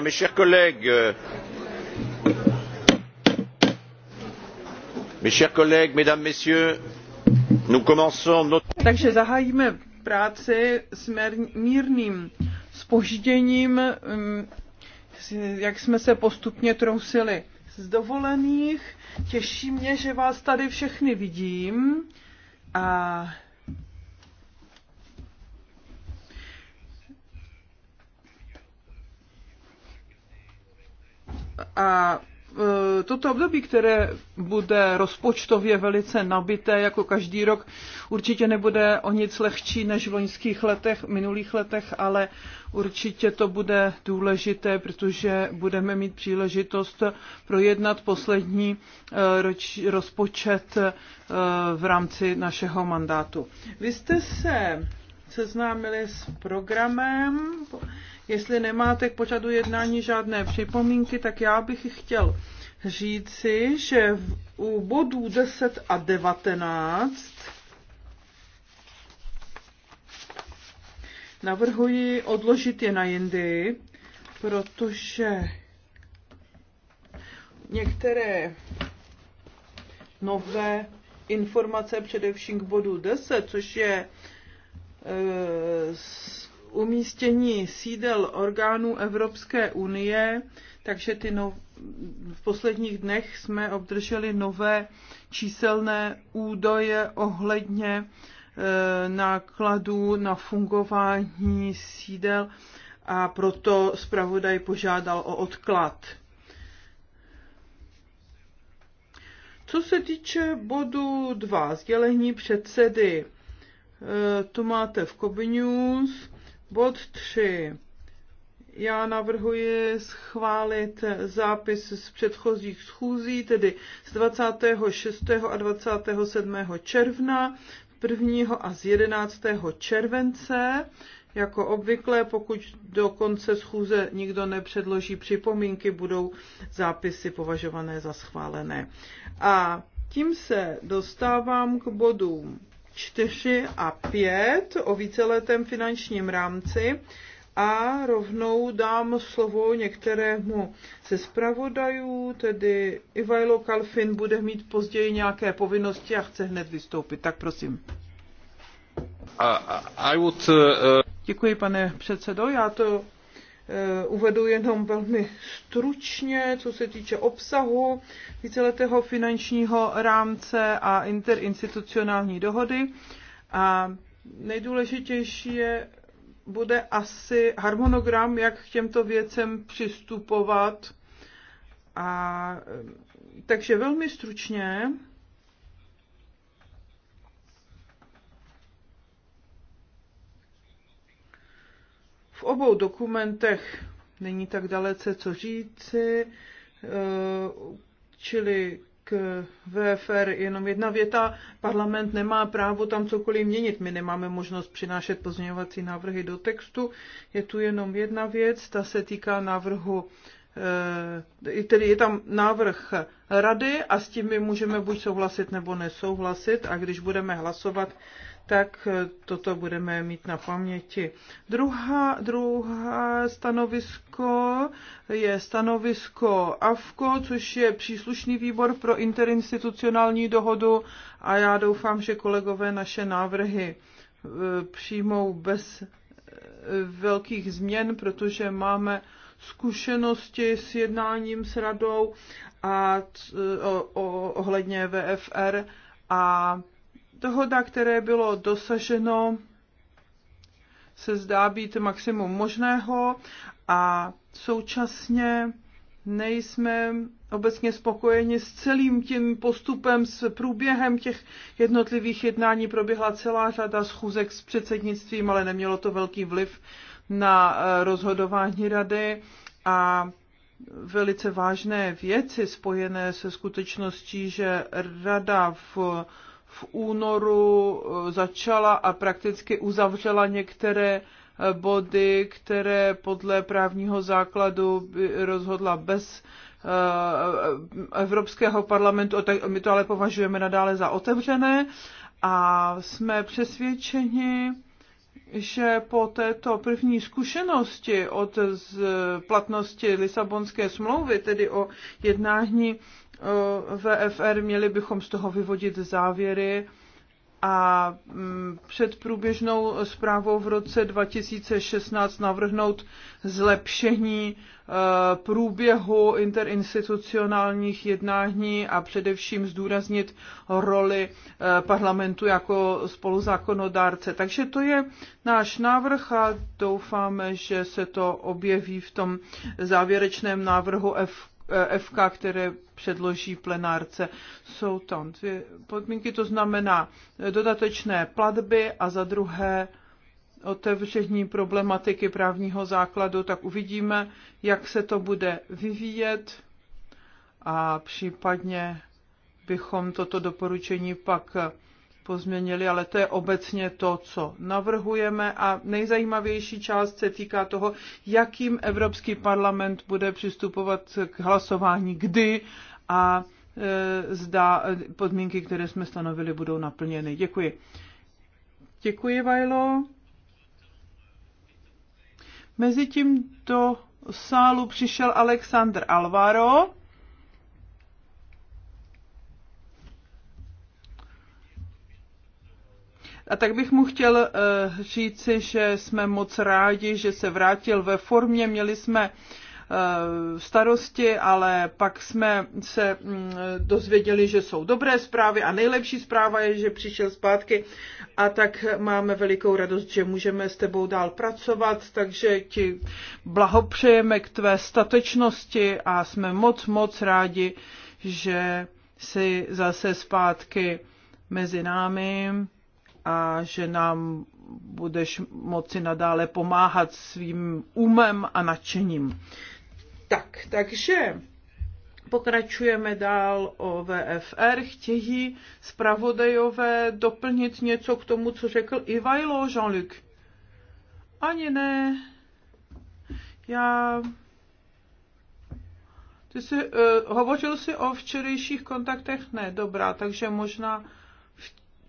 mes chers collègues, euh, mes chers collègues, mesdames, messieurs, nous commençons notre... Takže zahájíme práci s mírným zpožděním mm, jak jsme se postupně trousili z dovolených. Těší mě, že vás tady všechny vidím. A A e, toto období, které bude rozpočtově velice nabité, jako každý rok, určitě nebude o nic lehčí než v loňských letech, minulých letech, ale určitě to bude důležité, protože budeme mít příležitost projednat poslední e, roč, rozpočet e, v rámci našeho mandátu. Vy jste se seznámili s programem Jestli nemáte k pořadu jednání žádné připomínky, tak já bych chtěl říci, že u bodů 10 a 19 navrhuji odložit je na jindy, protože některé nové informace, především k bodu 10, což je e, umístění sídel orgánů Evropské unie, takže ty no, v posledních dnech jsme obdrželi nové číselné údaje ohledně e, nákladů na fungování sídel a proto zpravodaj požádal o odklad. Co se týče bodu 2, sdělení předsedy, e, to máte v Kobe News. Bod 3. Já navrhuji schválit zápis z předchozích schůzí, tedy z 26. a 27. června, 1. a z 11. července. Jako obvykle, pokud do konce schůze nikdo nepředloží připomínky, budou zápisy považované za schválené. A tím se dostávám k bodům 4 a 5 o víceletém finančním rámci a rovnou dám slovo některému ze zpravodajů, tedy Ivajlo Kalfin bude mít později nějaké povinnosti a chce hned vystoupit, tak prosím. Uh, I would, uh... Děkuji, pane předsedo, já to Eh, uvedu jenom velmi stručně, co se týče obsahu víceletého finančního rámce a interinstitucionální dohody. A nejdůležitější je, bude asi harmonogram, jak k těmto věcem přistupovat. A, eh, takže velmi stručně V obou dokumentech není tak dalece co říci, eh, čili k VFR jenom jedna věta. Parlament nemá právo tam cokoliv měnit. My nemáme možnost přinášet pozměňovací návrhy do textu. Je tu jenom jedna věc, ta se týká návrhu eh, tedy je tam návrh rady a s tím my můžeme buď souhlasit nebo nesouhlasit a když budeme hlasovat, tak eh, toto budeme mít na paměti. Druhá, druhá stanovisko je stanovisko AFKO, což je příslušný výbor pro interinstitucionální dohodu a já doufám, že kolegové naše návrhy eh, přijmou bez eh, velkých změn, protože máme zkušenosti s jednáním s radou a ohledně VFR a Dohoda, které bylo dosaženo, se zdá být maximum možného a současně nejsme obecně spokojeni s celým tím postupem, s průběhem těch jednotlivých jednání. Proběhla celá řada schůzek s předsednictvím, ale nemělo to velký vliv na eh, rozhodování rady a velice vážné věci spojené se skutečností, že rada v v únoru eh, začala a prakticky uzavřela některé eh, body, které podle právního základu rozhodla bez eh, Evropského parlamentu, my to ale považujeme nadále za otevřené a jsme přesvědčeni, že po této první zkušenosti od platnosti Lisabonské smlouvy, tedy o jednání Eh, VFR, měli bychom z toho vyvodit závěry a mm, před průběžnou zprávou v roce 2016 navrhnout zlepšení eh, průběhu interinstitucionálních jednání a především zdůraznit roli eh, parlamentu jako spoluzákonodárce. Takže to je náš návrh a doufáme, že se to objeví v tom závěrečném návrhu F Eh, FK, které předloží plenárce. Jsou tam dvě podmínky, to znamená dodatečné platby a za druhé otevření problematiky právního základu, tak uvidíme, jak se to bude vyvíjet a případně bychom toto doporučení pak pozměnili, ale to je obecně to, co navrhujeme a nejzajímavější část se týká toho, jakým Evropský parlament bude přistupovat k hlasování, kdy a e, zda podmínky, které jsme stanovili, budou naplněny. Děkuji. Děkuji, Vajlo. Mezitím do sálu přišel Alexandr Alvaro. A tak bych mu chtěl eh, říci, že jsme moc rádi, že se vrátil ve formě. Měli jsme eh, starosti, ale pak jsme se mm, dozvěděli, že jsou dobré zprávy a nejlepší zpráva je, že přišel zpátky a tak máme velikou radost, že můžeme s tebou dál pracovat, takže ti blahopřejeme k tvé statečnosti a jsme moc, moc rádi, že jsi zase zpátky mezi námi a že nám budeš moci nadále pomáhat svým umem a nadšením. Tak, takže pokračujeme dál o VFR. Chtějí zpravodajové doplnit něco k tomu, co řekl Ivajlo Jean-Luc? Ani ne. Já ty jsi, uh, hovořil jsi o včerejších kontaktech? Ne, dobrá, takže možná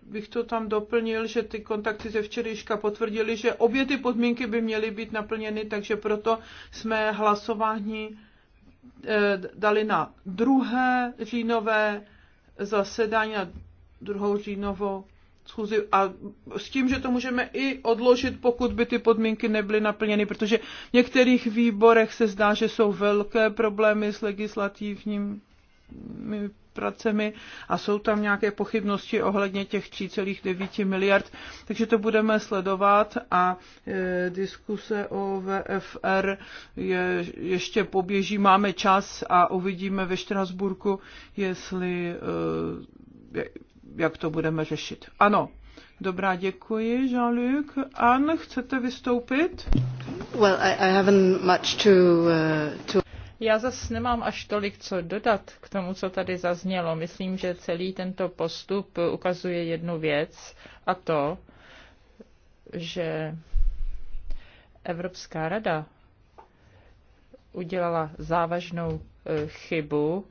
bych to tam doplnil, že ty kontakty ze včerejška potvrdili, že obě ty podmínky by měly být naplněny, takže proto jsme hlasování eh, dali na druhé říjnové zasedání, na druhou říjnovou schůzi a s tím, že to můžeme i odložit, pokud by ty podmínky nebyly naplněny, protože v některých výborech se zdá, že jsou velké problémy s legislativním pracemi a jsou tam nějaké pochybnosti ohledně těch 3,9 miliard, takže to budeme sledovat a e, diskuse o VFR je, ještě poběží, máme čas a uvidíme ve Štrasburku, jestli e, jak to budeme řešit. Ano, Dobrá, děkuji, Jean-Luc. Anne, chcete vystoupit? Well, I, I haven't much to, uh, to... Já zase nemám až tolik co dodat k tomu, co tady zaznělo. Myslím, že celý tento postup ukazuje jednu věc a to, že Evropská rada udělala závažnou chybu,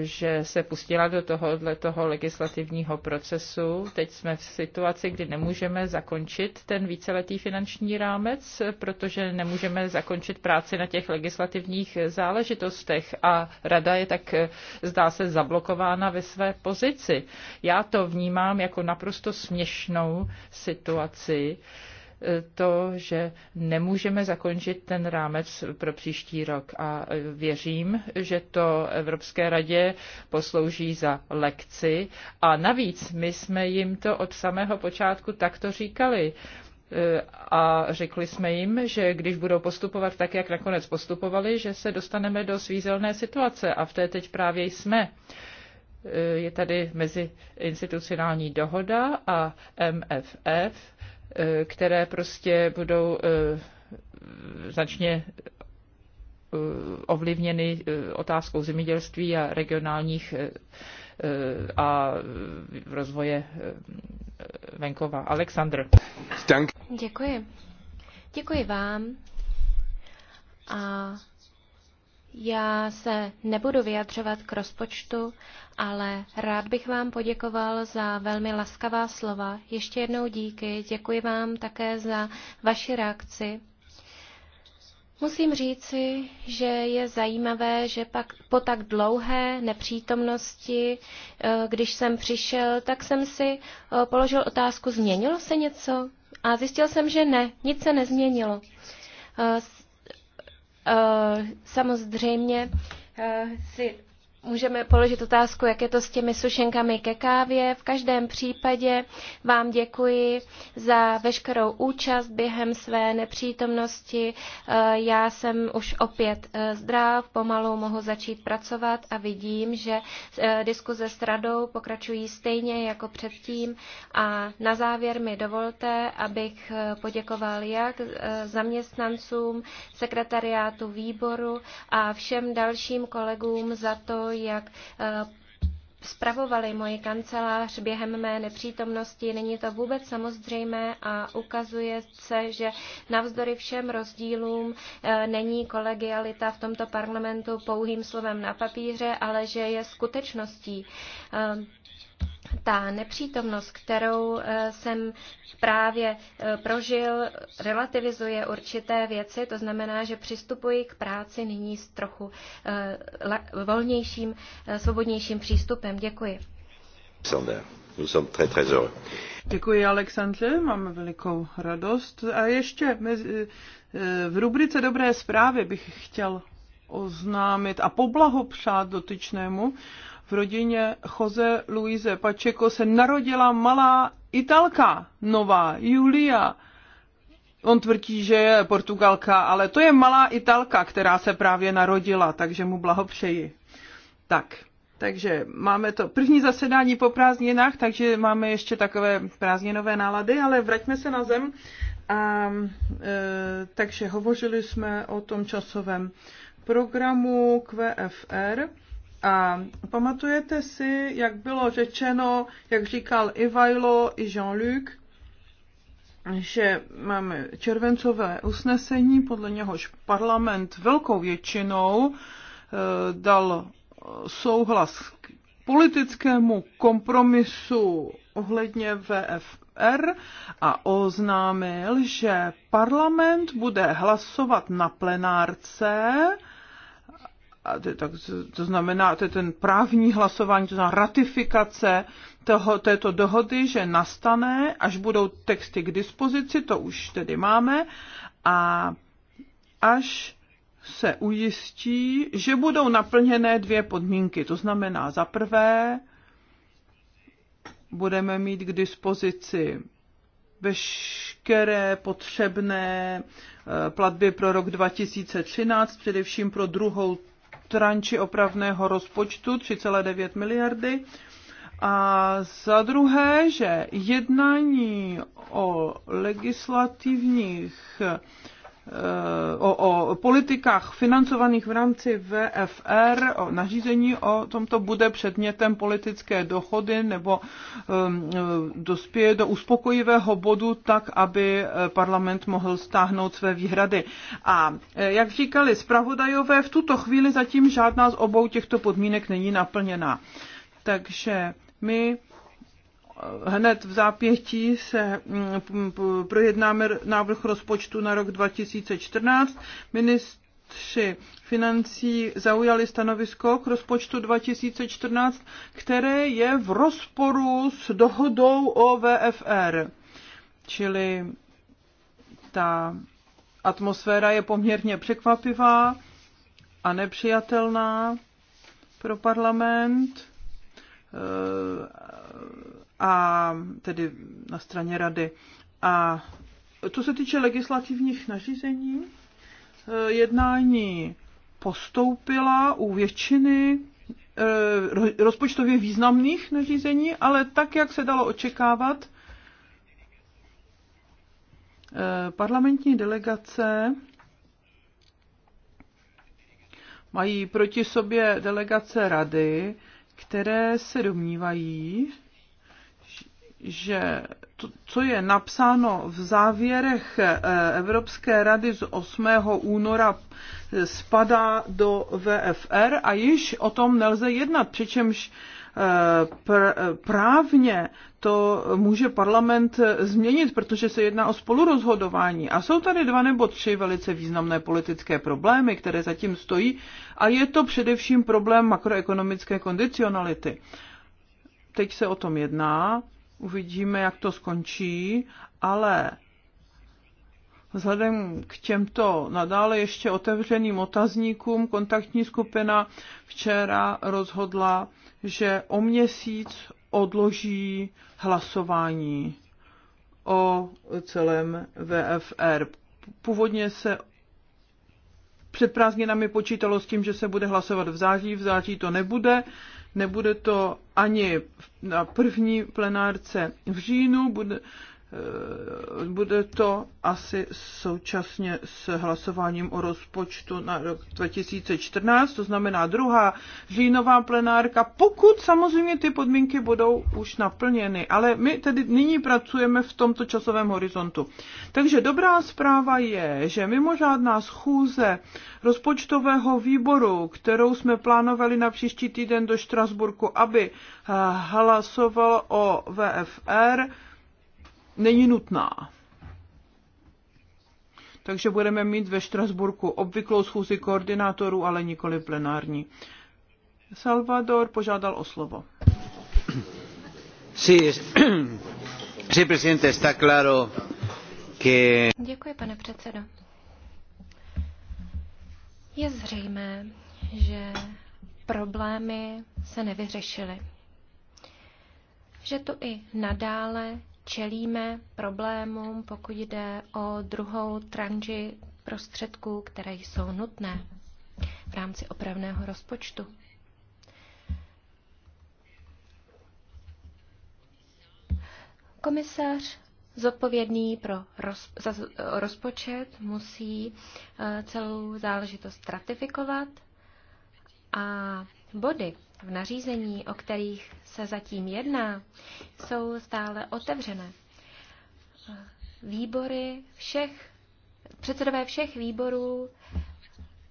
že se pustila do tohohle toho legislativního procesu. Teď jsme v situaci, kdy nemůžeme zakončit ten víceletý finanční rámec, protože nemůžeme zakončit práci na těch legislativních záležitostech a rada je tak, zdá se, zablokována ve své pozici. Já to vnímám jako naprosto směšnou situaci to, že nemůžeme zakončit ten rámec pro příští rok. A věřím, že to Evropské radě poslouží za lekci. A navíc my jsme jim to od samého počátku takto říkali a řekli jsme jim, že když budou postupovat tak, jak nakonec postupovali, že se dostaneme do svízelné situace a v té teď právě jsme. Je tady mezi institucionální dohoda a MFF Eh, které prostě budou eh, značně eh, ovlivněny otázkou zemědělství a regionálních a rozvoje venkova. Aleksandr. Děkuji. Děkuji vám. A já se nebudu vyjadřovat k rozpočtu, ale rád bych vám poděkoval za velmi laskavá slova. Ještě jednou díky. Děkuji vám také za vaši reakci. Musím říci, že je zajímavé, že pak po tak dlouhé nepřítomnosti, eh, když jsem přišel, tak jsem si eh, položil otázku, změnilo se něco? A zjistil jsem, že ne, nic se nezměnilo. Eh, Eh, samozřejmě eh, si můžeme položit otázku, jak je to s těmi sušenkami ke kávě. V každém případě vám děkuji za veškerou účast během své nepřítomnosti. Eh, já jsem už opět eh, zdrav, pomalu mohu začít pracovat a vidím, že eh, diskuze s radou pokračují stejně jako předtím. A na závěr mi dovolte, abych poděkoval jak zaměstnancům, sekretariátu výboru a všem dalším kolegům za to, jak eh, spravovali moji kancelář během mé nepřítomnosti. Není to vůbec samozřejmé a ukazuje se, že navzdory všem rozdílům eh, není kolegialita v tomto parlamentu pouhým slovem na papíře, ale že je skutečností. Eh, ta nepřítomnost, kterou eh, jsem právě eh, prožil, relativizuje určité věci, to znamená, že přistupuji k práci nyní s trochu eh, volnějším, svobodnějším přístupem. Děkuji. Děkuji, Alexandře, máme velikou radost. A ještě mezi, v rubrice Dobré zprávy bych chtěl oznámit a poblahopřát dotyčnému, v rodině Jose Luise Pacheco se narodila malá Italka, nová, Julia. On tvrdí, že je Portugalka, ale to je malá Italka, která se právě narodila, takže mu blahopřeji. Tak, takže máme to první zasedání po prázdninách, takže máme ještě takové prázdninové nálady, ale vraťme se na zem. A, e, takže hovořili jsme o tom časovém programu QFR. A pamatujete si, jak bylo řečeno, jak říkal Ivajlo i Jean-Luc, že máme červencové usnesení, podle něhož parlament velkou většinou eh, dal souhlas k politickému kompromisu ohledně VFR a oznámil, že parlament bude hlasovat na plenárce to, tak, to znamená, to je ten právní hlasování, to znamená ratifikace toho, této dohody, že nastane, až budou texty k dispozici, to už tedy máme, a až se ujistí, že budou naplněné dvě podmínky. To znamená, za prvé budeme mít k dispozici veškeré potřebné eh, platby pro rok 2013, především pro druhou tranči opravného rozpočtu 3,9 miliardy. A za druhé, že jednání o legislativních Eh, o, o politikách financovaných v rámci VFR, o nařízení o tomto bude předmětem politické dohody nebo um, dospěje do uspokojivého bodu tak, aby eh, parlament mohl stáhnout své výhrady. A jak říkali zpravodajové, v tuto chvíli zatím žádná z obou těchto podmínek není naplněná. Takže my hned v zápětí se mm, projednáme návrh rozpočtu na rok 2014. Ministři financí zaujali stanovisko k rozpočtu 2014, které je v rozporu s dohodou o VFR. Čili ta atmosféra je poměrně překvapivá a nepřijatelná pro parlament a tedy na straně rady. A co se týče legislativních nařízení, eh, jednání postoupila u většiny eh, rozpočtově významných nařízení, ale tak, jak se dalo očekávat, eh, parlamentní delegace mají proti sobě delegace rady, které se domnívají, že to, co je napsáno v závěrech eh, Evropské rady z 8. února, eh, spadá do VFR a již o tom nelze jednat, přičemž eh, pr- právně to může parlament změnit, protože se jedná o spolurozhodování. A jsou tady dva nebo tři velice významné politické problémy, které zatím stojí, a je to především problém makroekonomické kondicionality. Teď se o tom jedná, uvidíme, jak to skončí, ale Vzhledem k těmto nadále ještě otevřeným otazníkům kontaktní skupina včera rozhodla, že o měsíc odloží hlasování o celém VFR. Původně se před prázdninami počítalo s tím, že se bude hlasovat v září, v září to nebude, nebude to ani na první plenárce v říjnu, bude, Eh, bude to asi současně s hlasováním o rozpočtu na rok 2014, to znamená druhá říjnová plenárka, pokud samozřejmě ty podmínky budou už naplněny. Ale my tedy nyní pracujeme v tomto časovém horizontu. Takže dobrá zpráva je, že mimořádná schůze rozpočtového výboru, kterou jsme plánovali na příští týden do Štrasburku, aby eh, hlasoval o VFR, není nutná. Takže budeme mít ve Štrasburku obvyklou schůzi koordinátorů, ale nikoli plenární. Salvador požádal o slovo. Sí, sí, presidente, está claro que... Děkuji, pane předsedo. Je zřejmé, že problémy se nevyřešily. Že tu i nadále čelíme problémům, pokud jde o druhou tranži prostředků, které jsou nutné v rámci opravného rozpočtu. Komisař zodpovědný pro roz, za rozpočet musí eh, celou záležitost ratifikovat a body, v nařízení, o kterých se zatím jedná, jsou stále otevřené. Výbory všech, předsedové všech výborů,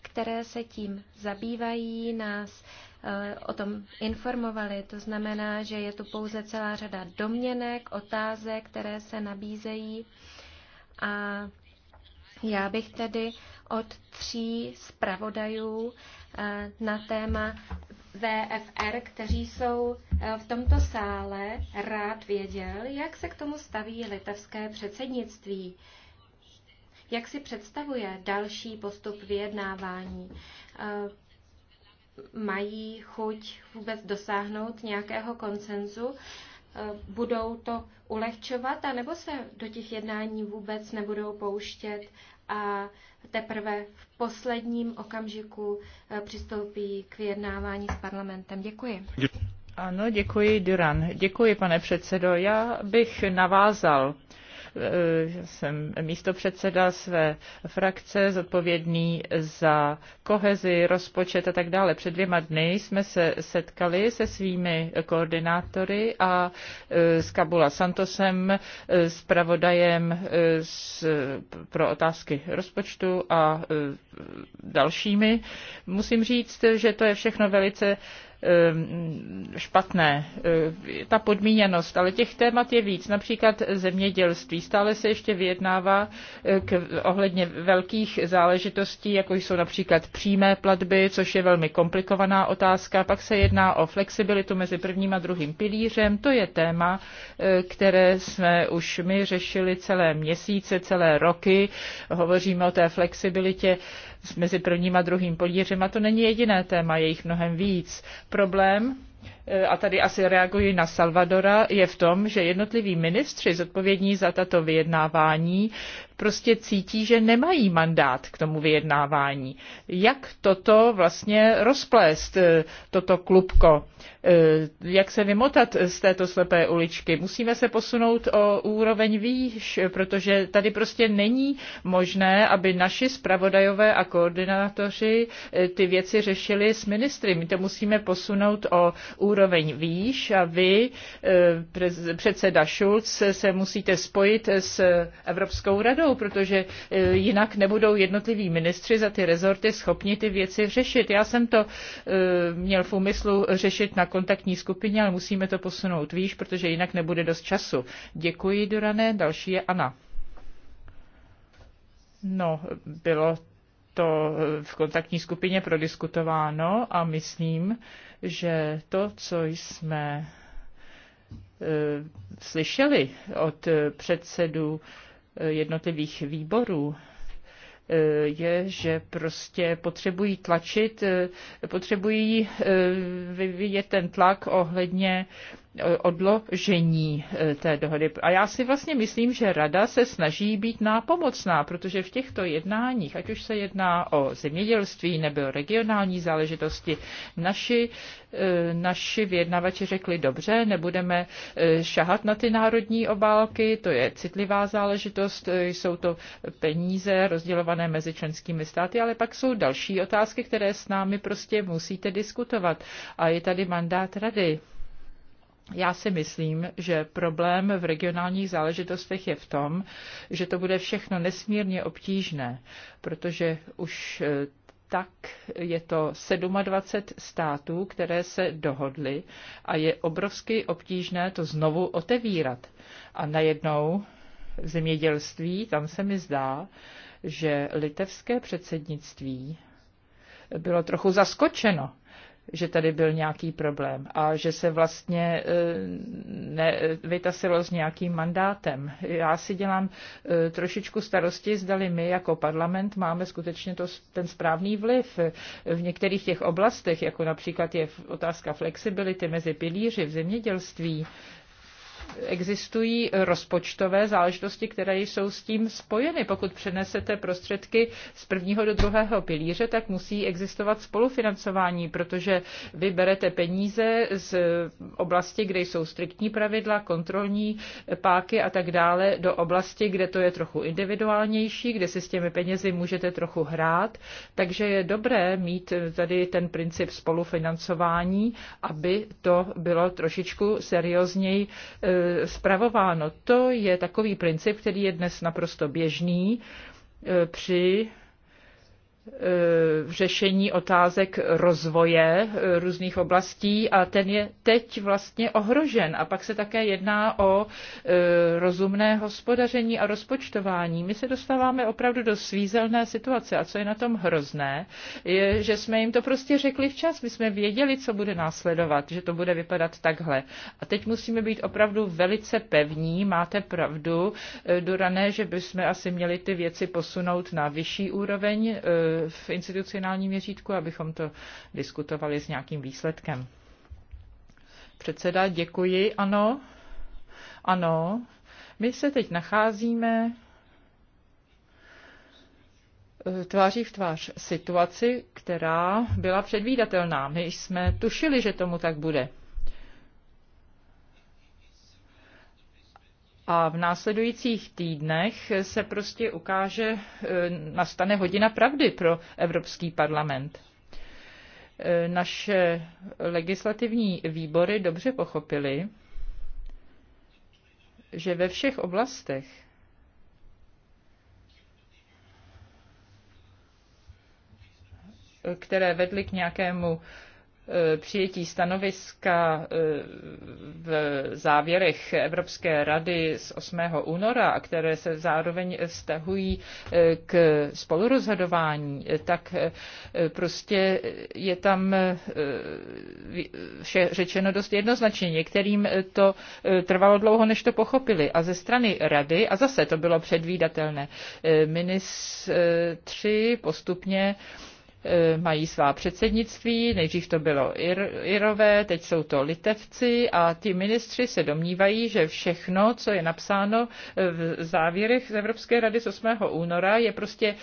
které se tím zabývají, nás eh, o tom informovali. To znamená, že je tu pouze celá řada domněnek, otázek, které se nabízejí. A já bych tedy od tří zpravodajů eh, na téma VFR, kteří jsou eh, v tomto sále, rád věděl, jak se k tomu staví litevské předsednictví. Jak si představuje další postup vyjednávání? Eh, mají chuť vůbec dosáhnout nějakého koncenzu? Eh, budou to ulehčovat, anebo se do těch jednání vůbec nebudou pouštět a teprve v posledním okamžiku eh, přistoupí k vyjednávání s parlamentem. Děkuji. Ano, děkuji, Duran. Děkuji, pane předsedo. Já bych navázal Eh, jsem předseda své frakce, zodpovědný za kohezi, rozpočet a tak dále. Před dvěma dny jsme se setkali se svými koordinátory a eh, s Kabula Santosem, eh, s pravodajem pro otázky rozpočtu a dalšími. Musím říct, že to je všechno velice Ehm, špatné, ehm, ta podmíněnost, ale těch témat je víc, například zemědělství. Stále se ještě vyjednává eh, k, ohledně velkých záležitostí, jako jsou například přímé platby, což je velmi komplikovaná otázka. Pak se jedná o flexibilitu mezi prvním a druhým pilířem. To je téma, eh, které jsme už my řešili celé měsíce, celé roky. Hovoříme o té flexibilitě mezi prvním a druhým pilířem a to není jediné téma, je jich mnohem víc. Problém Eh, a tady asi reaguji na Salvadora, je v tom, že jednotliví ministři zodpovědní za tato vyjednávání prostě cítí, že nemají mandát k tomu vyjednávání. Jak toto vlastně rozplést, eh, toto klubko? Eh, jak se vymotat z této slepé uličky? Musíme se posunout o úroveň výš, protože tady prostě není možné, aby naši zpravodajové a koordinátoři ty věci řešili s ministry. My to musíme posunout o úroveň výš a vy, eh, předseda Schulz, se musíte spojit s Evropskou radou, protože eh, jinak nebudou jednotliví ministři za ty rezorty schopni ty věci řešit. Já jsem to eh, měl v úmyslu řešit na kontaktní skupině, ale musíme to posunout výš, protože jinak nebude dost času. Děkuji, Durané. Další je Anna. No, bylo to v kontaktní skupině prodiskutováno a myslím, že to, co jsme e, slyšeli od předsedů e, jednotlivých výborů, e, je, že prostě potřebují tlačit, potřebují vyvíjet ten tlak ohledně odložení e, té dohody. A já si vlastně myslím, že rada se snaží být nápomocná, protože v těchto jednáních, ať už se jedná o zemědělství nebo o regionální záležitosti, naši, e, naši vyjednavači řekli dobře, nebudeme e, šahat na ty národní obálky, to je citlivá záležitost, jsou to peníze rozdělované mezi členskými státy, ale pak jsou další otázky, které s námi prostě musíte diskutovat. A je tady mandát rady. Já si myslím, že problém v regionálních záležitostech je v tom, že to bude všechno nesmírně obtížné, protože už eh, tak je to 27 států, které se dohodly a je obrovsky obtížné to znovu otevírat. A najednou v zemědělství, tam se mi zdá, že litevské předsednictví bylo trochu zaskočeno že tady byl nějaký problém a že se vlastně eh, ne, vytasilo s nějakým mandátem. Já si dělám eh, trošičku starosti, zdali my jako parlament máme skutečně to, ten správný vliv. V některých těch oblastech, jako například je otázka flexibility mezi pilíři v zemědělství, existují rozpočtové záležitosti, které jsou s tím spojeny. Pokud přenesete prostředky z prvního do druhého pilíře, tak musí existovat spolufinancování, protože vy berete peníze z oblasti, kde jsou striktní pravidla, kontrolní páky a tak dále, do oblasti, kde to je trochu individuálnější, kde si s těmi penězi můžete trochu hrát. Takže je dobré mít tady ten princip spolufinancování, aby to bylo trošičku seriózněji eh, E, spravováno. To je takový princip, který je dnes naprosto běžný e, při v řešení otázek rozvoje eh, různých oblastí a ten je teď vlastně ohrožen. A pak se také jedná o eh, rozumné hospodaření a rozpočtování. My se dostáváme opravdu do svízelné situace a co je na tom hrozné, je, že jsme jim to prostě řekli včas. My jsme věděli, co bude následovat, že to bude vypadat takhle. A teď musíme být opravdu velice pevní, máte pravdu, eh, Durané, že bychom asi měli ty věci posunout na vyšší úroveň v institucionálním měřítku, abychom to diskutovali s nějakým výsledkem. Předseda, děkuji. Ano, ano. My se teď nacházíme eh, tváří v tvář situaci, která byla předvídatelná. My jsme tušili, že tomu tak bude. A v následujících týdnech se prostě ukáže, e, nastane hodina pravdy pro Evropský parlament. E, naše legislativní výbory dobře pochopili, že ve všech oblastech, které vedly k nějakému Eh, přijetí stanoviska eh, v závěrech Evropské rady z 8. února, které se zároveň vztahují eh, k spolurozhodování, tak prostě je tam vše řečeno dost jednoznačně. Některým to trvalo dlouho, než to pochopili. A ze strany rady, a zase to bylo předvídatelné, ministři postupně E, mají svá předsednictví, nejdřív to bylo Ir, Irové, teď jsou to Litevci a ti ministři se domnívají, že všechno, co je napsáno v závěrech z Evropské rady z 8. února, je prostě e,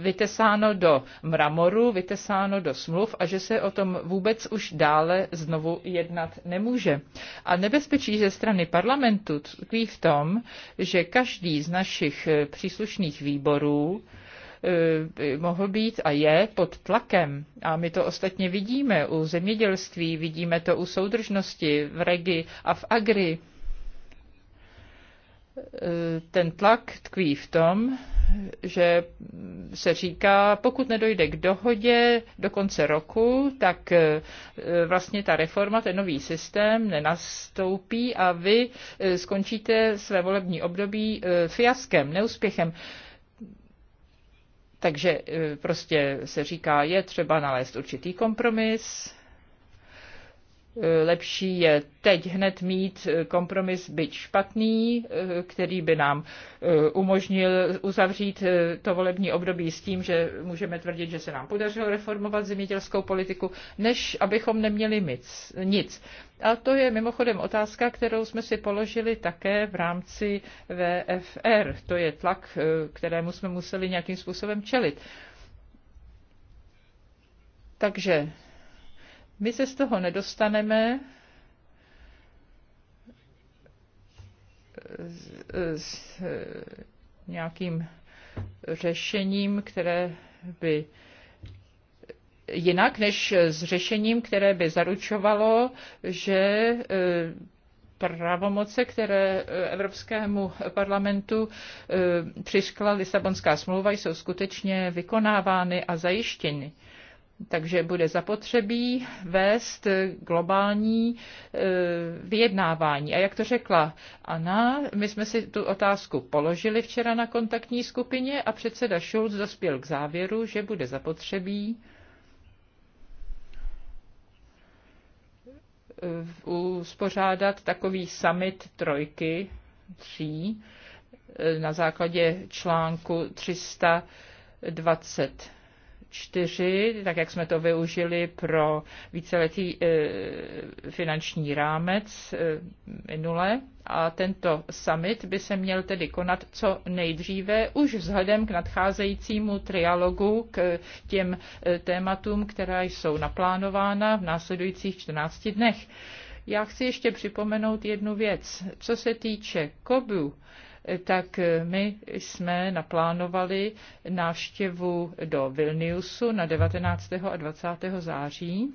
vytesáno do mramoru, vytesáno do smluv a že se o tom vůbec už dále znovu jednat nemůže. A nebezpečí ze strany parlamentu tkví v tom, že každý z našich e, příslušných výborů, E, mohl být a je pod tlakem. A my to ostatně vidíme u zemědělství, vidíme to u soudržnosti v regi a v agri. E, ten tlak tkví v tom, že se říká, pokud nedojde k dohodě do konce roku, tak e, vlastně ta reforma, ten nový systém nenastoupí a vy skončíte své volební období fiaskem, neúspěchem. Takže eh, prostě se říká, je třeba nalézt určitý kompromis, lepší je teď hned mít eh, kompromis, byť špatný, eh, který by nám eh, umožnil uzavřít to volební období s tím, že můžeme tvrdit, že se nám podařilo reformovat zemědělskou politiku, než abychom neměli nic. nic. A to je mimochodem otázka, kterou jsme si položili také v rámci VFR. To je tlak, kterému jsme museli nějakým způsobem čelit. Takže my se z toho nedostaneme, s, nějakým řešením, které by jinak než s řešením, které by zaručovalo, že e, pravomoce, které Evropskému parlamentu e, přiškla Lisabonská smlouva, jsou skutečně vykonávány a zajištěny. Takže bude zapotřebí vést globální eh, vyjednávání. A jak to řekla Anna, my jsme si tu otázku položili včera na kontaktní skupině a předseda Schulz dospěl k závěru, že bude zapotřebí eh, uspořádat takový summit trojky, tří, eh, na základě článku 320 4, tak jak jsme to využili pro víceletý e, finanční rámec e, minule. A tento summit by se měl tedy konat co nejdříve, už vzhledem k nadcházejícímu trialogu k těm e, tématům, která jsou naplánována v následujících 14 dnech. Já chci ještě připomenout jednu věc. Co se týče COBU, tak my jsme naplánovali návštěvu do Vilniusu na 19. a 20. září.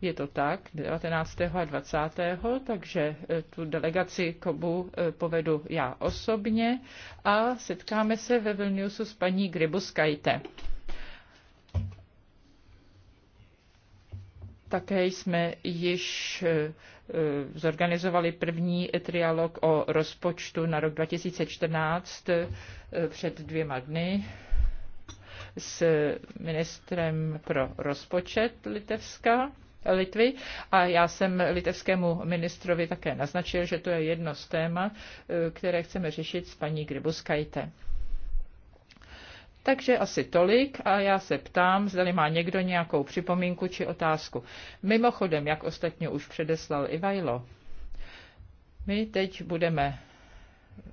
Je to tak, 19. a 20. takže eh, tu delegaci Kobu eh, povedu já osobně a setkáme se ve Vilniusu s paní Gribuskajte. Také jsme již eh, Eh, zorganizovali první trialog o rozpočtu na rok 2014 eh, před dvěma dny s ministrem pro rozpočet Litevska. Litvy a já jsem litevskému ministrovi také naznačil, že to je jedno z téma, eh, které chceme řešit s paní Gribuskajte. Takže asi tolik a já se ptám, zda má někdo nějakou připomínku či otázku. Mimochodem, jak ostatně už předeslal Ivajlo, my teď budeme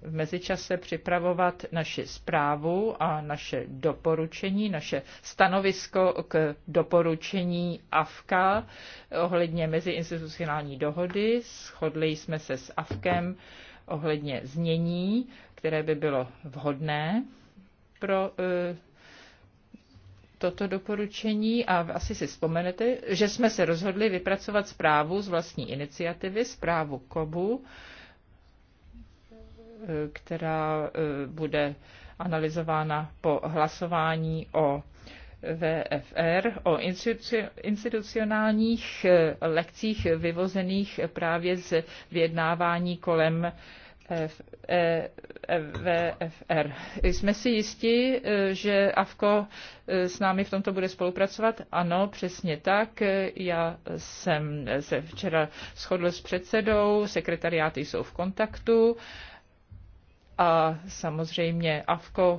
v mezičase připravovat naši zprávu a naše doporučení, naše stanovisko k doporučení AFKA ohledně meziinstitucionální dohody. Shodli jsme se s AFKem ohledně znění, které by bylo vhodné pro eh, toto doporučení a asi si vzpomenete, že jsme se rozhodli vypracovat zprávu z vlastní iniciativy, zprávu KOBu, eh, která eh, bude analyzována po hlasování o VFR, o institucionálních lekcích vyvozených právě z vyjednávání kolem E, e, VFR. Jsme si jisti, e, že AFKO s námi v tomto bude spolupracovat? Ano, přesně tak. Já jsem se včera shodl s předsedou, sekretariáty jsou v kontaktu a samozřejmě AFKO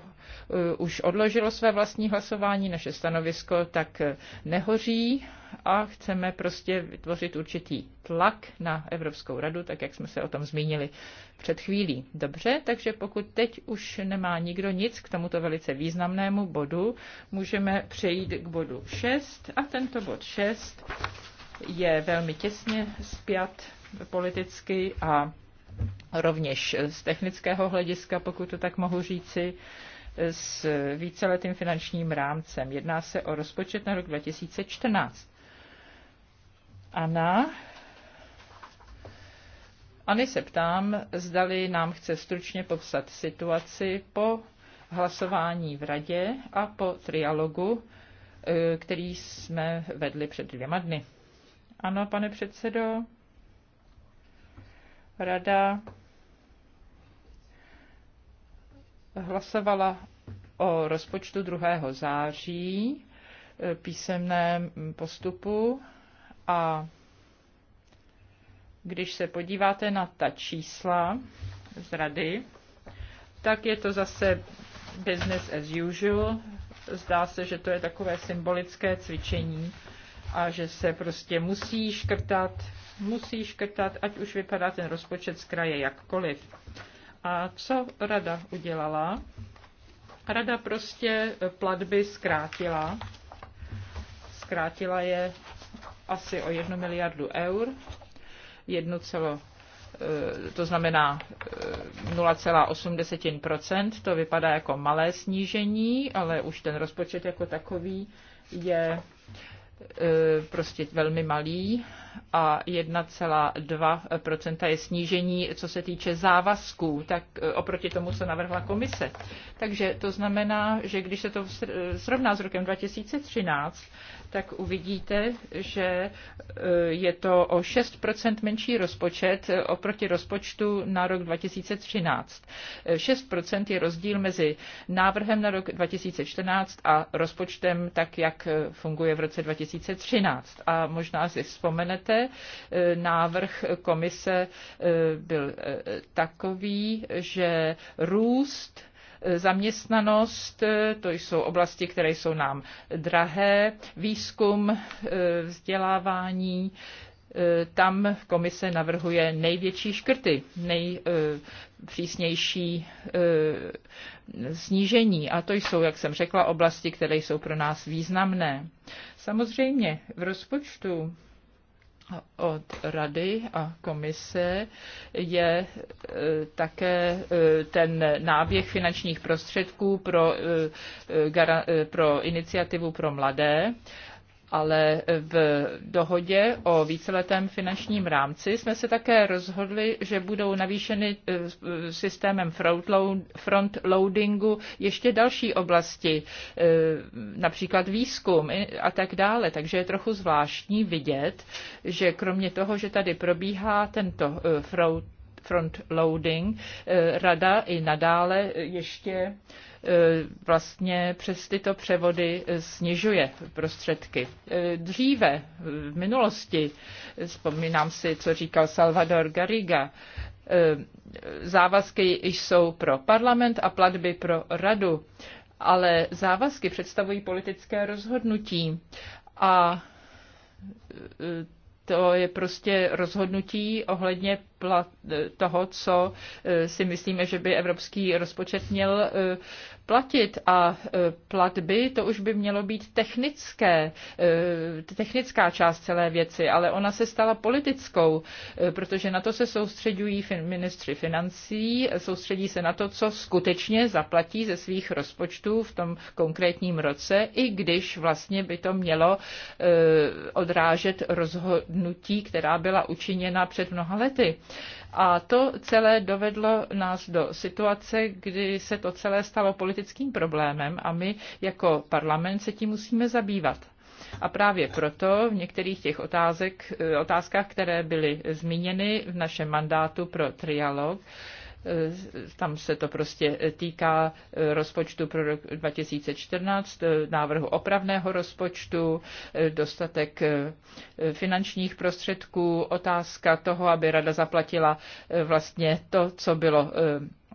uh, už odložilo své vlastní hlasování, naše stanovisko tak nehoří a chceme prostě vytvořit určitý tlak na Evropskou radu, tak jak jsme se o tom zmínili před chvílí. Dobře, takže pokud teď už nemá nikdo nic k tomuto velice významnému bodu, můžeme přejít k bodu 6 a tento bod 6 je velmi těsně spjat politicky a rovněž z technického hlediska, pokud to tak mohu říci, s víceletým finančním rámcem. Jedná se o rozpočet na rok 2014. Ana. Ani se ptám, zdali nám chce stručně popsat situaci po hlasování v radě a po trialogu, eh, který jsme vedli před dvěma dny. Ano, pane předsedo. Rada hlasovala o rozpočtu 2. září eh, písemném postupu a když se podíváte na ta čísla z rady, tak je to zase business as usual. Zdá se, že to je takové symbolické cvičení a že se prostě musí škrtat, musí škrtat, ať už vypadá ten rozpočet z kraje jakkoliv. A co rada udělala? Rada prostě platby zkrátila. Zkrátila je asi o jednu miliardu eur. jednu celo, eh, to znamená 0,8%. Eh, to vypadá jako malé snížení, ale už ten rozpočet jako takový je E, prostě velmi malý a 1,2 je snížení, co se týče závazků, tak e, oproti tomu, se navrhla komise. Takže to znamená, že když se to srovná s rokem 2013, tak uvidíte, že e, je to o 6 menší rozpočet e, oproti rozpočtu na rok 2013. 6 je rozdíl mezi návrhem na rok 2014 a rozpočtem tak, jak funguje v roce 2013. A možná si vzpomenete, čtete, eh, návrh komise eh, byl eh, takový, že růst zaměstnanost, to jsou oblasti, které jsou nám drahé, výzkum, vzdělávání, tam komise navrhuje největší škrty, nejpřísnější snížení. A to jsou, jak jsem řekla, oblasti, které jsou pro nás významné. Samozřejmě v rozpočtu od Rady a komise je e, také e, ten náběh finančních prostředků pro, e, pro iniciativu pro mladé ale v dohodě o víceletém finančním rámci jsme se také rozhodli, že budou navýšeny eh, eh, systémem frontloadingu ještě další oblasti, eh, například výzkum a tak dále. Takže je trochu zvláštní vidět, že kromě toho, že tady probíhá tento front front-loading, eh, rada i nadále ještě eh, vlastně přes tyto převody eh, snižuje prostředky. Dříve, v minulosti, vzpomínám si, co říkal Salvador Garriga, závazky jsou pro parlament a platby pro radu, ale závazky představují politické rozhodnutí a to je prostě rozhodnutí ohledně plat, eh, toho, co eh, si myslíme, že by evropský rozpočet měl eh, platit a platby, to už by mělo být technické, technická část celé věci, ale ona se stala politickou, protože na to se soustředují ministři financí, soustředí se na to, co skutečně zaplatí ze svých rozpočtů v tom konkrétním roce, i když vlastně by to mělo odrážet rozhodnutí, která byla učiněna před mnoha lety. A to celé dovedlo nás do situace, kdy se to celé stalo politickým problémem a my jako parlament se tím musíme zabývat. A právě proto v některých těch otázek, eh, otázkách, které byly zmíněny v našem mandátu pro trialog, Eh, tam se to prostě eh, týká eh, rozpočtu pro rok 2014, návrhu opravného rozpočtu, dostatek finančních prostředků, otázka toho, aby rada zaplatila vlastně to, co bylo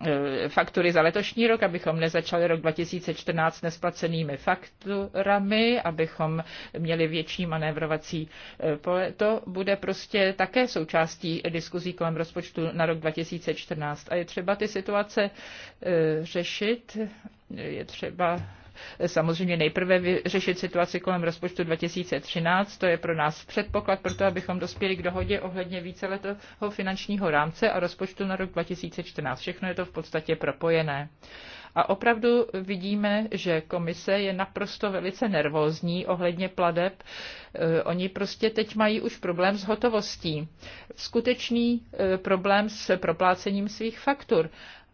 Eh, faktury za letošní rok, abychom nezačali rok 2014 nesplacenými fakturami, abychom měli větší manévrovací eh, pole. To bude prostě také součástí diskuzí kolem rozpočtu na rok 2014. A je třeba ty situace eh, řešit, je třeba samozřejmě nejprve vyřešit situaci kolem rozpočtu 2013. To je pro nás předpoklad pro to, abychom dospěli k dohodě ohledně víceletého finančního rámce a rozpočtu na rok 2014. Všechno je to v podstatě propojené. A opravdu vidíme, že komise je naprosto velice nervózní ohledně pladeb. Eh, oni prostě teď mají už problém s hotovostí. Skutečný eh, problém s proplácením svých faktur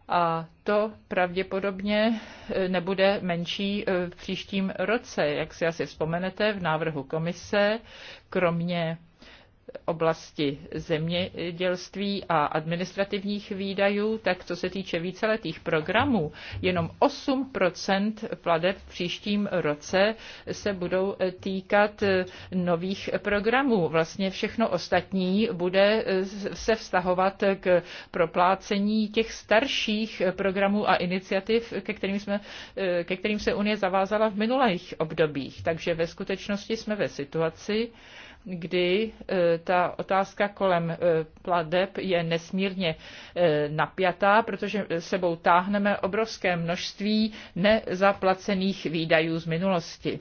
a to pravděpodobně e, nebude menší e, v příštím roce. Jak si asi vzpomenete, v návrhu komise, kromě oblasti zemědělství a administrativních výdajů, tak co se týče víceletých programů, jenom 8 pladeb v příštím roce se budou týkat nových programů. Vlastně všechno ostatní bude se vztahovat k proplácení těch starších programů a iniciativ, ke kterým, jsme, ke kterým se Unie zavázala v minulých obdobích. Takže ve skutečnosti jsme ve situaci, kdy eh, ta otázka kolem eh, pladeb je nesmírně eh, napjatá, protože sebou táhneme obrovské množství nezaplacených výdajů z minulosti.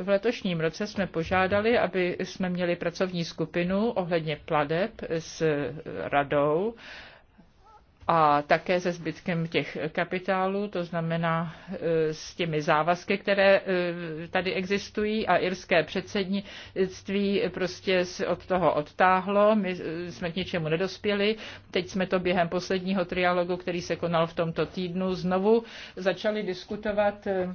V letošním roce jsme požádali, aby jsme měli pracovní skupinu ohledně pladeb s radou, a také se zbytkem těch kapitálů, to znamená e, s těmi závazky, které e, tady existují a irské předsednictví prostě se od toho odtáhlo, my jsme k ničemu nedospěli, teď jsme to během posledního trialogu, který se konal v tomto týdnu, znovu začali diskutovat e,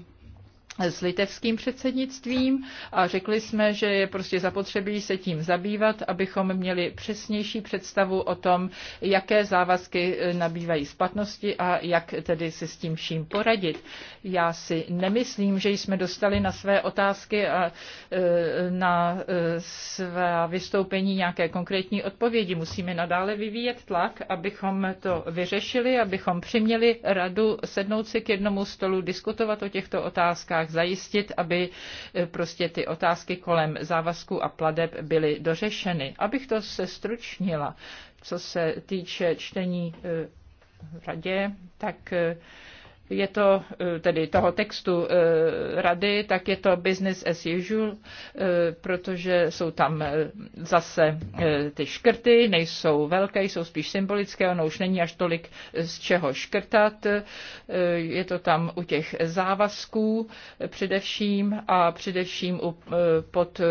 s litevským předsednictvím a řekli jsme, že je prostě zapotřebí se tím zabývat, abychom měli přesnější představu o tom, jaké závazky e, nabývají splatnosti a jak tedy se s tím vším poradit. Já si nemyslím, že jsme dostali na své otázky a e, na e, své vystoupení nějaké konkrétní odpovědi. Musíme nadále vyvíjet tlak, abychom to vyřešili, abychom přiměli radu sednout si k jednomu stolu, diskutovat o těchto otázkách, jak zajistit, aby eh, prostě ty otázky kolem závazků a pladeb byly dořešeny. Abych to se stručnila, co se týče čtení eh, v radě, tak eh, je to eh, tedy toho textu eh, rady, tak je to business as usual, eh, protože jsou tam zase ty škrty, nejsou velké, jsou spíš symbolické, ono už není až tolik z čeho škrtat. Je to tam u těch závazků především a především pod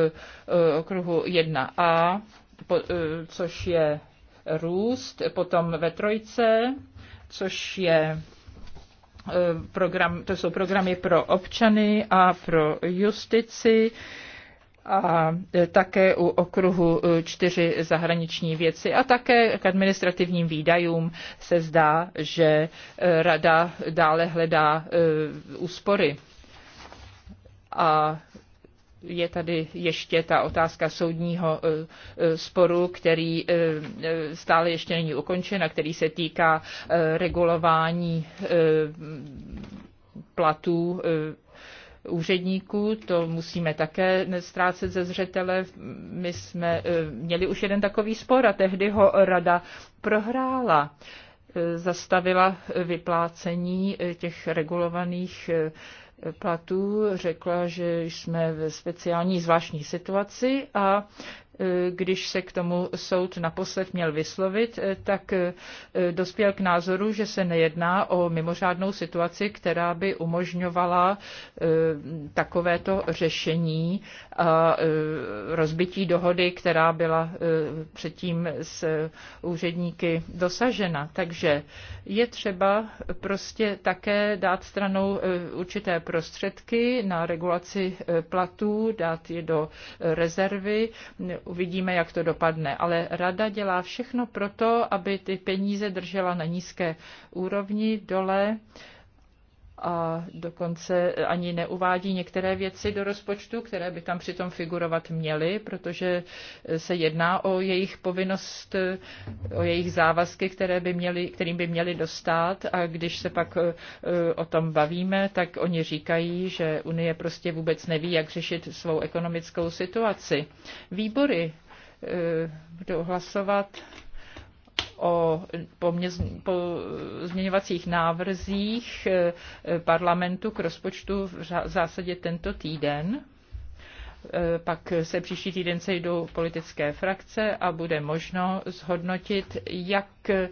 okruhu 1a, což je růst, potom ve trojce, což je Eh, program, to jsou programy pro občany a pro justici a eh, také u okruhu eh, čtyři zahraniční věci a také k administrativním výdajům se zdá, že rada dále hledá úspory. A je tady ještě ta otázka soudního eh, eh, sporu, který eh, stále ještě není ukončen a který se týká regulování platů úředníků, to musíme také ztrácet ze zřetele. My jsme měli už jeden takový spor a tehdy ho rada prohrála. Zastavila vyplácení těch regulovaných platů řekla, že jsme ve speciální zvláštní situaci a když se k tomu soud naposled měl vyslovit, eh, tak eh, dospěl k názoru, že se nejedná o mimořádnou situaci, která by umožňovala eh, takovéto řešení a rozbití dohody, která byla předtím s úředníky dosažena. Takže je třeba prostě také dát stranou určité prostředky na regulaci platů, dát je do rezervy, uvidíme, jak to dopadne. Ale rada dělá všechno proto, aby ty peníze držela na nízké úrovni dole a dokonce ani neuvádí některé věci do rozpočtu, které by tam přitom figurovat měly, protože se jedná o jejich povinnost, o jejich závazky, které by měli, kterým by měly dostat a když se pak e, o tom bavíme, tak oni říkají, že Unie prostě vůbec neví, jak řešit svou ekonomickou situaci. Výbory e, budou hlasovat o pozměňovacích návrzích eh, parlamentu k rozpočtu v zásadě tento týden. Eh, pak se příští týden sejdou politické frakce a bude možno zhodnotit, jak eh,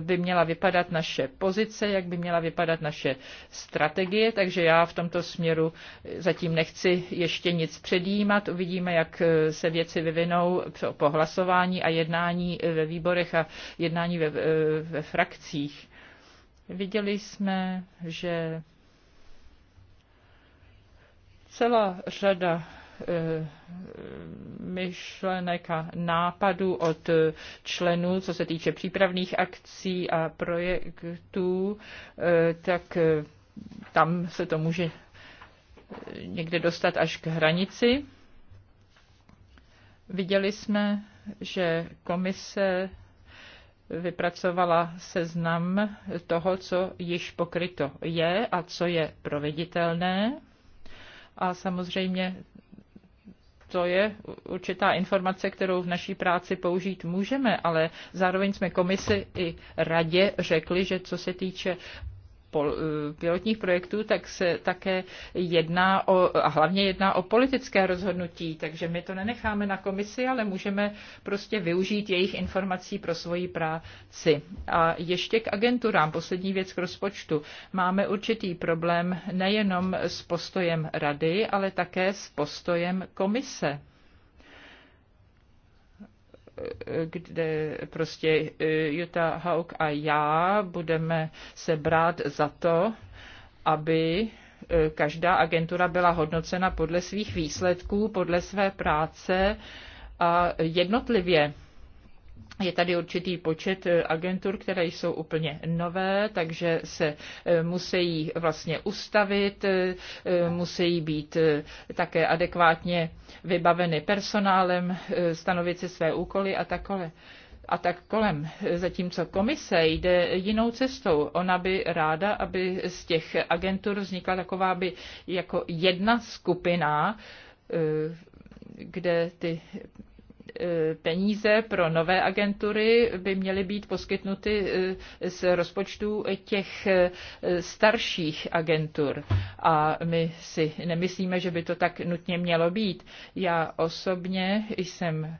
by měla vypadat naše pozice, jak by měla vypadat naše strategie, takže já v tomto směru zatím nechci ještě nic předjímat. Uvidíme, jak eh, se věci vyvinou po hlasování a jednání ve výborech a jednání ve, ve frakcích. Viděli jsme, že Celá řada eh, myšlenek a nápadů od eh, členů, co se týče přípravných akcí a projektů, eh, tak tam se to může někde dostat až k hranici. Viděli jsme, že komise vypracovala seznam toho, co již pokryto je a co je proveditelné a samozřejmě to je určitá informace, kterou v naší práci použít můžeme, ale zároveň jsme komisi i radě řekli, že co se týče Eh, pilotních projektů, tak se také jedná o, a hlavně jedná o politické rozhodnutí, takže my to nenecháme na komisi, ale můžeme prostě využít jejich informací pro svoji práci. A ještě k agenturám, poslední věc k rozpočtu. Máme určitý problém nejenom s postojem rady, ale také s postojem komise kde prostě e, Jutta Hauk a já budeme se brát za to, aby e, každá agentura byla hodnocena podle svých výsledků, podle své práce a jednotlivě je tady určitý počet eh, agentur, které jsou úplně nové, takže se eh, musí vlastně ustavit, eh, musí být také adekvátně vybaveny personálem, stanovit si své úkoly a takové a tak kolem. Zatímco komise jde jinou cestou. Ona by ráda, aby z těch agentur vznikla taková by jako jedna skupina, kde ty Eh, peníze pro nové agentury by měly být poskytnuty eh, z rozpočtu těch eh, starších agentur. A my si nemyslíme, že by to tak nutně mělo být. Já osobně jsem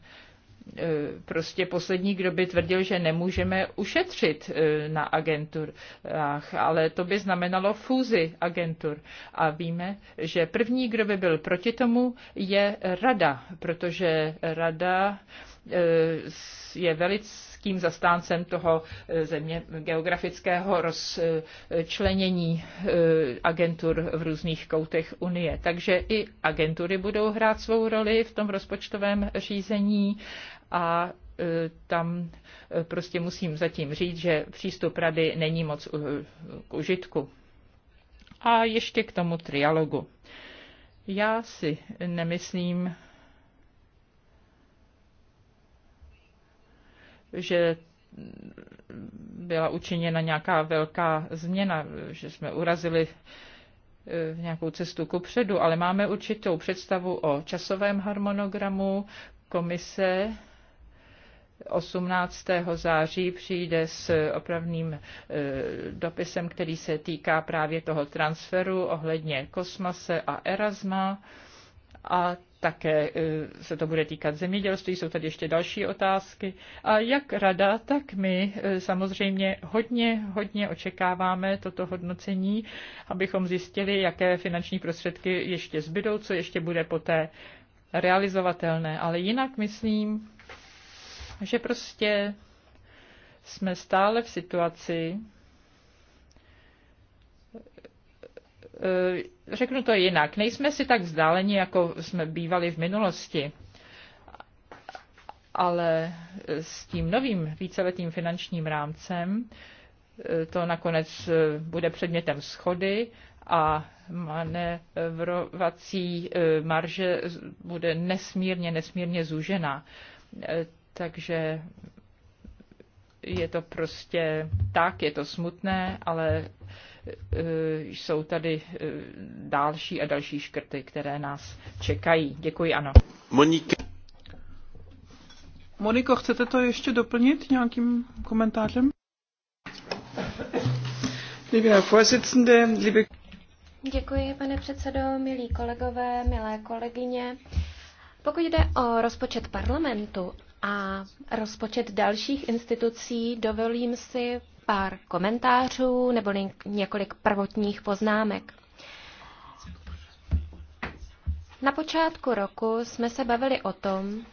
Eh, prostě poslední, kdo by tvrdil, že nemůžeme ušetřit eh, na agenturách, ale to by znamenalo fúzi agentur. A víme, že první, kdo by byl proti tomu, je rada, protože rada eh, je velickým zastáncem toho země geografického rozčlenění agentur v různých koutech Unie. Takže i agentury budou hrát svou roli v tom rozpočtovém řízení a e, tam e, prostě musím zatím říct, že přístup rady není moc e, k užitku. A ještě k tomu trialogu. Já si nemyslím, že byla učiněna nějaká velká změna, že jsme urazili nějakou cestu ku předu, ale máme určitou představu o časovém harmonogramu komise 18. září přijde s opravným e, dopisem, který se týká právě toho transferu ohledně kosmase a Erasma a také e, se to bude týkat zemědělství, jsou tady ještě další otázky. A jak rada, tak my e, samozřejmě hodně, hodně očekáváme toto hodnocení, abychom zjistili, jaké finanční prostředky ještě zbydou, co ještě bude poté realizovatelné. Ale jinak myslím, že prostě jsme stále v situaci, eh, řeknu to jinak, nejsme si tak vzdáleni, jako jsme bývali v minulosti, ale s tím novým víceletým finančním rámcem eh, to nakonec eh, bude předmětem schody a manevrovací marže bude nesmírně, nesmírně zúžená. Takže je to prostě tak, je to smutné, ale e, jsou tady e, další a další škrty, které nás čekají. Děkuji, ano. Monika. Moniko, chcete to ještě doplnit nějakým komentářem? Děkuji, pane předsedo, milí kolegové, milé kolegyně. Pokud jde o rozpočet parlamentu a rozpočet dalších institucí, dovolím si pár komentářů nebo několik prvotních poznámek. Na počátku roku jsme se bavili o tom,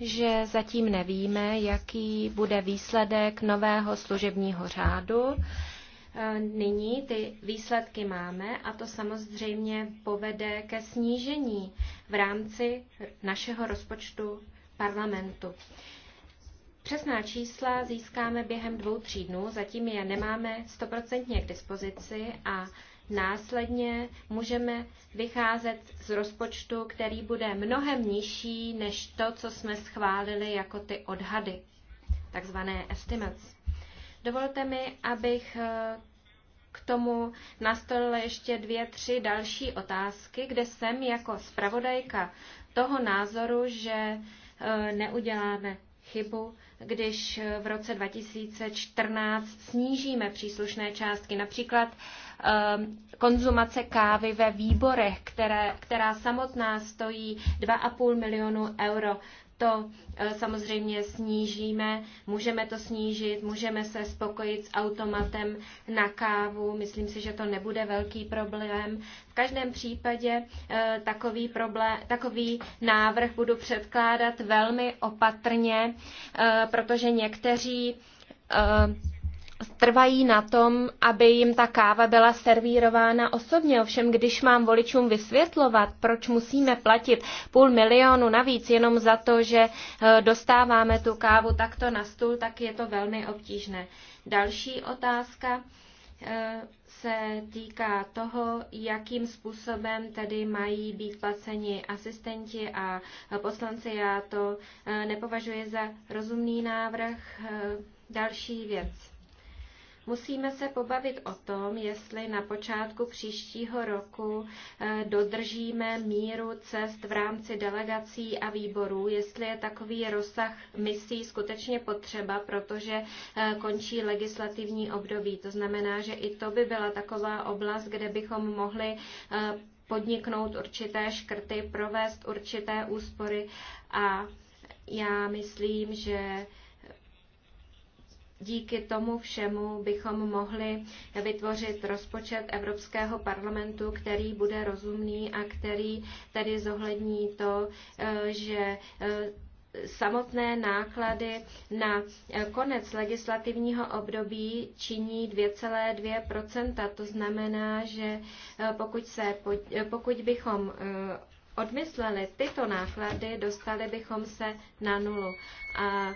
že zatím nevíme, jaký bude výsledek nového služebního řádu. E, nyní ty výsledky máme a to samozřejmě povede ke snížení v rámci našeho rozpočtu parlamentu. Přesná čísla získáme během dvou, tří dnů, zatím je nemáme stoprocentně k dispozici a následně můžeme vycházet z rozpočtu, který bude mnohem nižší než to, co jsme schválili jako ty odhady, takzvané estimates. Dovolte mi, abych eh, k tomu nastolila ještě dvě, tři další otázky, kde jsem jako zpravodajka toho názoru, že E, neuděláme chybu, když v roce 2014 snížíme příslušné částky, například e, konzumace kávy ve výborech, které, která samotná stojí 2,5 milionu euro to eh, samozřejmě snížíme, můžeme to snížit, můžeme se spokojit s automatem na kávu, myslím si, že to nebude velký problém. V každém případě eh, takový, problém, takový návrh budu předkládat velmi opatrně, eh, protože někteří trvají na tom, aby jim ta káva byla servírována osobně. Ovšem, když mám voličům vysvětlovat, proč musíme platit půl milionu navíc jenom za to, že eh, dostáváme tu kávu takto na stůl, tak je to velmi obtížné. Další otázka eh, se týká toho, jakým způsobem tedy mají být placeni asistenti a poslanci. Já to eh, nepovažuji za rozumný návrh. Další věc Musíme se pobavit o tom, jestli na počátku příštího roku eh, dodržíme míru cest v rámci delegací a výborů, jestli je takový rozsah misí skutečně potřeba, protože eh, končí legislativní období. To znamená, že i to by byla taková oblast, kde bychom mohli eh, podniknout určité škrty, provést určité úspory a já myslím, že díky tomu všemu bychom mohli vytvořit rozpočet Evropského parlamentu, který bude rozumný a který tedy zohlední to, eh, že eh, samotné náklady na eh, konec legislativního období činí 2,2 To znamená, že pokud, se, pokud bychom odmysleli tyto náklady, dostali bychom se na nulu. A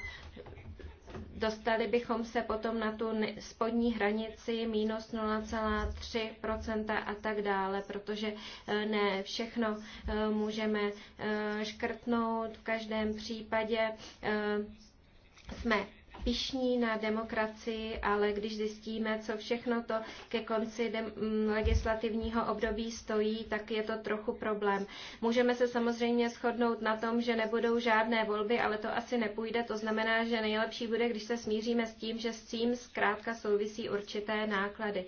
dostali bychom se potom na tu spodní hranici minus 0,3% a tak dále, protože eh, ne všechno eh, můžeme eh, škrtnout. V každém případě jsme pišní na demokracii, ale když zjistíme, co všechno to ke konci mm, legislativního období stojí, tak je to trochu problém. Můžeme se samozřejmě shodnout na tom, že nebudou žádné volby, ale to asi nepůjde. To znamená, že nejlepší bude, když se smíříme s tím, že s tím zkrátka souvisí určité náklady.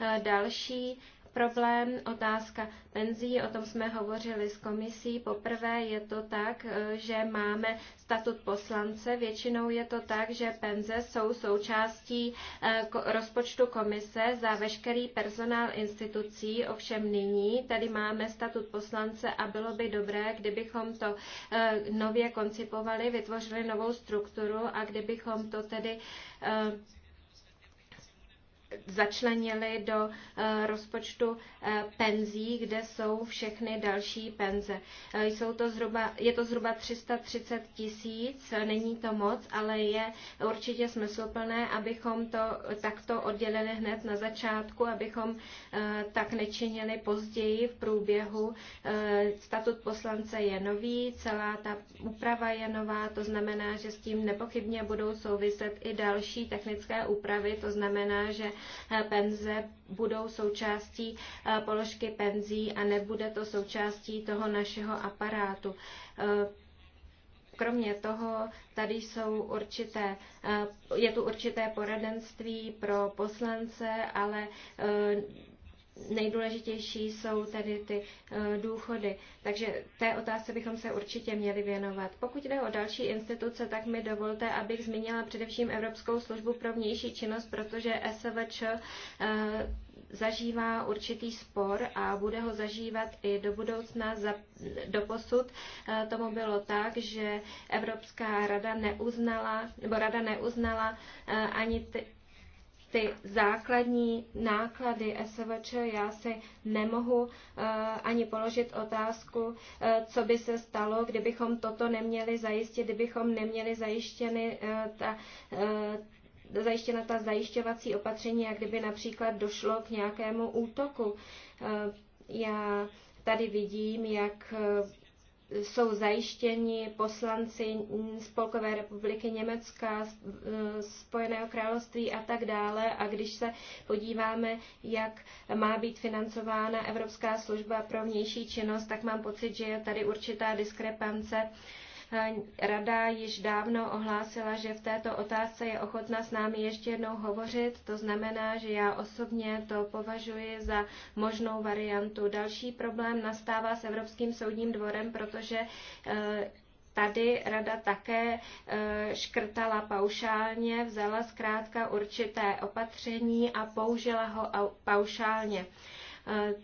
E, další problém. Otázka penzí, o tom jsme hovořili s komisí. Poprvé je to tak, eh, že máme statut poslance. Většinou je to tak, že penze jsou součástí eh, rozpočtu komise za veškerý personál institucí. Ovšem nyní tady máme statut poslance a bylo by dobré, kdybychom to eh, nově koncipovali, vytvořili novou strukturu a kdybychom to tedy začlenili do eh, rozpočtu eh, penzí, kde jsou všechny další penze. Eh, jsou to zhruba, je to zhruba 330 tisíc, není to moc, ale je určitě smysluplné, abychom to takto oddělili hned na začátku, abychom tak nečinili později v průběhu. Statut poslance je nový, celá ta úprava je nová, to znamená, že s tím nepochybně budou souviset i další technické úpravy, to znamená, že Eh, penze budou součástí eh, položky penzí a nebude to součástí toho našeho aparátu. Eh, kromě toho tady jsou určité, je tu určité poradenství pro poslance, ale nejdůležitější jsou tedy ty eh, důchody. Takže té otázce bychom se určitě měli věnovat. Pokud jde o další instituce, tak mi dovolte, abych zmínila především Evropskou službu pro vnější činnost, protože SVČ eh, zažívá určitý spor a bude ho zažívat i do budoucna. Za, do posud eh, tomu bylo tak, že Evropská rada neuznala, nebo rada neuznala ani ty, ty základní náklady SVČ, já si nemohu uh, ani položit otázku, uh, co by se stalo, kdybychom toto neměli zajistit, kdybychom neměli zajištěny uh, ta, zajištěna ta zajišťovací opatření jak kdyby například došlo k nějakému útoku. Já tady vidím, jak jsou zajištěni poslanci Spolkové republiky Německa, e, Spojeného království a tak dále. A když se podíváme, jak má být financována Evropská služba pro vnější činnost, tak mám pocit, že je tady určitá diskrepance Rada již dávno ohlásila, že v této otázce je ochotna s námi ještě jednou hovořit. To znamená, že já osobně to považuji za možnou variantu. Další problém nastává s Evropským soudním dvorem, protože eh, tady rada také eh, škrtala paušálně, vzala zkrátka určité opatření a použila ho paušálně. Eh,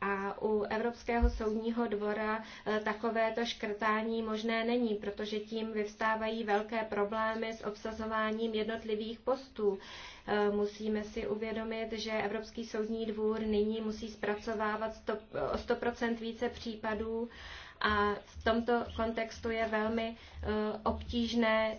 a u Evropského soudního dvora eh, takovéto škrtání možné není, protože tím vyvstávají velké problémy s obsazováním jednotlivých postů. Eh, musíme si uvědomit, že Evropský soudní dvůr nyní musí zpracovávat 100, o 100% více případů a v tomto kontextu je velmi eh, obtížné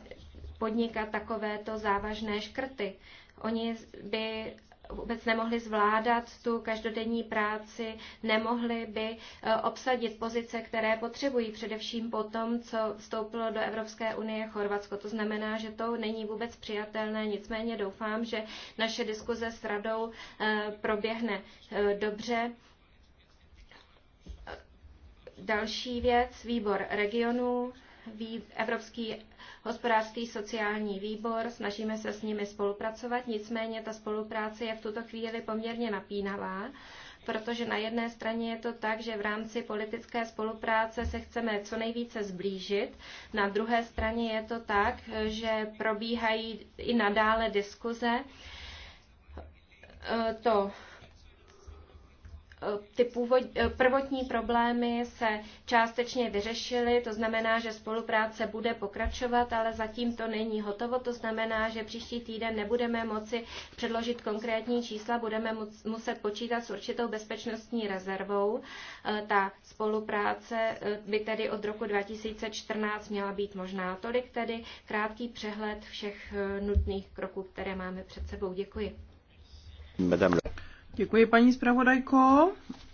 podnikat takovéto závažné škrty. Oni by vůbec nemohli zvládat tu každodenní práci, nemohli by e, obsadit pozice, které potřebují především po tom, co vstoupilo do Evropské unie Chorvatsko. To znamená, že to není vůbec přijatelné, nicméně doufám, že naše diskuze s radou e, proběhne e, dobře. Další věc, výbor regionů. Evropský hospodářský sociální výbor, snažíme se s nimi spolupracovat, nicméně ta spolupráce je v tuto chvíli poměrně napínavá protože na jedné straně je to tak, že v rámci politické spolupráce se chceme co nejvíce zblížit, na druhé straně je to tak, že probíhají i nadále diskuze. E, to ty původ, eh, prvotní problémy se částečně vyřešily, to znamená, že spolupráce bude pokračovat, ale zatím to není hotovo, to znamená, že příští týden nebudeme moci předložit konkrétní čísla, budeme muset počítat s určitou bezpečnostní rezervou. Eh, ta spolupráce eh, by tedy od roku 2014 měla být možná. Tolik tedy krátký přehled všech nutných kroků, které máme před sebou. Děkuji. Madame. Děkuji, paní zpravodajko.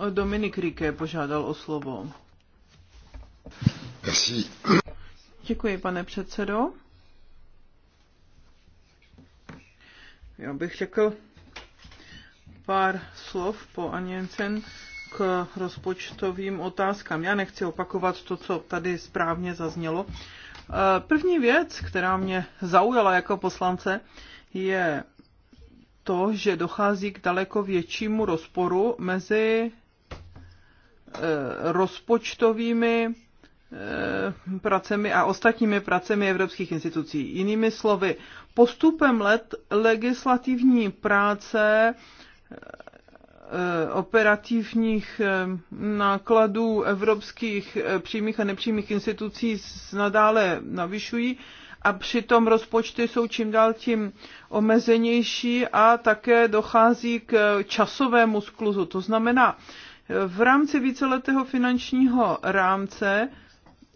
Dominik Rike požádal o slovo. Merci. Děkuji, pane předsedo. Já bych řekl pár slov po Aněncen k rozpočtovým otázkám. Já nechci opakovat to, co tady správně zaznělo. Eh, první věc, která mě zaujala jako poslance, je to, že dochází k daleko většímu rozporu mezi eh, rozpočtovými eh, pracemi a ostatními pracemi evropských institucí. Jinými slovy, postupem let legislativní práce eh, operativních nákladů evropských přímých a nepřímých institucí nadále navyšují a přitom rozpočty jsou čím dál tím omezenější a také dochází k časovému skluzu. To znamená, v rámci víceletého finančního rámce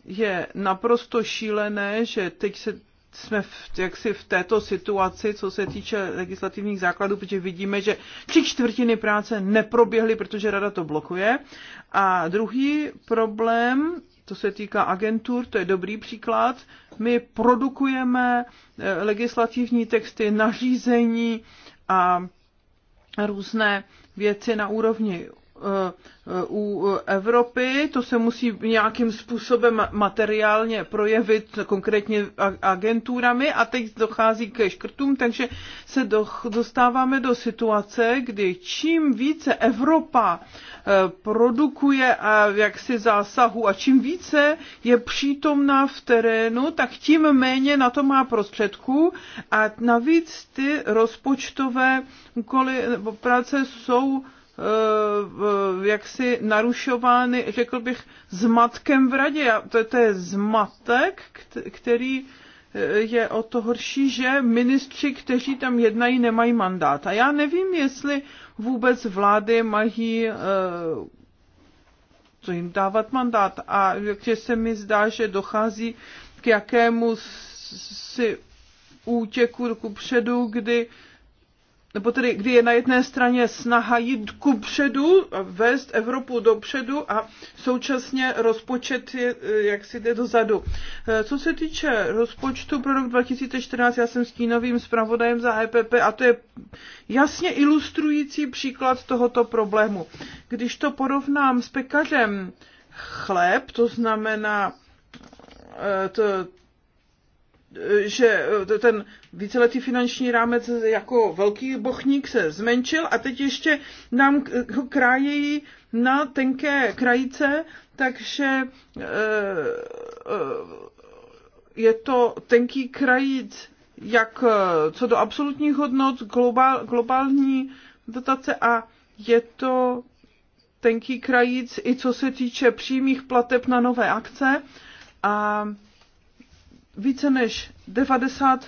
je naprosto šílené, že teď se jsme v, jaksi v této situaci, co se týče legislativních základů, protože vidíme, že tři čtvrtiny práce neproběhly, protože rada to blokuje. A druhý problém to se týká agentur, to je dobrý příklad. My produkujeme eh, legislativní texty, nařízení a různé věci na úrovni u Evropy, to se musí nějakým způsobem materiálně projevit konkrétně agenturami a teď dochází ke škrtům, takže se dostáváme do situace, kdy čím více Evropa eh, produkuje a jaksi zásahu a čím více je přítomná v terénu, tak tím méně na to má prostředků a navíc ty rozpočtové úkoly nebo práce jsou Eh, eh, jaksi narušovány, řekl bych, zmatkem v radě. To to, to je zmatek, který eh, je o to horší, že ministři, kteří tam jednají, nemají mandát. A já nevím, jestli vůbec vlády mají co jim dávat mandát. A takže se mi zdá, že dochází k jakému si útěku ku předu, kdy nebo tedy kdy je na jedné straně snaha jít ku předu, vést Evropu dopředu a současně rozpočet je, eh, jak si jde dozadu. Eh, co se týče rozpočtu pro rok 2014, já jsem stínovým zpravodajem za EPP a to je jasně ilustrující příklad tohoto problému. Když to porovnám s pekařem chléb, to znamená eh, to, že eh, ten víceletý finanční rámec jako velký bochník se zmenšil a teď ještě nám eh, krájejí na tenké krajice, takže eh, je to tenký krajíc jak co do absolutních hodnot, globál, globální dotace a je to tenký krajíc i co se týče přímých plateb na nové akce a více než 90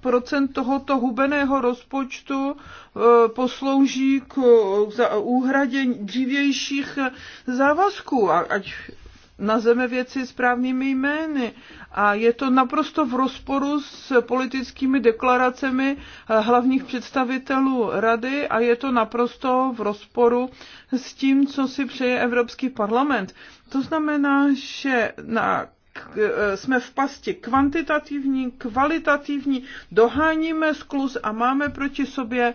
procent tohoto hubeného rozpočtu e, poslouží k úhradě dřívějších závazků, ať zeme věci správnými jmény. A je to naprosto v rozporu s politickými deklaracemi e, hlavních představitelů rady a je to naprosto v rozporu s tím, co si přeje Evropský parlament. To znamená, že na Eh, jsme v pasti kvantitativní, kvalitativní, doháníme sklus a máme proti sobě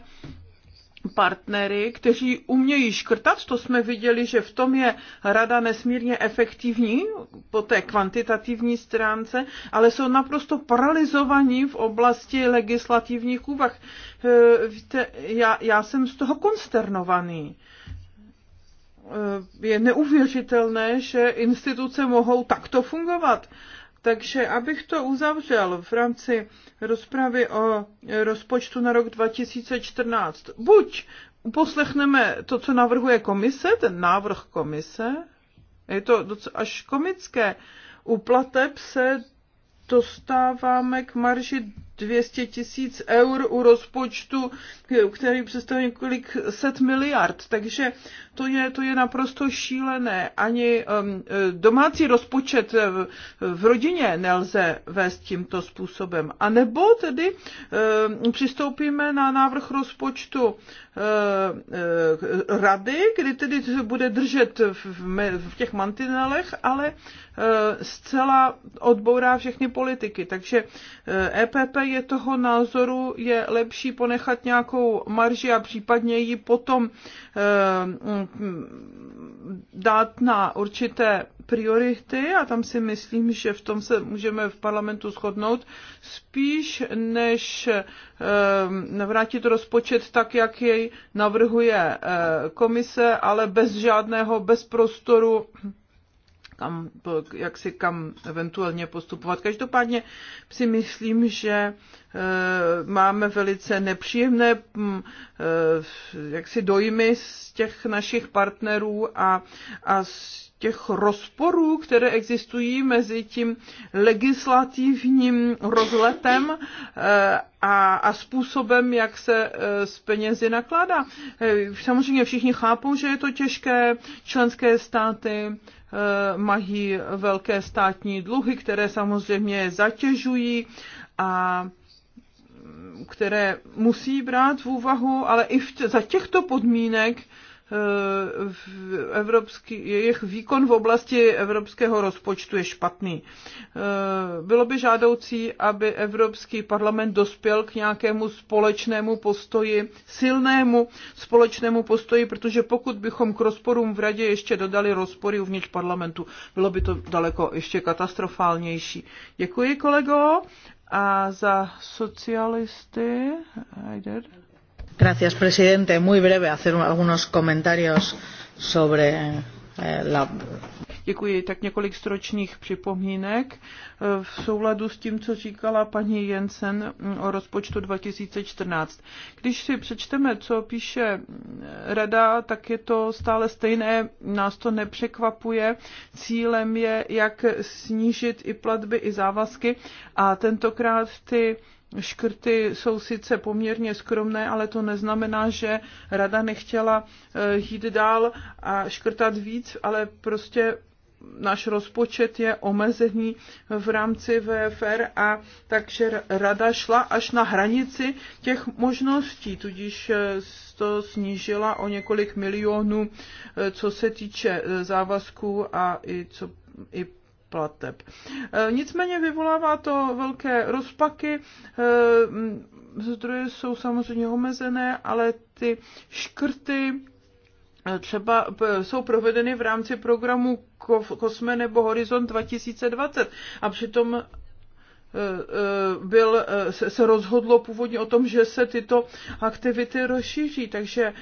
partnery, kteří umějí škrtat, to jsme viděli, že v tom je rada nesmírně efektivní po té kvantitativní stránce, ale jsou naprosto paralizovaní v oblasti legislativních úvah. Eh, víte, já, já jsem z toho konsternovaný. Eh, je neuvěřitelné, že instituce mohou takto fungovat. Takže abych to uzavřel v rámci rozpravy o rozpočtu na rok 2014. Buď uposlechneme to, co navrhuje komise, ten návrh komise, je to docela až komické, u plateb se dostáváme k marži 200 tisíc eur u rozpočtu, který představuje několik set miliard. Takže to je, to je naprosto šílené. Ani um, domácí rozpočet v, v rodině nelze vést tímto způsobem. A nebo tedy um, přistoupíme na návrh rozpočtu uh, uh, rady, kdy tedy bude držet v, v těch mantinelech, ale uh, zcela odbourá všechny politiky. Takže uh, EPP je toho názoru, je lepší ponechat nějakou marži a případně ji potom eh, dát na určité priority a tam si myslím, že v tom se můžeme v parlamentu shodnout, spíš než eh, navrátit rozpočet tak, jak jej navrhuje eh, komise, ale bez žádného, bez prostoru kam, jak si kam eventuálně postupovat. Každopádně si myslím, že eh, máme velice nepříjemné hm, eh, jaksi dojmy z těch našich partnerů a, a z těch rozporů, které existují mezi tím legislativním rozletem eh, a, a způsobem, jak se s penězi nakládá. Samozřejmě všichni chápou, že je to těžké, členské státy Eh, mají velké státní dluhy, které samozřejmě zatěžují a mm, které musí brát v úvahu, ale i v, za těchto podmínek Eh, evropský, jejich výkon v oblasti evropského rozpočtu je špatný. Eh, bylo by žádoucí, aby Evropský parlament dospěl k nějakému společnému postoji, silnému společnému postoji, protože pokud bychom k rozporům v radě ještě dodali rozpory uvnitř parlamentu, bylo by to daleko ještě katastrofálnější. Děkuji, kolego. A za socialisty, Heider. Señor presidente. Muy breve, hacer algunos comentarios sobre eh, la... Děkuji. Tak několik stročných připomínek. Eh, v souladu s tím, co říkala paní Jensen mm, o rozpočtu 2014. Když si přečteme, co píše eh, rada, tak je to stále stejné, nás to nepřekvapuje. Cílem je, jak snížit i platby, i závazky a tentokrát ty škrty jsou sice poměrně skromné, ale to neznamená, že rada nechtěla eh, jít dál a škrtat víc, ale prostě náš rozpočet je omezený v rámci VFR a takže rada šla až na hranici těch možností, tudíž eh, to snížila o několik milionů, eh, co se týče závazků a i, co, i plateb. E, nicméně vyvolává to velké rozpaky, e, zdroje jsou samozřejmě omezené, ale ty škrty e, třeba jsou provedeny v rámci programu Kosme nebo Horizont 2020 a přitom Eh, eh, byl, eh, se, se rozhodlo původně o tom, že se tyto aktivity rozšíří. Takže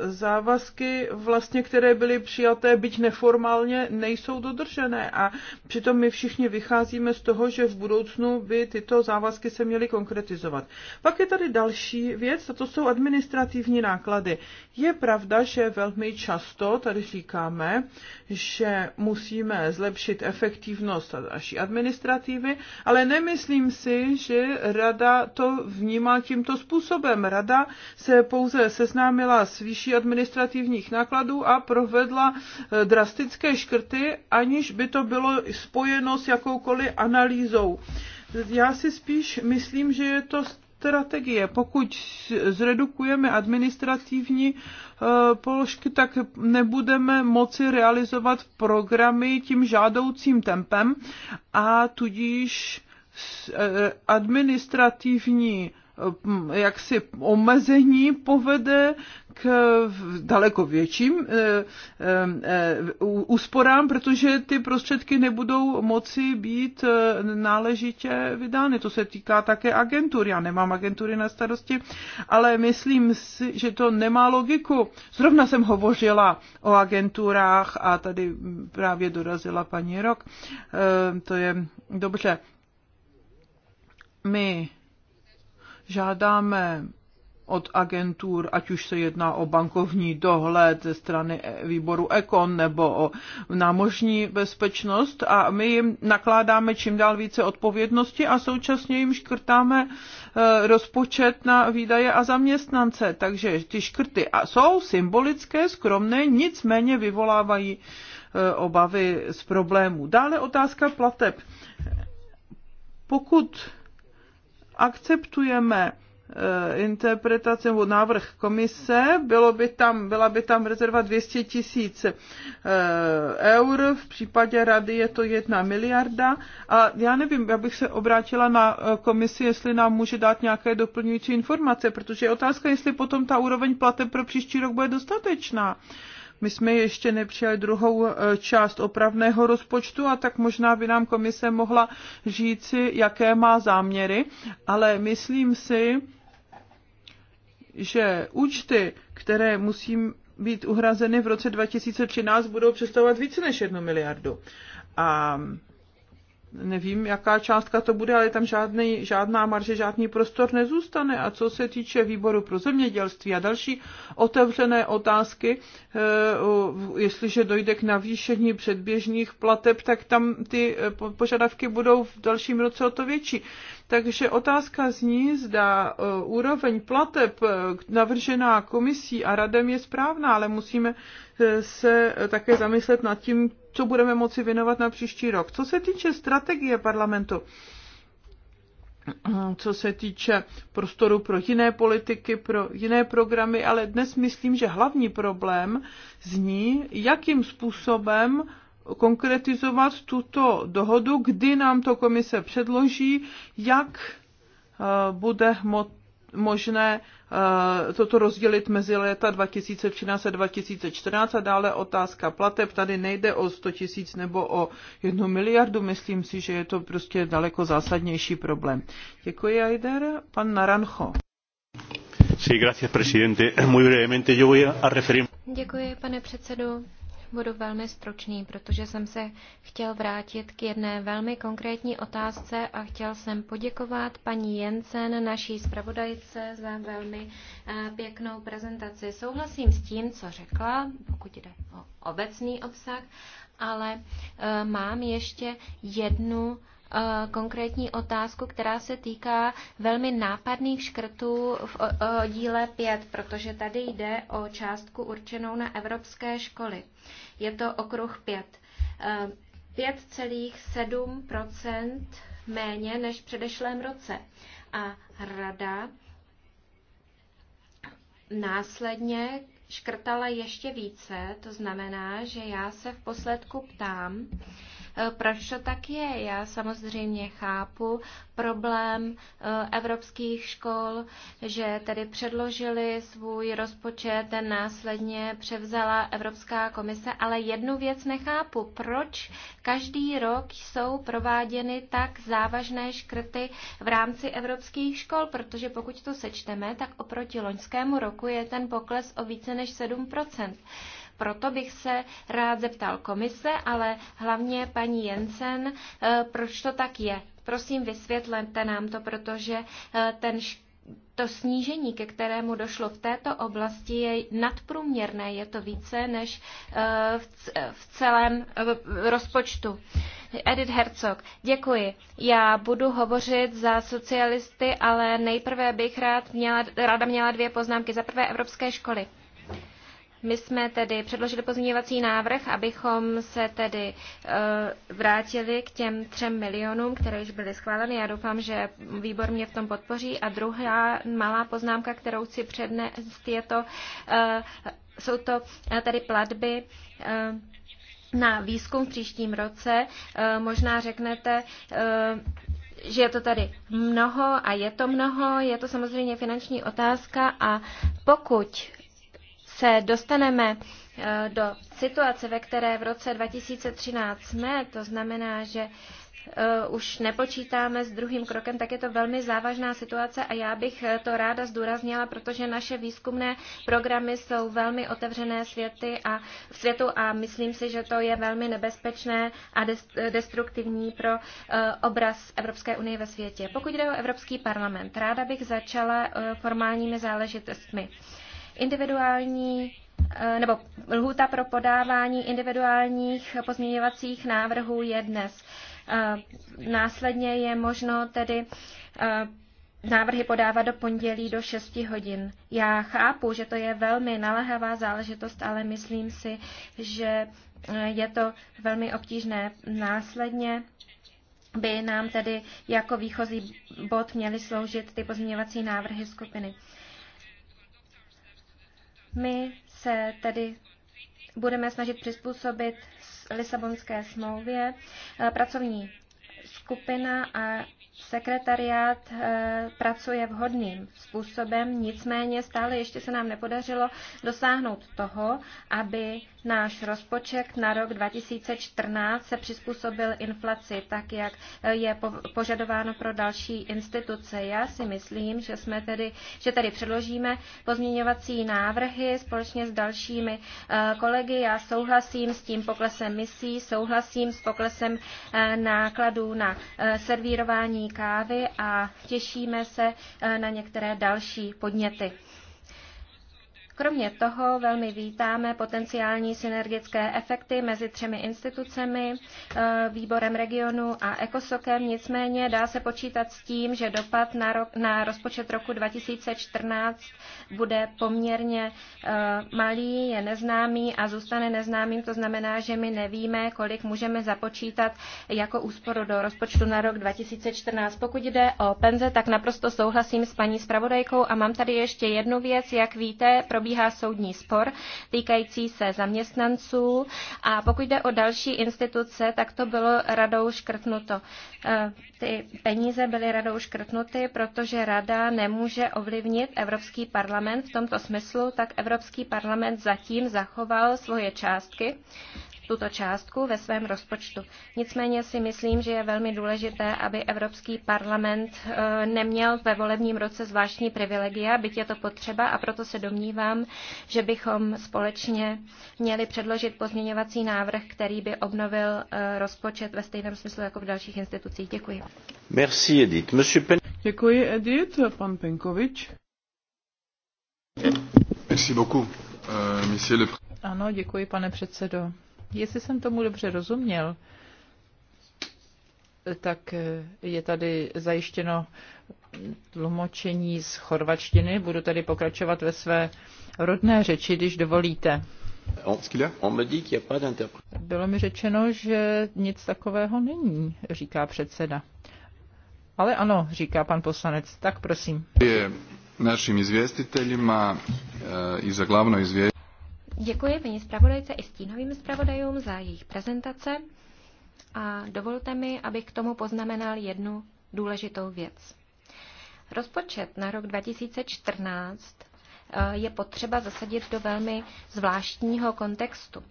závazky, vlastně, které byly přijaté, byť neformálně, nejsou dodržené. A přitom my všichni vycházíme z toho, že v budoucnu by tyto závazky se měly konkretizovat. Pak je tady další věc, a to jsou administrativní náklady. Je pravda, že velmi často tady říkáme, že musíme zlepšit efektivnost naší administrativy, ale ale nemyslím si, že rada to vnímá tímto způsobem. Rada se pouze seznámila s výší administrativních nákladů a provedla eh, drastické škrty, aniž by to bylo spojeno s jakoukoliv analýzou. Já si spíš myslím, že je to strategie. Pokud zredukujeme administrativní eh, položky, tak nebudeme moci realizovat programy tím žádoucím tempem a tudíž administrativní jaksi omezení povede k daleko větším eh, eh, úsporám, protože ty prostředky nebudou moci být eh, náležitě vydány. To se týká také agentur. Já nemám agentury na starosti, ale myslím si, že to nemá logiku. Zrovna jsem hovořila o agenturách a tady právě dorazila paní Rok. To je dobře. My žádáme od agentur, ať už se jedná o bankovní dohled ze strany výboru Ekon nebo o námožní bezpečnost a my jim nakládáme čím dál více odpovědnosti a současně jim škrtáme eh, rozpočet na výdaje a zaměstnance. Takže ty škrty jsou symbolické, skromné, nicméně vyvolávají eh, obavy z problémů. Dále otázka plateb. Pokud akceptujeme eh, interpretace nebo návrh komise, bylo by tam, byla by tam rezerva 200 tisíc eh, eur, v případě rady je to jedna miliarda a já nevím, já bych se obrátila na eh, komisi, jestli nám může dát nějaké doplňující informace, protože je otázka, jestli potom ta úroveň plateb pro příští rok bude dostatečná. My jsme ještě nepřijali druhou e, část opravného rozpočtu a tak možná by nám komise mohla říci, jaké má záměry, ale myslím si, že účty, které musím být uhrazeny v roce 2013, budou představovat více než jednu miliardu. A nevím, jaká částka to bude, ale tam žádný, žádná marže, žádný prostor nezůstane. A co se týče výboru pro zemědělství a další otevřené otázky, eh, jestliže dojde k navýšení předběžných plateb, tak tam ty eh, požadavky budou v dalším roce o to větší. Takže otázka zní, zda eh, úroveň plateb navržená komisí a radem je správná, ale musíme se také zamyslet nad tím, co budeme moci věnovat na příští rok. Co se týče strategie parlamentu, co se týče prostoru pro jiné politiky, pro jiné programy, ale dnes myslím, že hlavní problém zní, jakým způsobem konkretizovat tuto dohodu, kdy nám to komise předloží, jak eh, bude možné eh, toto rozdělit mezi léta 2013 a 2014 a dále otázka plateb. Tady nejde o 100 tisíc nebo o jednu miliardu. Myslím si, že je to prostě daleko zásadnější problém. Děkuji, Aider. Pan Narancho. Sí, gracias, presidente. Muy brevemente, yo voy a referir... Děkuji, pane předsedu. Budu velmi stručný, protože jsem se chtěl vrátit k jedné velmi konkrétní otázce a chtěl jsem poděkovat paní Jensen, naší zpravodajce, za velmi eh, pěknou prezentaci. Souhlasím s tím, co řekla, pokud jde o obecný obsah, ale eh, mám ještě jednu konkrétní otázku, která se týká velmi nápadných škrtů v díle 5, protože tady jde o částku určenou na evropské školy. Je to okruh 5. 5,7 e, méně než v předešlém roce. A rada následně škrtala ještě více, to znamená, že já se v posledku ptám, Eh, proč to tak je? Já samozřejmě chápu problém eh, evropských škol, že tedy předložili svůj rozpočet, ten následně převzala Evropská komise, ale jednu věc nechápu. Proč každý rok jsou prováděny tak závažné škrty v rámci evropských škol? Protože pokud to sečteme, tak oproti loňskému roku je ten pokles o více než 7 proto bych se rád zeptal komise, ale hlavně paní Jensen, eh, proč to tak je. Prosím, vysvětlete nám to, protože eh, ten to snížení, ke kterému došlo v této oblasti, je nadprůměrné, je to více než eh, v celém rozpočtu. Edith Herzog, děkuji. Já budu hovořit za socialisty, ale nejprve bych rád měla, ráda měla dvě poznámky. Za prvé Evropské školy. My jsme tedy předložili pozměňovací návrh, abychom se tedy eh, vrátili k těm třem milionům, které již byly schváleny. Já doufám, že výbor mě v tom podpoří. A druhá malá poznámka, kterou chci přednést, je to, eh, jsou to eh, tedy platby na výzkum v příštím roce. Možná řeknete, že je to tady mnoho a je to mnoho, je to samozřejmě finanční otázka a pokud se dostaneme eh, do situace, ve které v roce 2013 jsme, to znamená, že eh, už nepočítáme s druhým krokem, tak je to velmi závažná situace a já bych eh, to ráda zdůraznila, protože naše výzkumné programy jsou velmi otevřené světy a, světu a myslím si, že to je velmi nebezpečné a destruktivní pro obraz Evropské unie ve světě. Pokud jde o Evropský parlament, ráda bych začala formálními záležitostmi. Individuální eh, nebo lhůta pro podávání individuálních pozměňovacích návrhů je dnes. Eh, následně je možno tedy eh, návrhy podávat do pondělí do 6 hodin. Já chápu, že to je velmi naléhavá záležitost, ale myslím si, že je to velmi obtížné. Následně by nám tedy jako výchozí bod měly sloužit ty pozměňovací návrhy skupiny. My se tedy budeme snažit přizpůsobit Lisabonské smlouvě eh, pracovní skupina a Sekretariát eh, pracuje vhodným způsobem, nicméně stále ještě se nám nepodařilo dosáhnout toho, aby náš rozpočet na rok 2014 se přizpůsobil inflaci, tak jak eh, je požadováno pro další instituce. Já si myslím, že, jsme tedy, že tady předložíme pozměňovací návrhy společně s dalšími eh, kolegy. Já souhlasím s tím poklesem misí, souhlasím s poklesem nákladů na servírování kávy a těšíme se eh, na některé další podněty. Kromě toho velmi vítáme potenciální synergické efekty mezi třemi institucemi, eh, výborem regionu a ekosokem. Nicméně dá se počítat s tím, že dopad na, rok, na rozpočet roku 2014 bude poměrně eh, malý, je neznámý a zůstane neznámým. To znamená, že my nevíme, kolik můžeme započítat jako úsporu do rozpočtu na rok 2014. Pokud jde o penze, tak naprosto souhlasím s paní zpravodajkou a mám tady ještě jednu věc. Jak víte, probíhá probíhá soudní spor týkající se zaměstnanců a pokud jde o další instituce, tak to bylo radou škrtnuto. Eh, ty peníze byly radou škrtnuty, protože rada nemůže ovlivnit Evropský parlament v tomto smyslu, tak Evropský parlament zatím zachoval svoje částky tuto částku ve svém rozpočtu. Nicméně si myslím, že je velmi důležité, aby Evropský parlament eh, neměl ve volebním roce zvláštní privilegia, byť je to potřeba a proto se domnívám, že bychom společně měli předložit pozměňovací návrh, který by obnovil eh, rozpočet ve stejném smyslu jako v dalších institucích. Děkuji. Merci, Edith. Monsieur Pen... Děkuji, Edith. Pan Penkovič. Merci beaucoup, euh, monsieur le... Ano, děkuji, pane předsedo. Jestli jsem tomu dobře rozuměl, tak je tady zajištěno tlumočení z chorvačtiny. Budu tady pokračovat ve své rodné řeči, když dovolíte. Bylo mi řečeno, že nic takového není, říká předseda. Ale ano, říká pan poslanec. Tak prosím. Je našim izvěstitelima e, i za glavno izvěstitelima. Děkuji paní zpravodajce i stínovým zpravodajům za jejich prezentace a dovolte mi, abych k tomu poznamenal jednu důležitou věc. Rozpočet na rok 2014 eh, je potřeba zasadit do velmi zvláštního kontextu.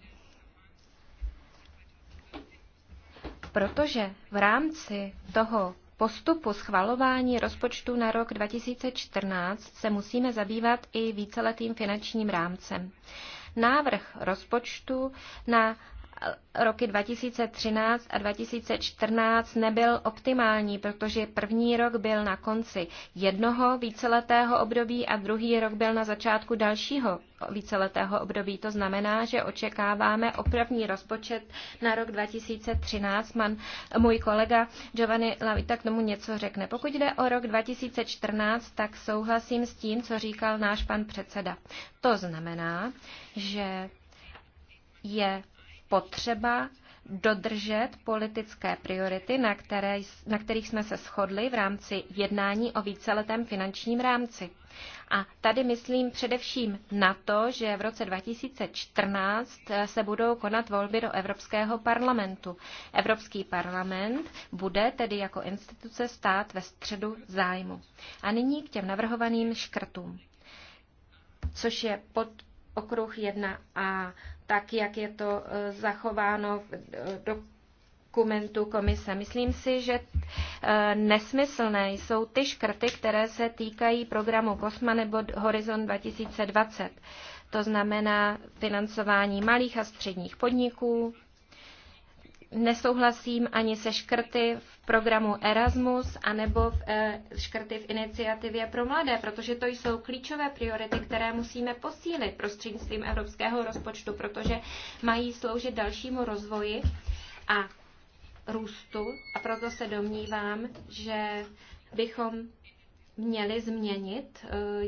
Protože v rámci toho postupu schvalování rozpočtu na rok 2014 se musíme zabývat i víceletým finančním rámcem návrh rozpočtu na roky 2013 a 2014 nebyl optimální, protože první rok byl na konci jednoho víceletého období a druhý rok byl na začátku dalšího víceletého období. To znamená, že očekáváme opravní rozpočet na rok 2013. Man, můj kolega Giovanni Lavita k tomu něco řekne. Pokud jde o rok 2014, tak souhlasím s tím, co říkal náš pan předseda. To znamená, že je potřeba dodržet politické priority, na, které, na kterých jsme se shodli v rámci jednání o víceletém finančním rámci. A tady myslím především na to, že v roce 2014 se budou konat volby do Evropského parlamentu. Evropský parlament bude tedy jako instituce stát ve středu zájmu. A nyní k těm navrhovaným škrtům což je pod, okruh 1a, tak jak je to e, zachováno v e, dokumentu komise. Myslím si, že e, nesmyslné jsou ty škrty, které se týkají programu COSMA nebo Horizon 2020. To znamená financování malých a středních podniků, nesouhlasím ani se škrty v programu Erasmus anebo v, e, škrty v iniciativě pro mladé, protože to jsou klíčové priority, které musíme posílit prostřednictvím evropského rozpočtu, protože mají sloužit dalšímu rozvoji a růstu a proto se domnívám, že bychom měli změnit eh,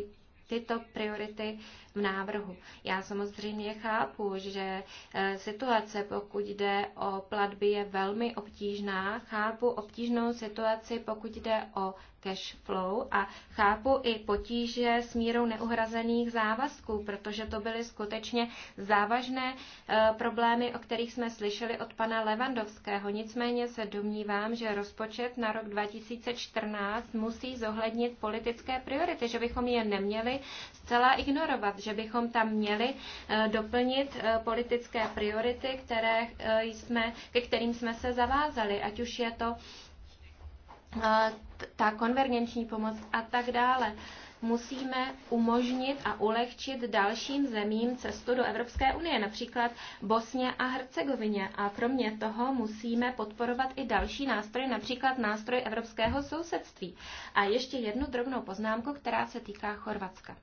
tyto priority v návrhu. Já samozřejmě chápu, že e, situace, pokud jde o platby, je velmi obtížná. Chápu obtížnou situaci, pokud jde o cash flow a chápu i potíže s mírou neuhrazených závazků, protože to byly skutečně závažné e, problémy, o kterých jsme slyšeli od pana Levandovského. Nicméně se domnívám, že rozpočet na rok 2014 musí zohlednit politické priority, že bychom je neměli zcela ignorovat, že že bychom tam měli eh, doplnit eh, politické priority, které eh, jsme, ke kterým jsme se zavázali, ať už je to ta konvergenční pomoc a tak dále musíme umožnit a ulehčit dalším zemím cestu do Evropské unie, například Bosně a Hercegovině. A kromě toho musíme podporovat i další nástroje, například nástroj evropského sousedství. A ještě jednu drobnou poznámku, která se týká Chorvatska.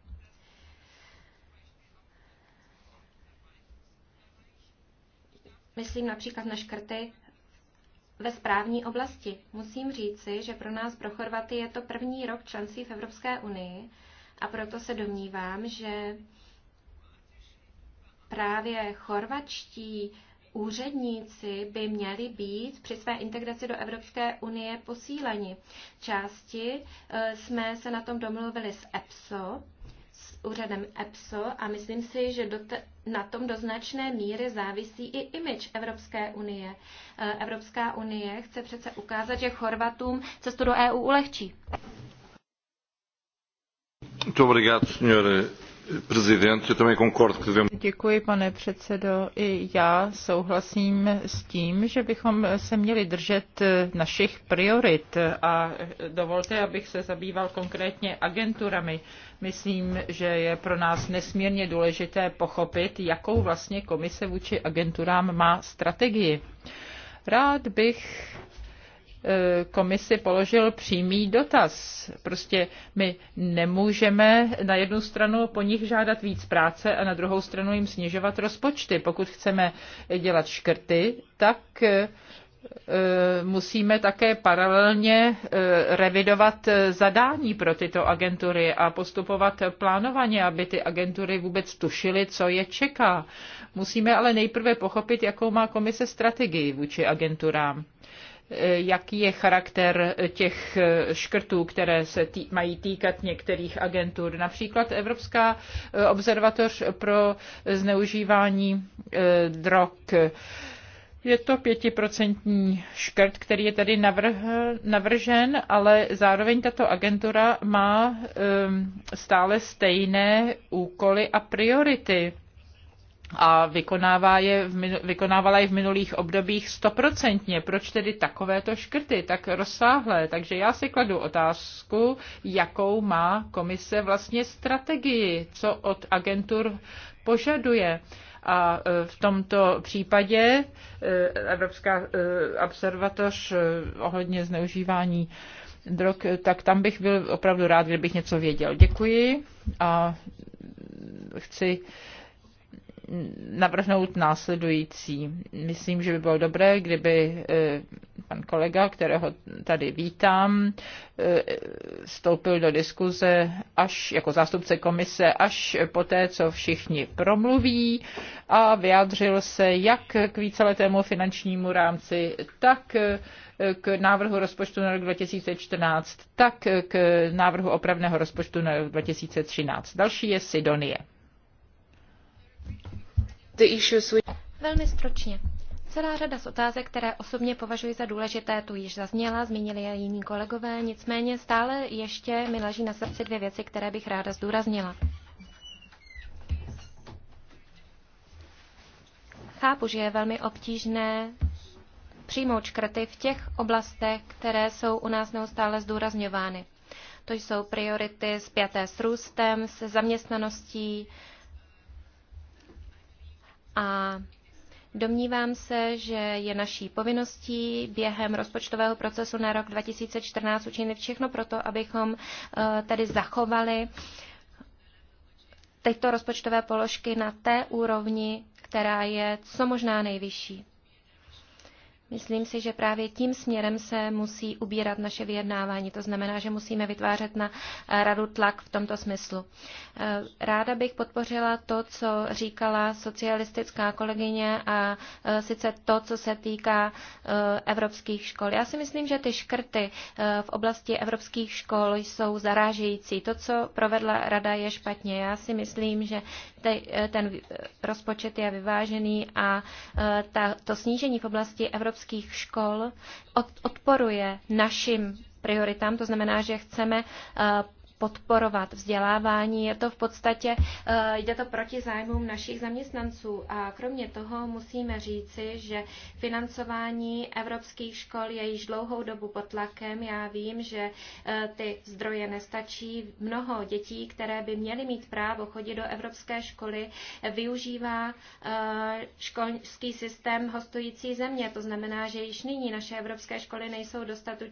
Myslím například na škrty ve správní oblasti. Musím říci, že pro nás, pro Chorvaty, je to první rok členství v Evropské unii a proto se domnívám, že právě chorvačtí úředníci by měli být při své integraci do Evropské unie posíleni. Části eh, jsme se na tom domluvili s EPSO, úřadem EPSO a myslím si, že na tom do značné míry závisí i image Evropské unie. Eh, Evropská unie chce přece ukázat, že Chorvatům cestu do EU ulehčí. Dobrý obrigado, Děkuji, pane předsedo. I já souhlasím s tím, že bychom se měli držet našich priorit a dovolte, abych se zabýval konkrétně agenturami. Myslím, že je pro nás nesmírně důležité pochopit, jakou vlastně komise vůči agenturám má strategii. Rád bych Eh, komisi položil přímý dotaz. Prostě my nemůžeme na jednu stranu po nich žádat víc práce a na druhou stranu jim snižovat rozpočty. Pokud chceme dělat škrty, tak eh, eh, musíme také paralelně revidovat zadání pro tyto agentury a postupovat plánovaně, aby ty agentury vůbec tušily, co je čeká. Musíme ale nejprve pochopit, jakou má komise strategii vůči agenturám jaký je charakter těch škrtů, které se tý, mají týkat některých agentur. Například Evropská eh, observatoř pro zneužívání eh, drog. Je to pětiprocentní škrt, který je tady navrh, navržen, ale zároveň tato agentura má um, stále stejné úkoly a priority a vykonává je, vykonávala je v minulých obdobích stoprocentně. Proč tedy takovéto škrty, tak rozsáhlé? Takže já si kladu otázku, jakou má komise vlastně strategii, co od agentur požaduje. A e, v tomto případě e, Evropská e, observatoř ohledně zneužívání drog, tak tam bych byl opravdu rád, kdybych něco věděl. Děkuji a chci navrhnout následující. Myslím, že by bylo dobré, kdyby eh, pan kolega, kterého tady vítám, eh, vstoupil do diskuze až jako zástupce komise až po té, co všichni promluví a vyjádřil se jak k víceletému finančnímu rámci, tak eh, k návrhu rozpočtu na rok 2014, tak k návrhu opravného rozpočtu na rok 2013. Další je Sidonie. Velmi stručně. Celá řada z otázek, které osobně považuji za důležité, tu již zazněla, zmínili je jiní kolegové, nicméně stále ještě mi leží na srdci dvě věci, které bych ráda zdůraznila. Chápu, že je velmi obtížné přijmout škrty v těch oblastech, které jsou u nás neustále zdůrazňovány. To jsou priority spjaté s růstem, se zaměstnaností, a Domnívám se, že je naší povinností během rozpočtového procesu na rok 2014 učinit všechno proto, abychom eh, tady zachovali tyto rozpočtové položky na té úrovni, která je co možná nejvyšší. Myslím si, že právě tím směrem se musí ubírat naše vyjednávání. To znamená, že musíme vytvářet na eh, radu tlak v tomto smyslu. Eh, ráda bych podpořila to, co říkala socialistická kolegyně a eh, sice to, co se týká evropských škol. Já si myslím, že ty škrty v oblasti evropských škol jsou zarážející. To, co provedla rada, je špatně. Já si myslím, že ten rozpočet je vyvážený a to snížení v oblasti evropských evropských škol odporuje našim prioritám, to znamená, že chceme eh, podporovat vzdělávání. Je to v podstatě, eh, jde to proti zájmům našich zaměstnanců a kromě toho musíme říci, že financování evropských škol je již dlouhou dobu pod tlakem. Já vím, že eh, ty zdroje nestačí. Mnoho dětí, které by měly mít právo chodit do evropské školy, eh, využívá školský systém hostující země. To znamená, že již nyní naše evropské školy nejsou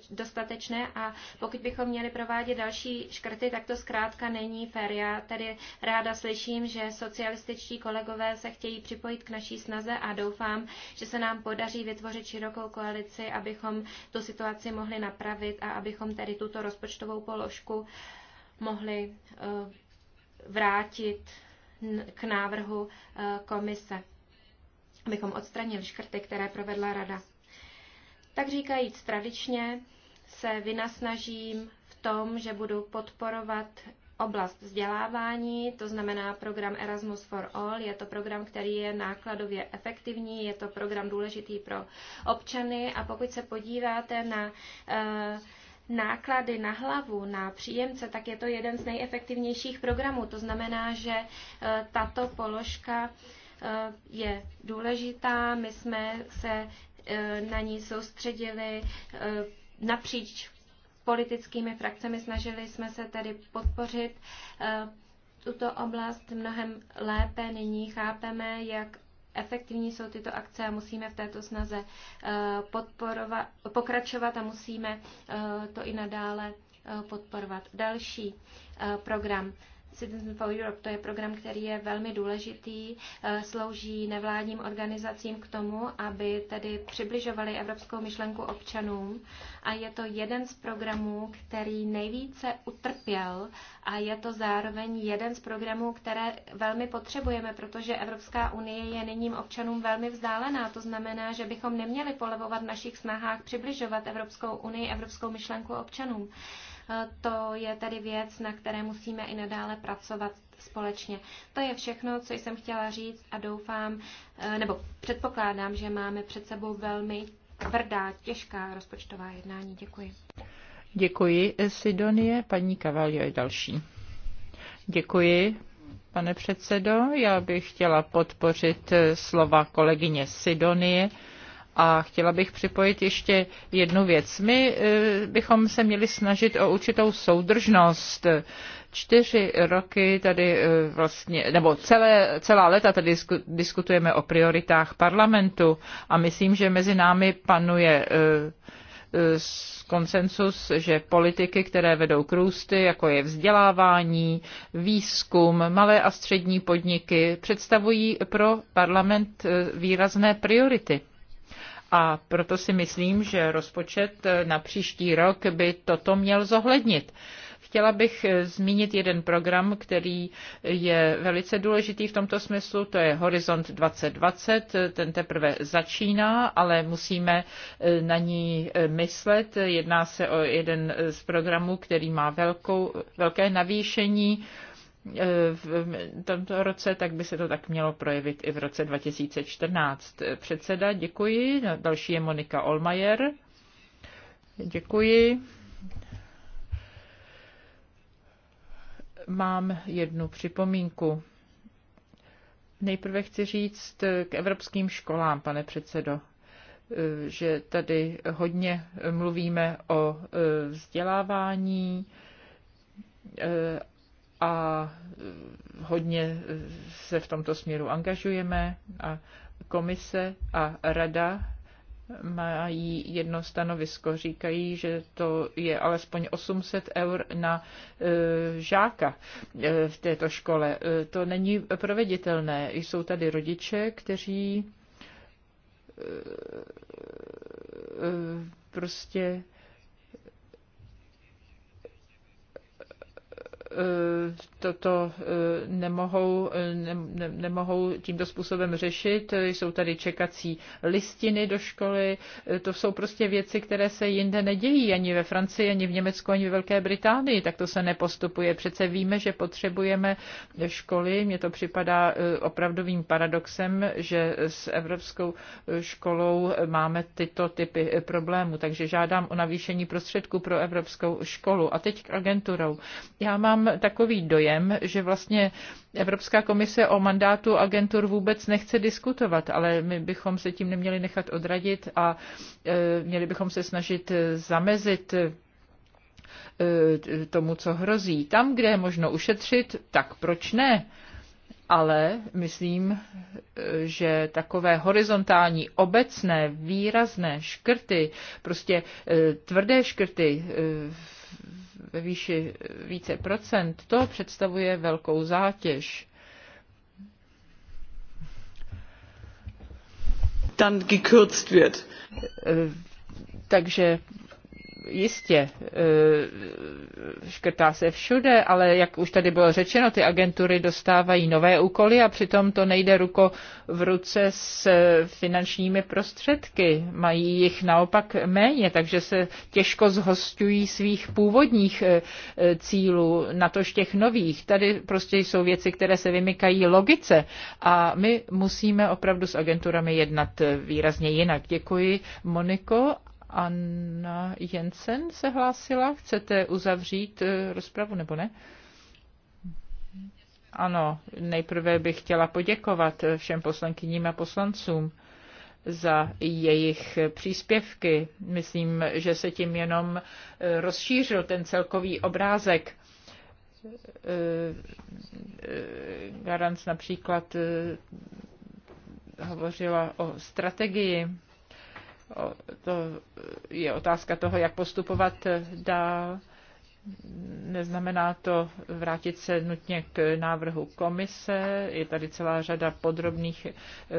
dostatečné a pokud bychom měli provádět další škrt, škrty, tak to zkrátka není fér. Já tady ráda slyším, že socialističtí kolegové se chtějí připojit k naší snaze a doufám, že se nám podaří vytvořit širokou koalici, abychom tu situaci mohli napravit a abychom tedy tuto rozpočtovou položku mohli eh, vrátit k návrhu eh, komise, abychom odstranili škrty, které provedla rada. Tak říkajíc tradičně se vynasnažím tom, že budu podporovat oblast vzdělávání, to znamená program Erasmus for All. Je to program, který je nákladově efektivní, je to program důležitý pro občany a pokud se podíváte na eh, náklady na hlavu, na příjemce, tak je to jeden z nejefektivnějších programů. To znamená, že eh, tato položka eh, je důležitá. My jsme se na ní soustředili napříč politickými frakcemi. Snažili jsme se tedy podpořit eh, tuto oblast mnohem lépe. Nyní chápeme, jak efektivní jsou tyto akce a musíme v této snaze eh, podporovat, pokračovat a musíme eh, to i nadále podporovat. Další program Citizen for Europe, to je program, který je velmi důležitý, eh, slouží nevládním organizacím k tomu, aby tedy přibližovali evropskou myšlenku občanům a je to jeden z programů, který nejvíce utrpěl a je to zároveň jeden z programů, které velmi potřebujeme, protože Evropská unie je nyní občanům velmi vzdálená. To znamená, že bychom neměli polevovat v našich snahách přibližovat Evropskou unii, evropskou myšlenku občanům. To je tedy věc, na které musíme i nadále pracovat společně. To je všechno, co jsem chtěla říct a doufám, eh, nebo předpokládám, že máme před sebou velmi tvrdá, těžká rozpočtová jednání. Děkuji. Děkuji, Sidonie. Paní Kavalio je další. Děkuji, pane předsedo. Já bych chtěla podpořit eh, slova kolegyně Sidonie. A chtěla bych připojit ještě jednu věc. My eh, bychom se měli snažit o určitou soudržnost. Čtyři roky tady eh, vlastně, nebo celé, celá leta tady diskutujeme o prioritách parlamentu a myslím, že mezi námi panuje eh, konsensus, že politiky, které vedou k růsty, jako je vzdělávání, výzkum, malé a střední podniky, představují pro parlament výrazné priority. A proto si myslím, že rozpočet na příští rok by toto měl zohlednit. Chtěla bych eh, zmínit jeden program, který je velice důležitý v tomto smyslu, to je Horizont 2020. Ten teprve začíná, ale musíme eh, na ní eh, myslet. Jedná se o jeden z programů, který má velkou, velké navýšení E, v tomto roce, tak by se to tak mělo projevit i v roce 2014. Předseda, děkuji. No, další je Monika Olmajer. Děkuji. Mám jednu připomínku. Nejprve chci říct k evropským školám, pane předsedo e, že tady hodně mluvíme o e, vzdělávání a eh, hodně eh, se v tomto směru angažujeme a komise a rada mají jedno stanovisko. Říkají, že to je alespoň 800 eur na eh, žáka v této škole. to není proveditelné. Jsou tady rodiče, kteří prostě Eh, toto eh, nemohou, eh, ne, ne, nemohou tímto způsobem řešit. Jsou tady čekací listiny do školy. To jsou prostě věci, které se jinde nedějí, ani ve Francii, ani v Německu, ani ve Velké Británii. Tak to se nepostupuje. Přece víme, že potřebujeme školy. Mně to připadá opravdovým paradoxem, že s evropskou školou máme tyto typy problémů. Takže žádám o navýšení prostředků pro evropskou školu. A teď k agenturou. Já mám takový dojem, že vlastně Evropská komise o mandátu agentur vůbec nechce diskutovat, ale my bychom se tím neměli nechat odradit a e, měli bychom se snažit zamezit e, tomu, co hrozí. Tam, kde je možno ušetřit, tak proč ne? ale myslím, e, že takové horizontální, obecné, výrazné škrty, prostě tvrdé škrty v ve výši více procent, to představuje velkou zátěž. Dann gekürzt wird. Eh, takže jistě e, škrtá se všude, ale jak už tady bylo řečeno, ty agentury dostávají nové úkoly a přitom to nejde ruko v ruce s finančními prostředky. Mají jich naopak méně, takže se těžko zhostují svých původních e, e, cílů, na tož těch nových. Tady prostě jsou věci, které se vymykají logice a my musíme opravdu s agenturami jednat výrazně jinak. Děkuji, Moniko. Anna Jensen se hlásila. Chcete uzavřít eh, rozpravu nebo ne? Ano, nejprve bych chtěla poděkovat eh, všem poslankyním a poslancům za jejich příspěvky. Myslím, že se tím jenom eh, rozšířil ten celkový obrázek. Garanc například hovořila o strategii to je otázka toho, jak postupovat dál. Neznamená to vrátit se nutně k návrhu komise. Je tady celá řada podrobných e,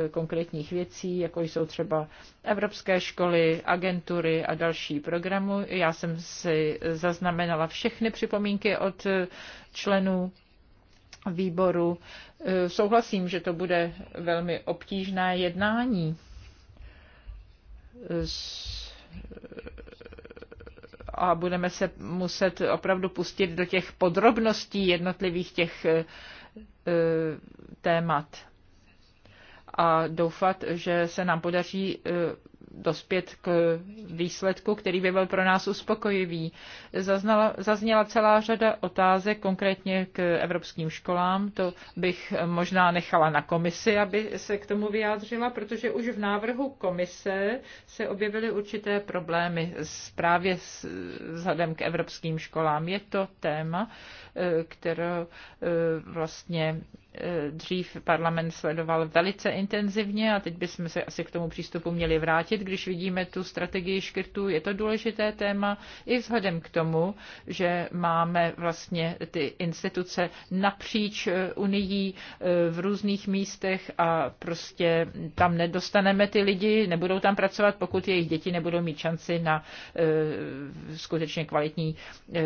konkrétních věcí, jako jsou třeba evropské školy, agentury a další programu. Já jsem si zaznamenala všechny připomínky od členů výboru. E, souhlasím, že to bude velmi obtížné jednání a budeme se muset opravdu pustit do těch podrobností jednotlivých těch e, témat a doufat, že se nám podaří e, dospět k výsledku, který by byl pro nás uspokojivý. Zaznala, zazněla celá řada otázek, konkrétně k evropským školám. To bych možná nechala na komisi, aby se k tomu vyjádřila, protože už v návrhu komise se objevily určité problémy právě s, vzhledem k evropským školám. Je to téma, eh, které eh, vlastně dřív parlament sledoval velice intenzivně a teď bychom se asi k tomu přístupu měli vrátit, když vidíme tu strategii škrtů. Je to důležité téma i vzhledem k tomu, že máme vlastně ty instituce napříč eh, Unii eh, v různých místech a prostě tam nedostaneme ty lidi, nebudou tam pracovat, pokud jejich děti nebudou mít šanci na eh, skutečně kvalitní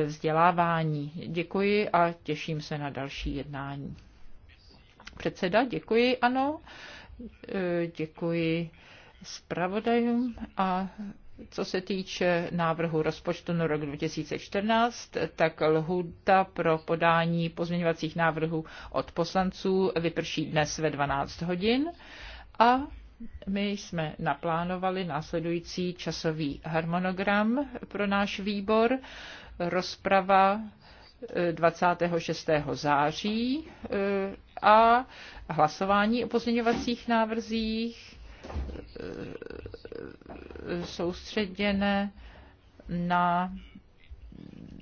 vzdělávání. Děkuji a těším se na další jednání. Předseda, děkuji, ano. E, děkuji zpravodajům a co se týče návrhu rozpočtu na rok 2014, tak lhuta pro podání pozměňovacích návrhů od poslanců vyprší dnes ve 12 hodin a my jsme naplánovali následující časový harmonogram pro náš výbor. Rozprava 26. září eh, a hlasování o pozměňovacích návrzích eh, soustředěné na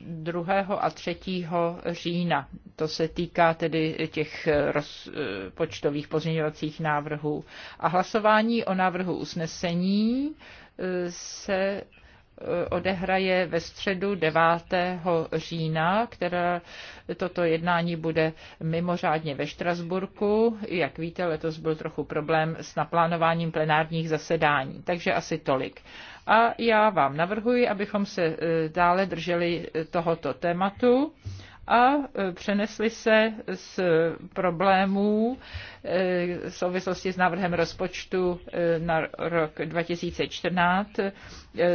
2. a 3. října. To se týká tedy těch eh, počtových pozměňovacích návrhů. A hlasování o návrhu usnesení se odehraje ve středu 9. října, která toto jednání bude mimořádně ve Štrasburku. Jak víte, letos byl trochu problém s naplánováním plenárních zasedání, takže asi tolik. A já vám navrhuji, abychom se eh, dále drželi eh, tohoto tématu a e, přenesly se z problémů e, v souvislosti s návrhem rozpočtu e, na rok 2014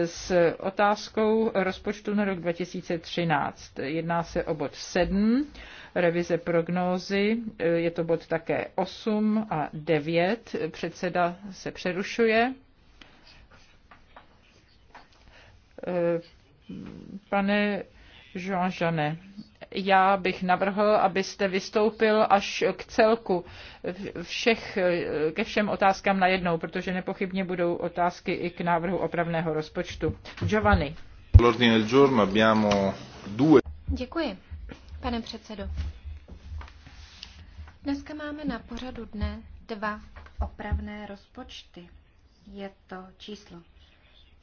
s otázkou rozpočtu na rok 2013. Jedná se o bod 7, revize prognózy, je to bod také 8 a 9, předseda se přerušuje. Pane Jean Janet, já bych navrhl, abyste vystoupil až k celku všech, ke všem otázkám najednou, protože nepochybně budou otázky i k návrhu opravného rozpočtu. Giovanni. Děkuji, pane předsedo. Dneska máme na pořadu dne dva opravné rozpočty. Je to číslo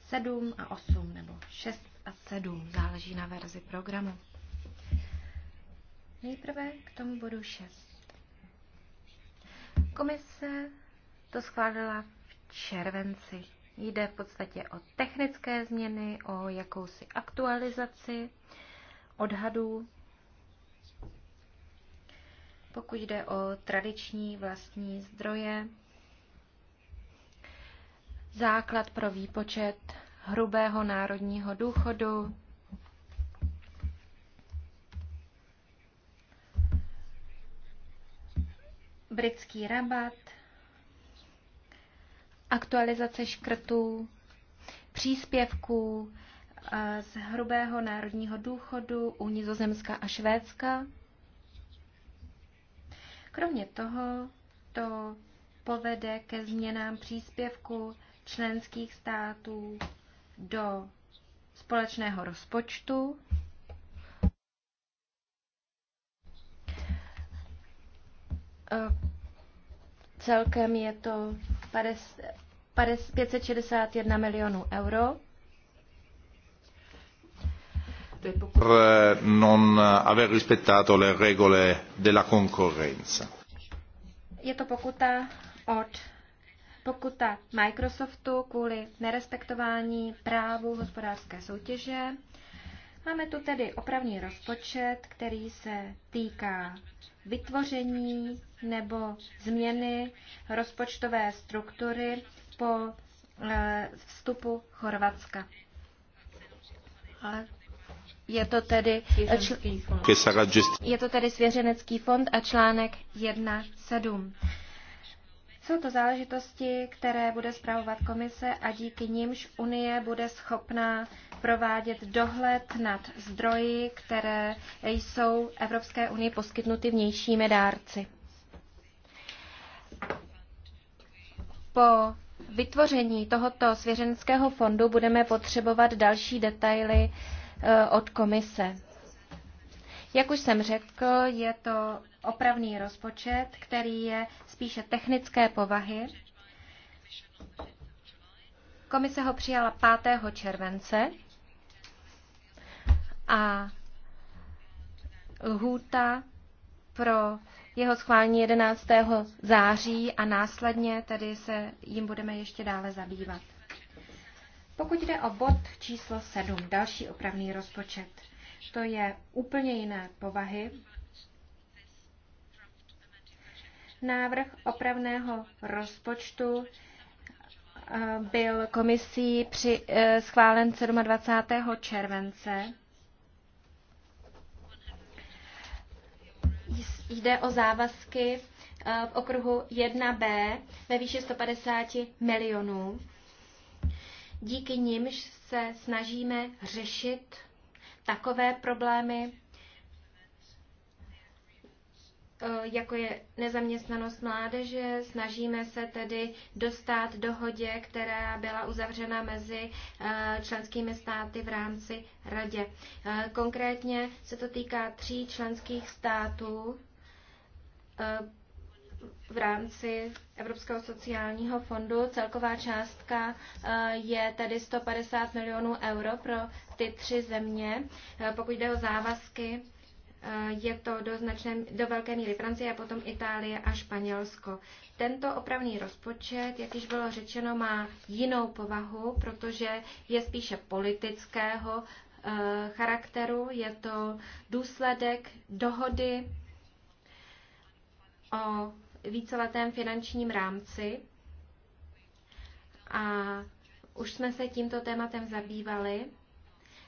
7 a 8, nebo 6 a 7, záleží na verzi programu. Nejprve k tomu bodu 6. Komise to schválila v červenci. Jde v podstatě o technické změny, o jakousi aktualizaci odhadů. Pokud jde o tradiční vlastní zdroje, základ pro výpočet hrubého národního důchodu, britský rabat, aktualizace škrtů, příspěvků eh, z hrubého národního důchodu u Nizozemska a Švédska. Kromě toho to povede ke změnám příspěvku členských států do společného rozpočtu Celkem je to 561 milionů euro. Per non aver rispettato le regole della concorrenza. Je to pokuta od pokuta Microsoftu kvůli nerespektování právu hospodářské soutěže Máme tu tedy opravný rozpočet, který se týká vytvoření nebo změny rozpočtové struktury po eh, vstupu Chorvatska. Je to tedy, eh, je to tedy svěřenecký fond a článek 1.7. Jsou to záležitosti, které bude zpravovat komise a díky nimž Unie bude schopná provádět dohled nad zdroji, které jsou Evropské unii poskytnuty vnějšími dárci. Po vytvoření tohoto svěřenského fondu budeme potřebovat další detaily eh, od komise. Jak už jsem řekl, je to opravný rozpočet, který je spíše technické povahy. Komise ho přijala 5. července a lhůta pro jeho schválení 11. září a následně tedy se jim budeme ještě dále zabývat. Pokud jde o bod číslo 7, další opravný rozpočet, to je úplně jiné povahy Návrh opravného rozpočtu eh, byl komisí při, eh, schválen 27. července. Jde o závazky eh, v okruhu 1b ve výši 150 milionů. Díky nimž se snažíme řešit takové problémy, Eh, jako je nezaměstnanost mládeže. Snažíme se tedy dostat dohodě, která byla uzavřena mezi eh, členskými státy v rámci radě. Eh, konkrétně se to týká tří členských států v rámci Evropského sociálního fondu. Celková částka je tedy 150 milionů euro pro ty tři země. Pokud jde o závazky, Eh, je to do, značné, do velké míry Francie a potom Itálie a Španělsko. Tento opravný rozpočet, jak již bylo řečeno, má jinou povahu, protože je spíše politického eh, charakteru. Je to důsledek dohody o víceletém finančním rámci a už jsme se tímto tématem zabývali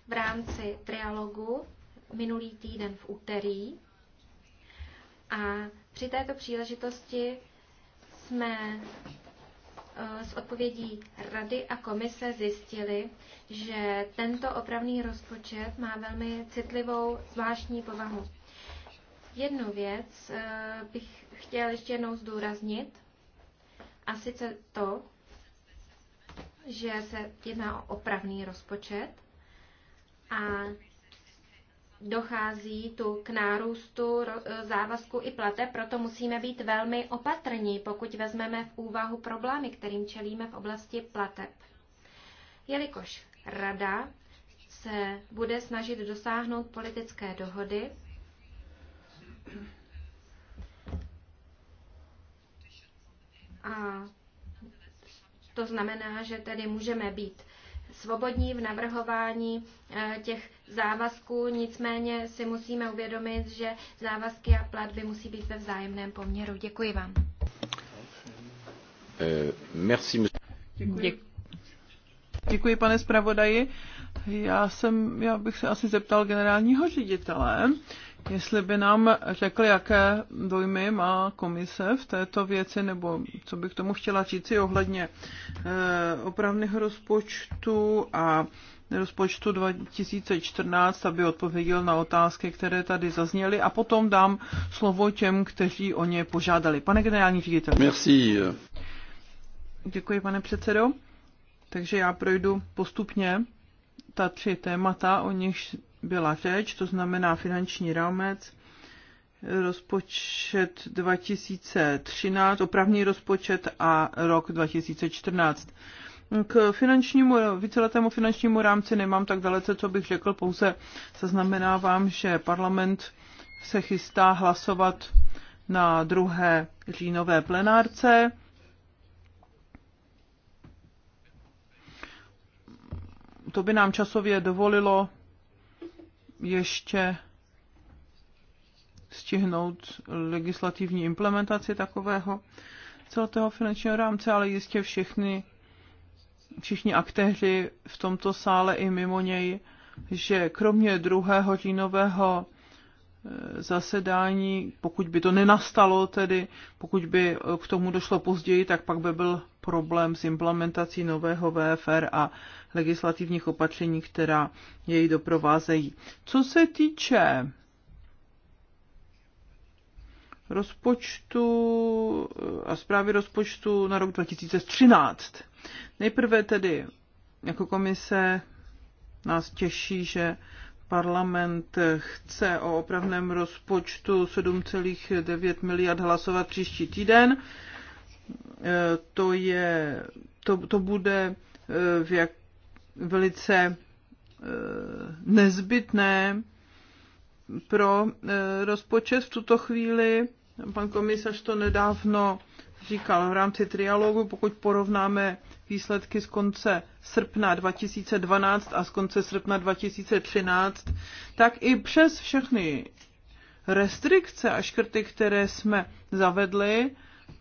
v rámci trialogu minulý týden v úterý a při této příležitosti jsme z eh, odpovědí Rady a komise zjistili, že tento opravný rozpočet má velmi citlivou zvláštní povahu. Jednu věc eh, bych chtěl ještě jednou zdůraznit, a sice to, že se jedná o opravný rozpočet a dochází tu k nárůstu e, závazku i plate, proto musíme být velmi opatrní, pokud vezmeme v úvahu problémy, kterým čelíme v oblasti plateb. Jelikož Rada se bude snažit dosáhnout politické dohody, a to znamená, že tedy můžeme být svobodní v navrhování eh, těch závazků, nicméně si musíme uvědomit, že závazky a platby musí být ve vzájemném poměru. Děkuji vám. Eh, Děkuji. Děkuji, pane zpravodaji. Já, jsem, já bych se asi zeptal generálního ředitele, jestli by nám řekl, jaké dojmy má komise v této věci, nebo co bych tomu chtěla říct ohledně eh, opravných rozpočtů a rozpočtu 2014, aby odpověděl na otázky, které tady zazněly a potom dám slovo těm, kteří o ně požádali. Pane generální ředitel. Merci. Děkuji, pane předsedo. Takže já projdu postupně ta tři témata, o nich byla řeč, to znamená finanční rámec, rozpočet 2013, opravný rozpočet a rok 2014. K finančnímu, víceletému finančnímu rámci nemám tak dalece, co bych řekl, pouze zaznamenávám, že parlament se chystá hlasovat na druhé říjnové plenárce. To by nám časově dovolilo ještě stihnout legislativní implementaci takového celého finančního rámce, ale jistě všichni, všichni aktéři v tomto sále i mimo něj, že kromě druhého říjnového Eh, zasedání, pokud by to nenastalo tedy, pokud by eh, k tomu došlo později, tak pak by byl problém s implementací nového VFR a legislativních opatření, která jej doprovázejí. Co se týče rozpočtu eh, a zprávy rozpočtu na rok 2013. Nejprve tedy jako komise nás těší, že parlament chce o opravném rozpočtu 7,9 miliard hlasovat příští týden. E, to, je, to, to bude e, v jak, velice e, nezbytné pro rozpočet v tuto chvíli. Pan komisař to nedávno říkal v rámci trialogu, pokud porovnáme výsledky z konce srpna 2012 a z konce srpna 2013, tak i přes všechny restrikce a škrty, které jsme zavedli,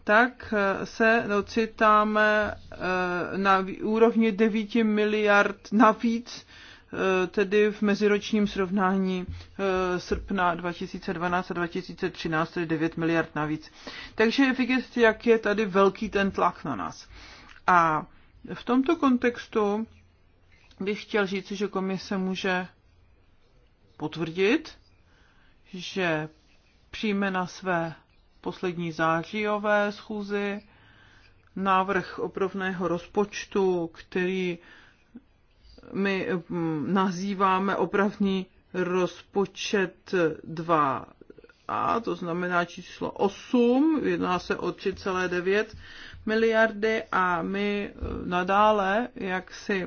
tak eh, se docitáme eh, na úrovni 9 miliard navíc Eh, tedy v meziročním srovnání eh, srpna 2012 a 2013, tedy 9 miliard navíc. Takže je vidět, jak je tady velký ten tlak na nás. A v tomto kontextu bych chtěl říct, že komise může potvrdit, že přijme na své poslední záříové schůzi návrh opravného rozpočtu, který my mm, nazýváme opravný rozpočet 2 a to znamená číslo 8, jedná se o 3,9 miliardy a my eh, nadále, jak si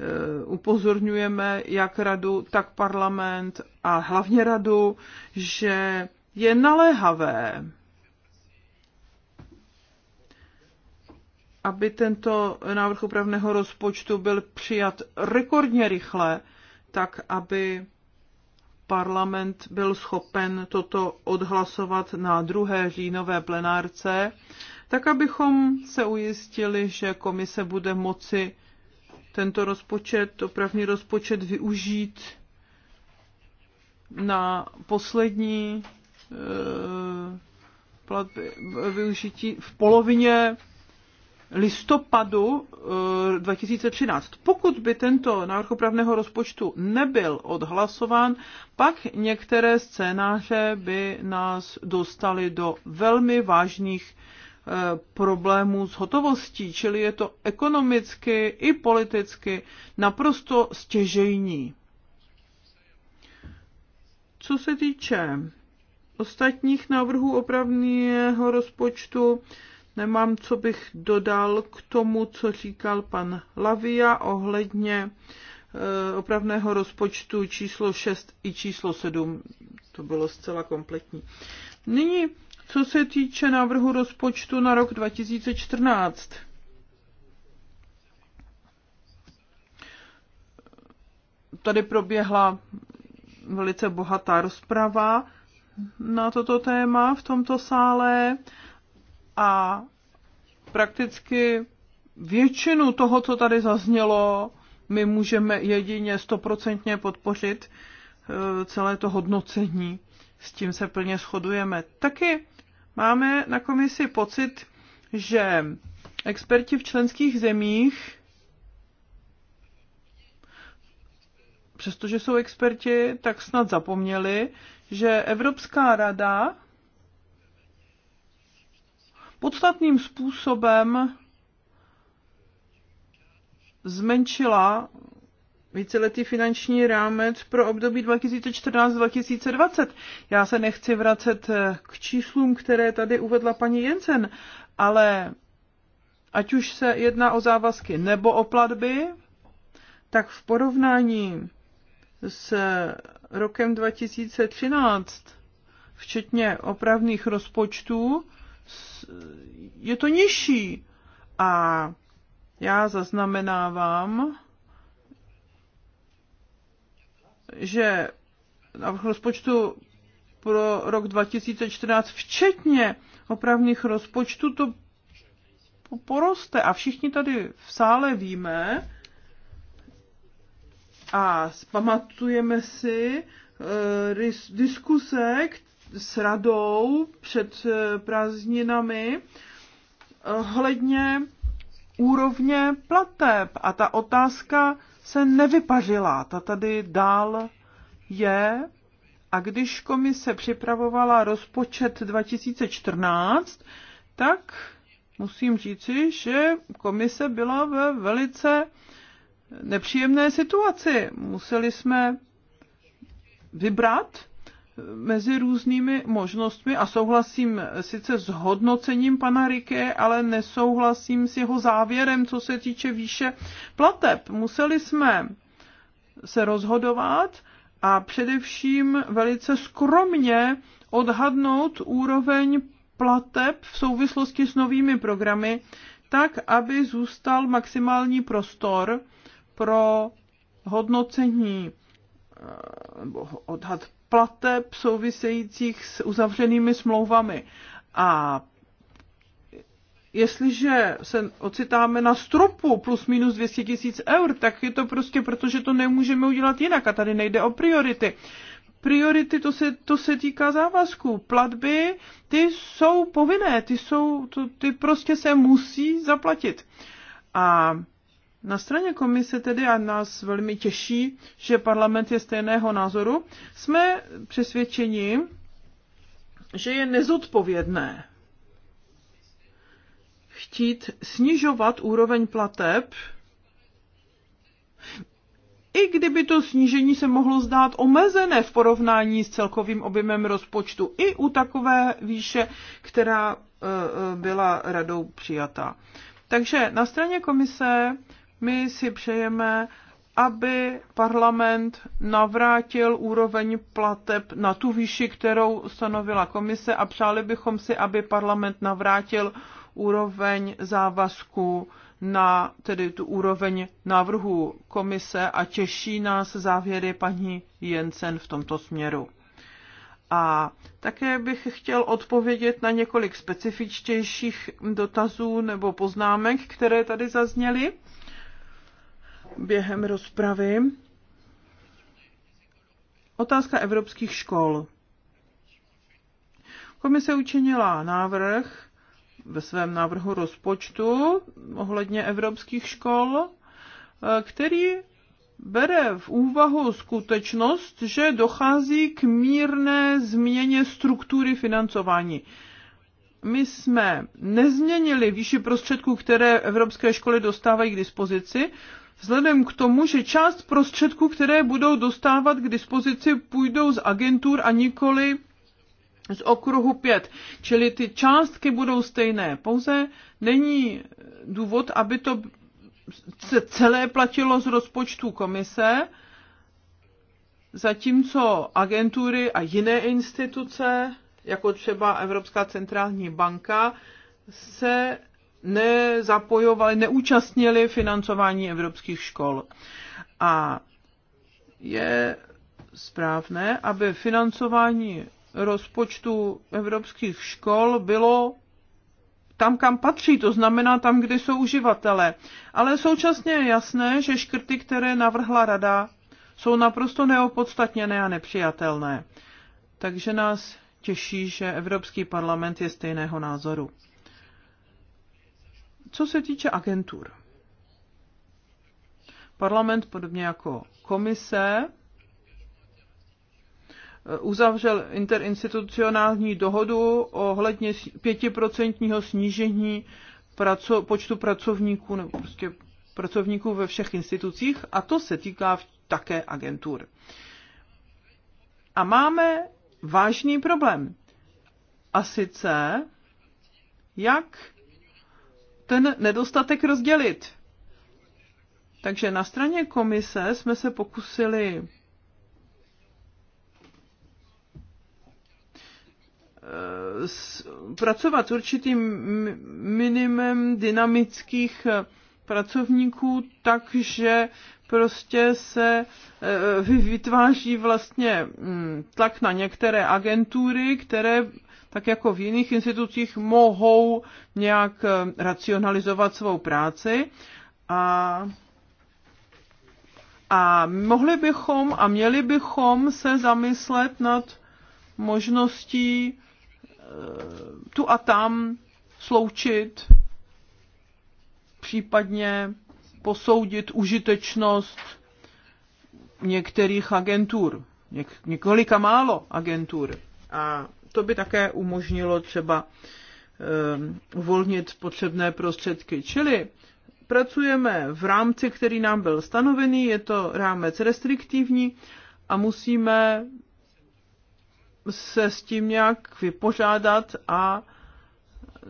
eh, upozorňujeme jak radu, tak parlament a hlavně radu, že je naléhavé aby tento návrh upravného rozpočtu byl přijat rekordně rychle, tak aby parlament byl schopen toto odhlasovat na druhé říjnové plenárce, tak abychom se ujistili, že komise bude moci tento rozpočet, opravný rozpočet využít na poslední e, platby, využití v polovině listopadu 2013. Eh, Pokud by tento návrh opravného rozpočtu nebyl odhlasován, pak některé scénáře by nás dostaly do velmi vážných eh, problémů s hotovostí, čili je to ekonomicky i politicky naprosto stěžejní. Co se týče ostatních návrhů opravného rozpočtu, Nemám, co bych dodal k tomu, co říkal pan Lavia ohledně eh, opravného rozpočtu číslo 6 i číslo 7. To bylo zcela kompletní. Nyní, co se týče návrhu rozpočtu na rok 2014. Tady proběhla velice bohatá rozprava na toto téma v tomto sále a prakticky většinu toho, co tady zaznělo, my můžeme jedině stoprocentně podpořit eh, celé to hodnocení. S tím se plně shodujeme. Taky máme na komisi pocit, že experti v členských zemích, přestože jsou experti, tak snad zapomněli, že Evropská rada podstatným způsobem zmenšila víceletý finanční rámec pro období 2014-2020. Já se nechci vracet eh, k číslům, které tady uvedla paní Jensen, ale ať už se jedná o závazky nebo o platby, tak v porovnání s rokem 2013, včetně opravných rozpočtů, je to nižší. A já zaznamenávám, že na rozpočtu pro rok 2014, včetně opravných rozpočtů, to poroste. A všichni tady v sále víme a zpamatujeme si e, diskuse, s radou před eh, prázdninami eh, hledně úrovně plateb. A ta otázka se nevypařila, ta tady dál je. A když komise připravovala rozpočet 2014, tak musím říci, že komise byla ve velice nepříjemné situaci. Museli jsme vybrat mezi různými možnostmi a souhlasím sice s hodnocením pana Rike, ale nesouhlasím s jeho závěrem, co se týče výše plateb. Museli jsme se rozhodovat a především velice skromně odhadnout úroveň plateb v souvislosti s novými programy, tak, aby zůstal maximální prostor pro hodnocení eh, odhad plateb souvisejících s uzavřenými smlouvami. A jestliže se ocitáme na stropu plus minus 200 tisíc eur, tak je to prostě proto, že to nemůžeme udělat jinak a tady nejde o priority. Priority, to se, to se týká závazků. Platby, ty jsou povinné, ty, jsou, to, ty prostě se musí zaplatit. A na straně komise tedy a nás velmi těší, že parlament je stejného názoru, jsme přesvědčeni, že je nezodpovědné chtít snižovat úroveň plateb, i kdyby to snížení se mohlo zdát omezené v porovnání s celkovým objemem rozpočtu, i u takové výše, která e, e, byla radou přijata. Takže na straně komise my si přejeme, aby parlament navrátil úroveň plateb na tu výši, kterou stanovila komise a přáli bychom si, aby parlament navrátil úroveň závazků na tedy tu úroveň návrhu komise a těší nás závěry paní Jensen v tomto směru. A také bych chtěl odpovědět na několik specifičtějších dotazů nebo poznámek, které tady zazněly během rozpravy. Otázka evropských škol. Komise učinila návrh ve svém návrhu rozpočtu ohledně evropských škol, který bere v úvahu skutečnost, že dochází k mírné změně struktury financování. My jsme nezměnili výši prostředků, které evropské školy dostávají k dispozici, vzhledem k tomu, že část prostředků, které budou dostávat k dispozici, půjdou z agentur a nikoli z okruhu 5. Čili ty částky budou stejné. Pouze není důvod, aby to se celé platilo z rozpočtu komise, zatímco agentury a jiné instituce, jako třeba Evropská centrální banka, se nezapojovali, neúčastnili financování evropských škol. A je správné, aby financování rozpočtu evropských škol bylo tam, kam patří, to znamená tam, kde jsou uživatelé. Ale současně je jasné, že škrty, které navrhla rada, jsou naprosto neopodstatněné a nepřijatelné. Takže nás těší, že Evropský parlament je stejného názoru. Co se týče agentur, parlament podobně jako komise uzavřel interinstitucionální dohodu ohledně pětiprocentního snížení praco, počtu pracovníků nebo prostě pracovníků ve všech institucích a to se týká také agentur. A máme vážný problém. A sice, jak ten nedostatek rozdělit. Takže na straně komise jsme se pokusili eh, pracovat s určitým minimem dynamických eh, pracovníků, takže prostě se eh, vytváří vlastně mm, tlak na některé agentury, které tak jako v jiných institucích mohou nějak eh, racionalizovat svou práci. A a mohli bychom a měli bychom se zamyslet nad možností eh, tu a tam sloučit případně posoudit užitečnost některých agentur, něk- několika málo agentur. A to by také umožnilo třeba um, uvolnit potřebné prostředky. Čili pracujeme v rámci, který nám byl stanovený, je to rámec restriktivní a musíme se s tím nějak vypořádat a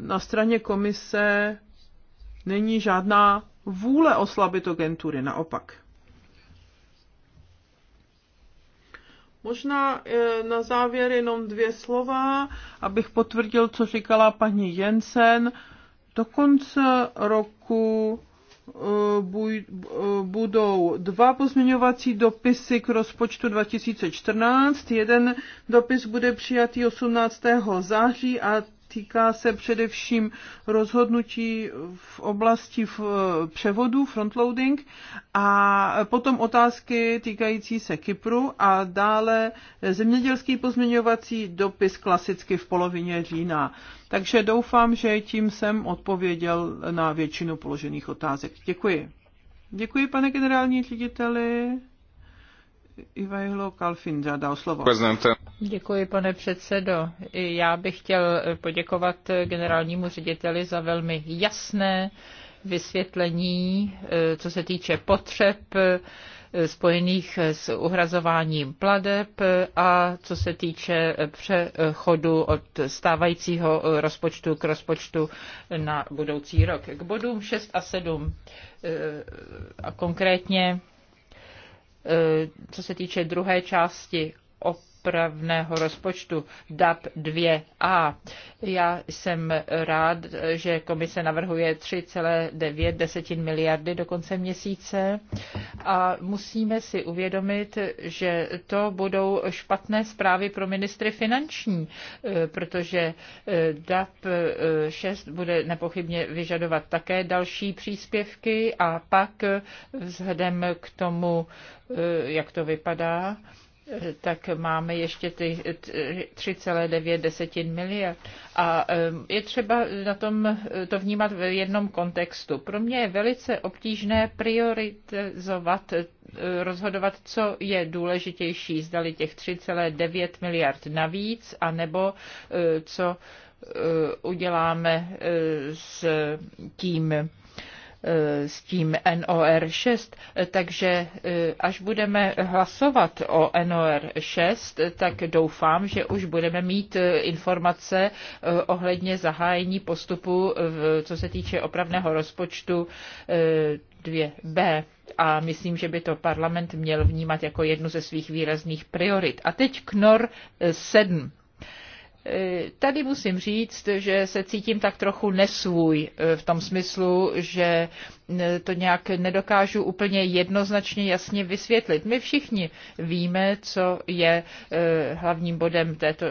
na straně komise není žádná vůle oslabit agentury, naopak. Možná eh, na závěr jenom dvě slova, abych potvrdil, co říkala paní Jensen. Do konce roku eh, eh, budou dva pozměňovací dopisy k rozpočtu 2014. Jeden dopis bude přijatý 18. září a týká se především rozhodnutí v oblasti v převodu, frontloading, a potom otázky týkající se Kypru a dále zemědělský pozměňovací dopis klasicky v polovině října. Takže doufám, že tím jsem odpověděl na většinu položených otázek. Děkuji. Děkuji, pane generální řediteli. Ivajlo Kalfin žádá slovo. Děkuji, pane předsedo. Já bych chtěl eh, poděkovat eh, generálnímu řediteli za velmi jasné vysvětlení, eh, co se týče potřeb spojených s uhrazováním pladeb a co se týče přechodu od stávajícího rozpočtu k rozpočtu na budoucí rok. K bodům 6 a 7 a konkrétně Eh, co se týče druhé části o opravného rozpočtu DAP 2a. Já jsem rád, že komise navrhuje 3,9 miliardy do konce měsíce a musíme si uvědomit, že to budou špatné zprávy pro ministry finanční, eh, protože eh, DAP 6 eh, bude nepochybně vyžadovat také další příspěvky a pak vzhledem k tomu, jak to vypadá, tak máme ještě ty 3,9 desetin miliard. A je třeba na tom eh, to vnímat v jednom kontextu. Pro mě je velice obtížné prioritizovat, eh, rozhodovat, co je důležitější, zdali těch 3,9 miliard navíc, anebo eh, co uděláme s tím s tím NOR 6, takže e, až budeme hlasovat o NOR 6, tak doufám, že už budeme mít e, informace e, ohledně zahájení postupu, co se týče opravného rozpočtu 2b a myslím, že by to parlament měl vnímat jako jednu ze svých výrazných priorit. A teď k NOR 7. Tady musím říct, že se cítím tak trochu nesvůj eh, v tom smyslu, že to nějak nedokážu úplně jednoznačně jasně vysvětlit. My všichni víme, co je eh, hlavním bodem této eh,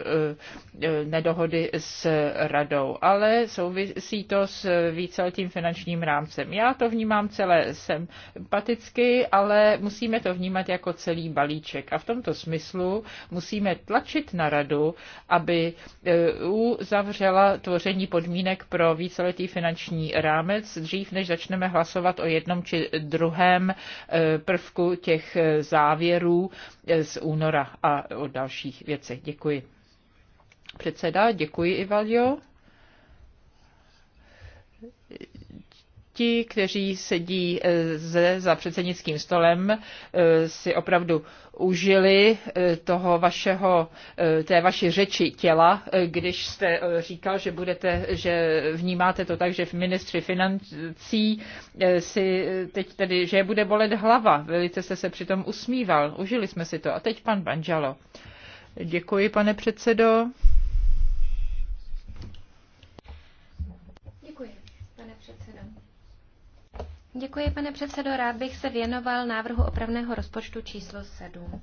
eh, nedohody s radou, ale souvisí to s víceletým finančním rámcem. Já to vnímám celé sympaticky, ale musíme to vnímat jako celý balíček. A v tomto smyslu musíme tlačit na radu, aby uzavřela tvoření podmínek pro víceletý finanční rámec dřív, než začneme hlasovat hlasovat o jednom či druhém eh, prvku těch eh, závěrů eh, z února a o dalších věcech. Děkuji. Předseda, děkuji Ivaljo ti, kteří sedí eh, ze, za předsednickým stolem, eh, si opravdu užili eh, toho vašeho, té vaší řeči těla, když jste říkal, že budete, že vnímáte to tak, že v ministři financí si teď tedy, že je bude bolet hlava. Velice jste se přitom usmíval. Užili jsme si to. A teď pan Banžalo. Děkuji, pane předsedo. Děkuji, pane předsedo. Rád bych se věnoval návrhu opravného rozpočtu číslo 7.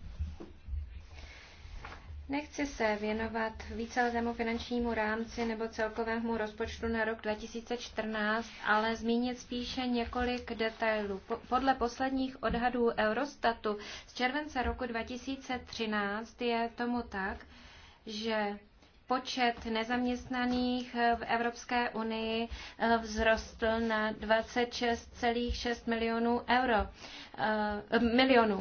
Nechci se věnovat víceletému finančnímu rámci nebo celkovému rozpočtu na rok 2014, ale zmínit spíše několik detailů. Podle posledních odhadů Eurostatu z července roku 2013 je tomu tak, že počet nezaměstnaných v Evropské unii eh, vzrostl na 26,6 milionů euro, eh, milionů,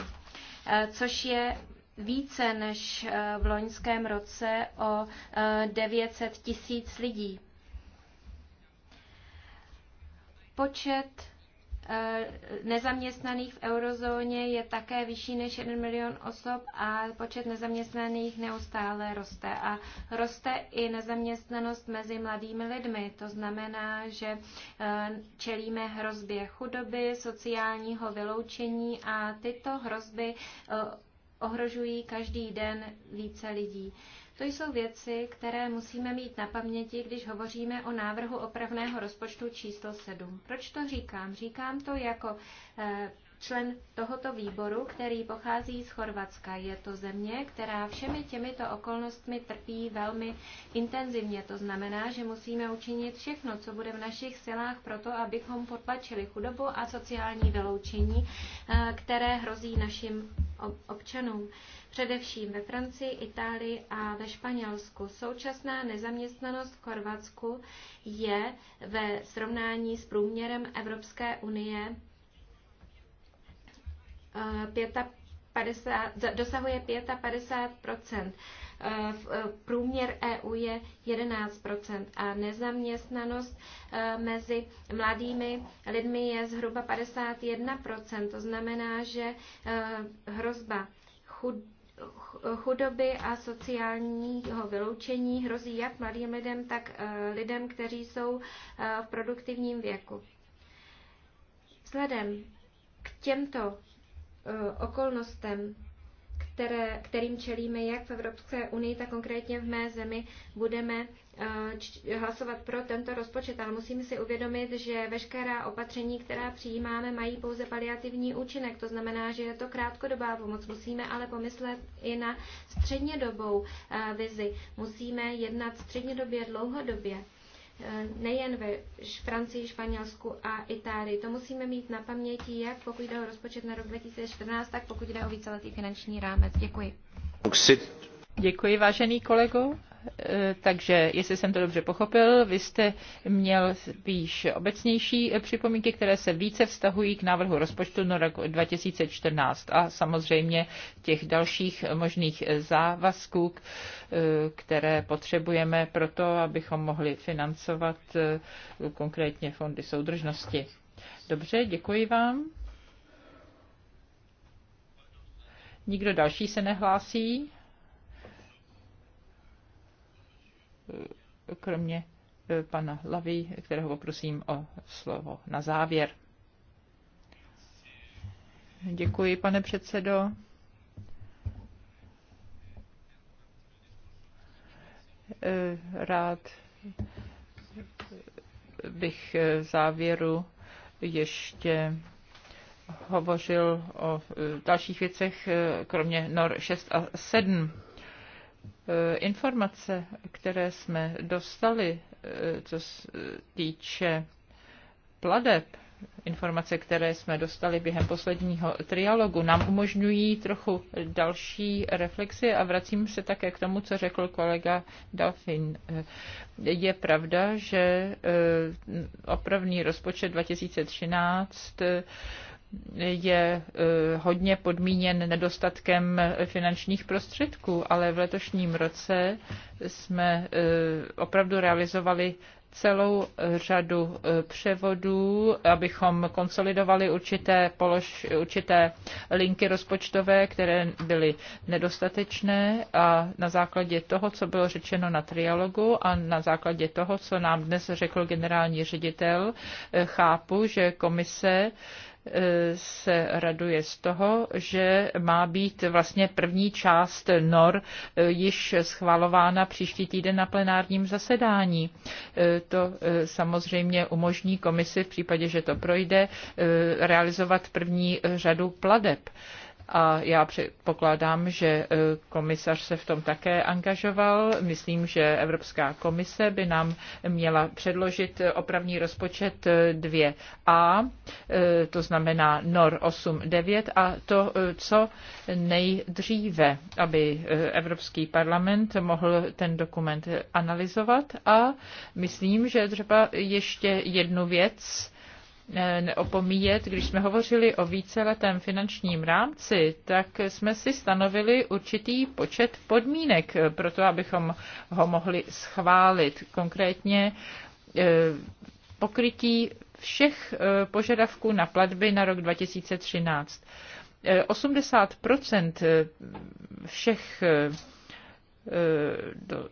eh, což je více než v loňském roce o 900 tisíc lidí. Počet Eh, nezaměstnaných v eurozóně je také vyšší než 1 milion osob a počet nezaměstnaných neustále roste. A roste i nezaměstnanost mezi mladými lidmi. To znamená, že eh, čelíme hrozbě chudoby, sociálního vyloučení a tyto hrozby eh, ohrožují každý den více lidí. To jsou věci, které musíme mít na paměti, když hovoříme o návrhu opravného rozpočtu číslo 7. Proč to říkám? Říkám to jako eh, člen tohoto výboru, který pochází z Chorvatska. Je to země, která všemi těmito okolnostmi trpí velmi intenzivně. To znamená, že musíme učinit všechno, co bude v našich silách pro to, abychom potlačili chudobu a sociální vyloučení, eh, které hrozí našim občanům především ve Francii, Itálii a ve Španělsku. Současná nezaměstnanost v Chorvatsku je ve srovnání s průměrem Evropské unie 55, eh, dosahuje 55 eh, eh, Průměr EU je 11 a nezaměstnanost mezi mladými lidmi je zhruba 51 To znamená, že hrozba chud chudoby a sociálního vyloučení hrozí jak mladým lidem, tak eh, lidem, kteří jsou eh, v produktivním věku. Vzhledem k těmto eh, okolnostem, které, kterým čelíme jak v Evropské unii, tak konkrétně v mé zemi, budeme Eh, hlasovat pro tento rozpočet, ale musíme si uvědomit, že veškerá opatření, která přijímáme, mají pouze paliativní účinek. To znamená, že je to krátkodobá pomoc. Musíme ale pomyslet i na střednědobou eh, vizi. Musíme jednat střednědobě, dlouhodobě eh, nejen ve Francii, Španělsku a Itálii. To musíme mít na paměti, jak pokud jde o rozpočet na rok 2014, tak pokud jde o víceletý finanční rámec. Děkuji. Děkuji, vážený kolego. Eh, takže jestli jsem to dobře pochopil, vy jste měl spíš obecnější eh, připomínky, které se více vztahují k návrhu rozpočtu na rok 2014 a samozřejmě těch dalších možných eh, závazků, které potřebujeme pro to, abychom mohli financovat konkrétně fondy soudržnosti. Dobře, děkuji vám. Nikdo další se nehlásí? kromě e, pana Lavy, kterého poprosím o slovo na závěr. Děkuji, pane předsedo. E, rád bych e, v závěru ještě hovořil o dalších věcech, kromě NOR 6 a 7. Eh, informace, které jsme dostali, eh, co eh, týče pladeb, informace, které jsme dostali během posledního trialogu, nám umožňují trochu další reflexy a vracím se také k tomu, co řekl kolega Dalfin. Je pravda, že opravný rozpočet 2013 je eh, hodně podmíněn nedostatkem finančních prostředků, ale v letošním roce jsme eh, opravdu realizovali celou řadu eh, převodů, abychom konsolidovali určité, polož, určité linky rozpočtové, které byly nedostatečné a na základě toho, co bylo řečeno na trialogu a na základě toho, co nám dnes řekl generální ředitel, chápu, že komise se raduje z toho, že má být vlastně první část NOR eh, již schvalována příští týden na plenárním zasedání. Eh, to eh, samozřejmě umožní komisi v případě, že to projde, realizovat první řadu pladeb a já předpokládám, že e, komisař se v tom také angažoval. Myslím, že Evropská komise by nám měla předložit e, opravní rozpočet 2a, e, to znamená NOR 8.9 a to, co nejdříve, aby Evropský parlament mohl ten dokument analyzovat a myslím, že třeba ještě jednu věc, neopomíjet, když jsme hovořili o víceletém finančním rámci, tak jsme si stanovili určitý počet podmínek pro to, abychom ho mohli schválit. Konkrétně e, pokrytí všech e, požadavků na platby na rok 2013. 80 e, všech Eh, do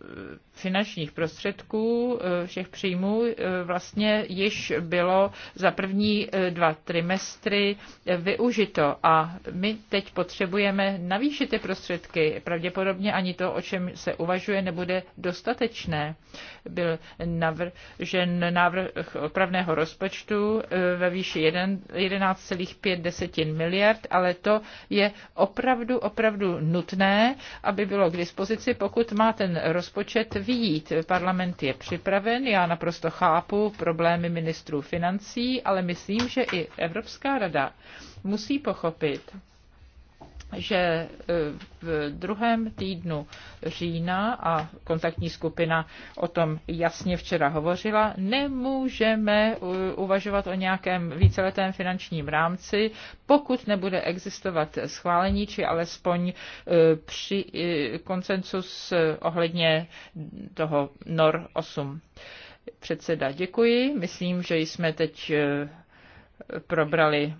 finančních prostředků, eh, všech příjmů, eh, vlastně již bylo za první dva trimestry využito. A my teď potřebujeme navýšit ty prostředky. Pravděpodobně ani to, o čem se uvažuje, nebude dostatečné. Byl navržen návrh opravného rozpočtu ve výši 11,5 miliard, ale to je opravdu, opravdu nutné, aby bylo k dispozici pokud má ten rozpočet výjít. Parlament je připraven, já naprosto chápu problémy ministrů financí, ale myslím, že i Evropská rada musí pochopit, že e, v druhém týdnu října, a kontaktní skupina o tom jasně včera hovořila, nemůžeme uvažovat o nějakém víceletém finančním rámci, pokud nebude existovat schválení, či alespoň e, při e, koncensus ohledně toho NOR 8. Předseda, děkuji. Myslím, že jsme teď probrali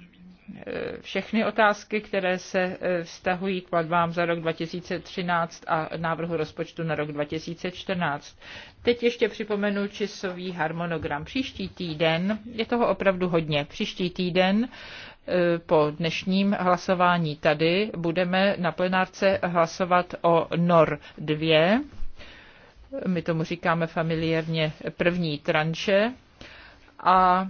všechny otázky, které se e, vztahují k platbám za rok 2013 a návrhu rozpočtu na rok 2014. Teď ještě připomenu časový harmonogram. Příští týden, je toho opravdu hodně, příští týden e, po dnešním hlasování tady budeme na plenárce hlasovat o NOR 2. My tomu říkáme familiárně první tranše. A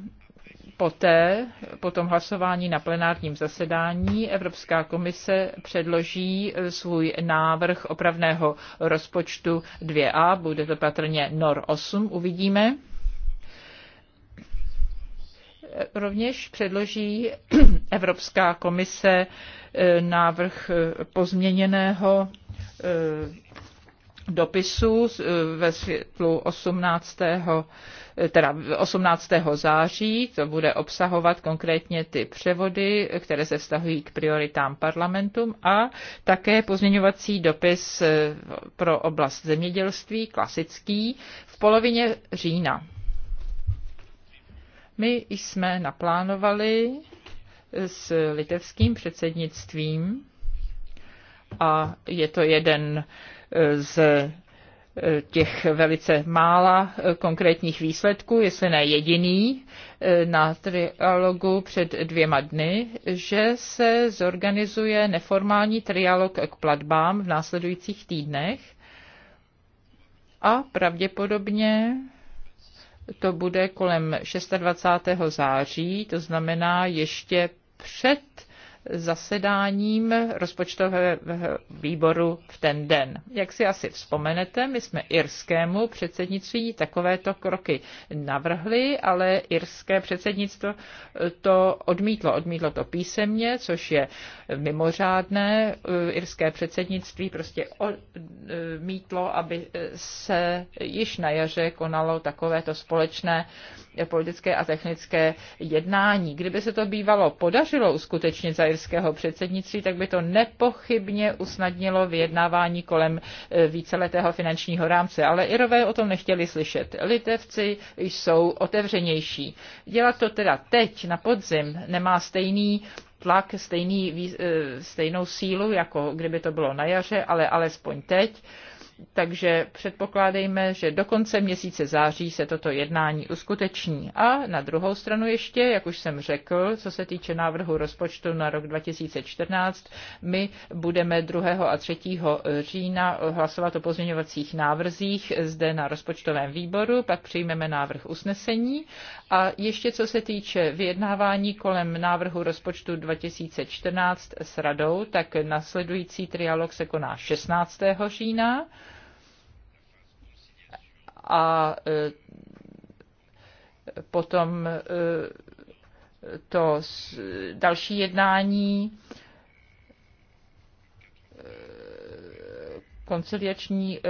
poté, po tom hlasování na plenárním zasedání, Evropská komise předloží eh, svůj návrh opravného rozpočtu 2a, bude to patrně NOR 8, uvidíme. Eh, rovněž předloží Evropská komise eh, návrh pozměněného dopisu ve světlu 18 teda 18. září, to bude obsahovat konkrétně ty převody, které se vztahují k prioritám parlamentu a také pozměňovací dopis eh, pro oblast zemědělství, klasický, v polovině října. My jsme naplánovali eh, s litevským předsednictvím a je to jeden eh, z těch velice mála eh, konkrétních výsledků, jestli ne jediný, eh, na trialogu před dvěma dny, že se zorganizuje neformální trialog k platbám v následujících týdnech a pravděpodobně to bude kolem 26. září, to znamená ještě před zasedáním rozpočtového výboru v ten den. Jak si asi vzpomenete, my jsme irskému předsednictví takovéto kroky navrhli, ale irské předsednictvo to odmítlo. Odmítlo to písemně, což je mimořádné. Irské předsednictví prostě odmítlo, aby se již na jaře konalo takovéto společné politické a technické jednání. Kdyby se to bývalo podařilo uskutečnit za irského předsednictví, tak by to nepochybně usnadnilo vyjednávání kolem e, víceletého finančního rámce. Ale Irové o tom nechtěli slyšet. Litevci jsou otevřenější. Dělat to teda teď, na podzim, nemá stejný tlak, stejný, e, stejnou sílu, jako kdyby to bylo na jaře, ale alespoň teď takže předpokládejme, že do konce měsíce září se toto jednání uskuteční. A na druhou stranu ještě, jak už jsem řekl, co se týče návrhu rozpočtu na rok 2014, my budeme 2. a 3. října hlasovat o pozměňovacích návrzích zde na rozpočtovém výboru, pak přijmeme návrh usnesení a ještě co se týče vyjednávání kolem návrhu rozpočtu 2014 s radou, tak nasledující trialog se koná 16. října a e, potom e, to další jednání e, konciliační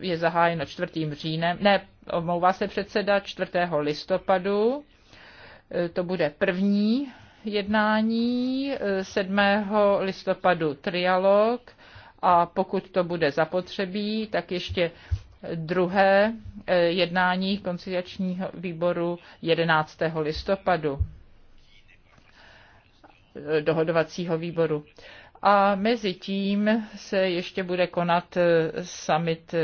je zahájeno 4. říjnem, ne, omlouvá se předseda, 4. listopadu. To bude první jednání, 7. listopadu trialog a pokud to bude zapotřebí, tak ještě druhé eh, jednání konciliačního výboru 11. listopadu eh, dohodovacího výboru. A mezi tím se ještě bude konat eh, summit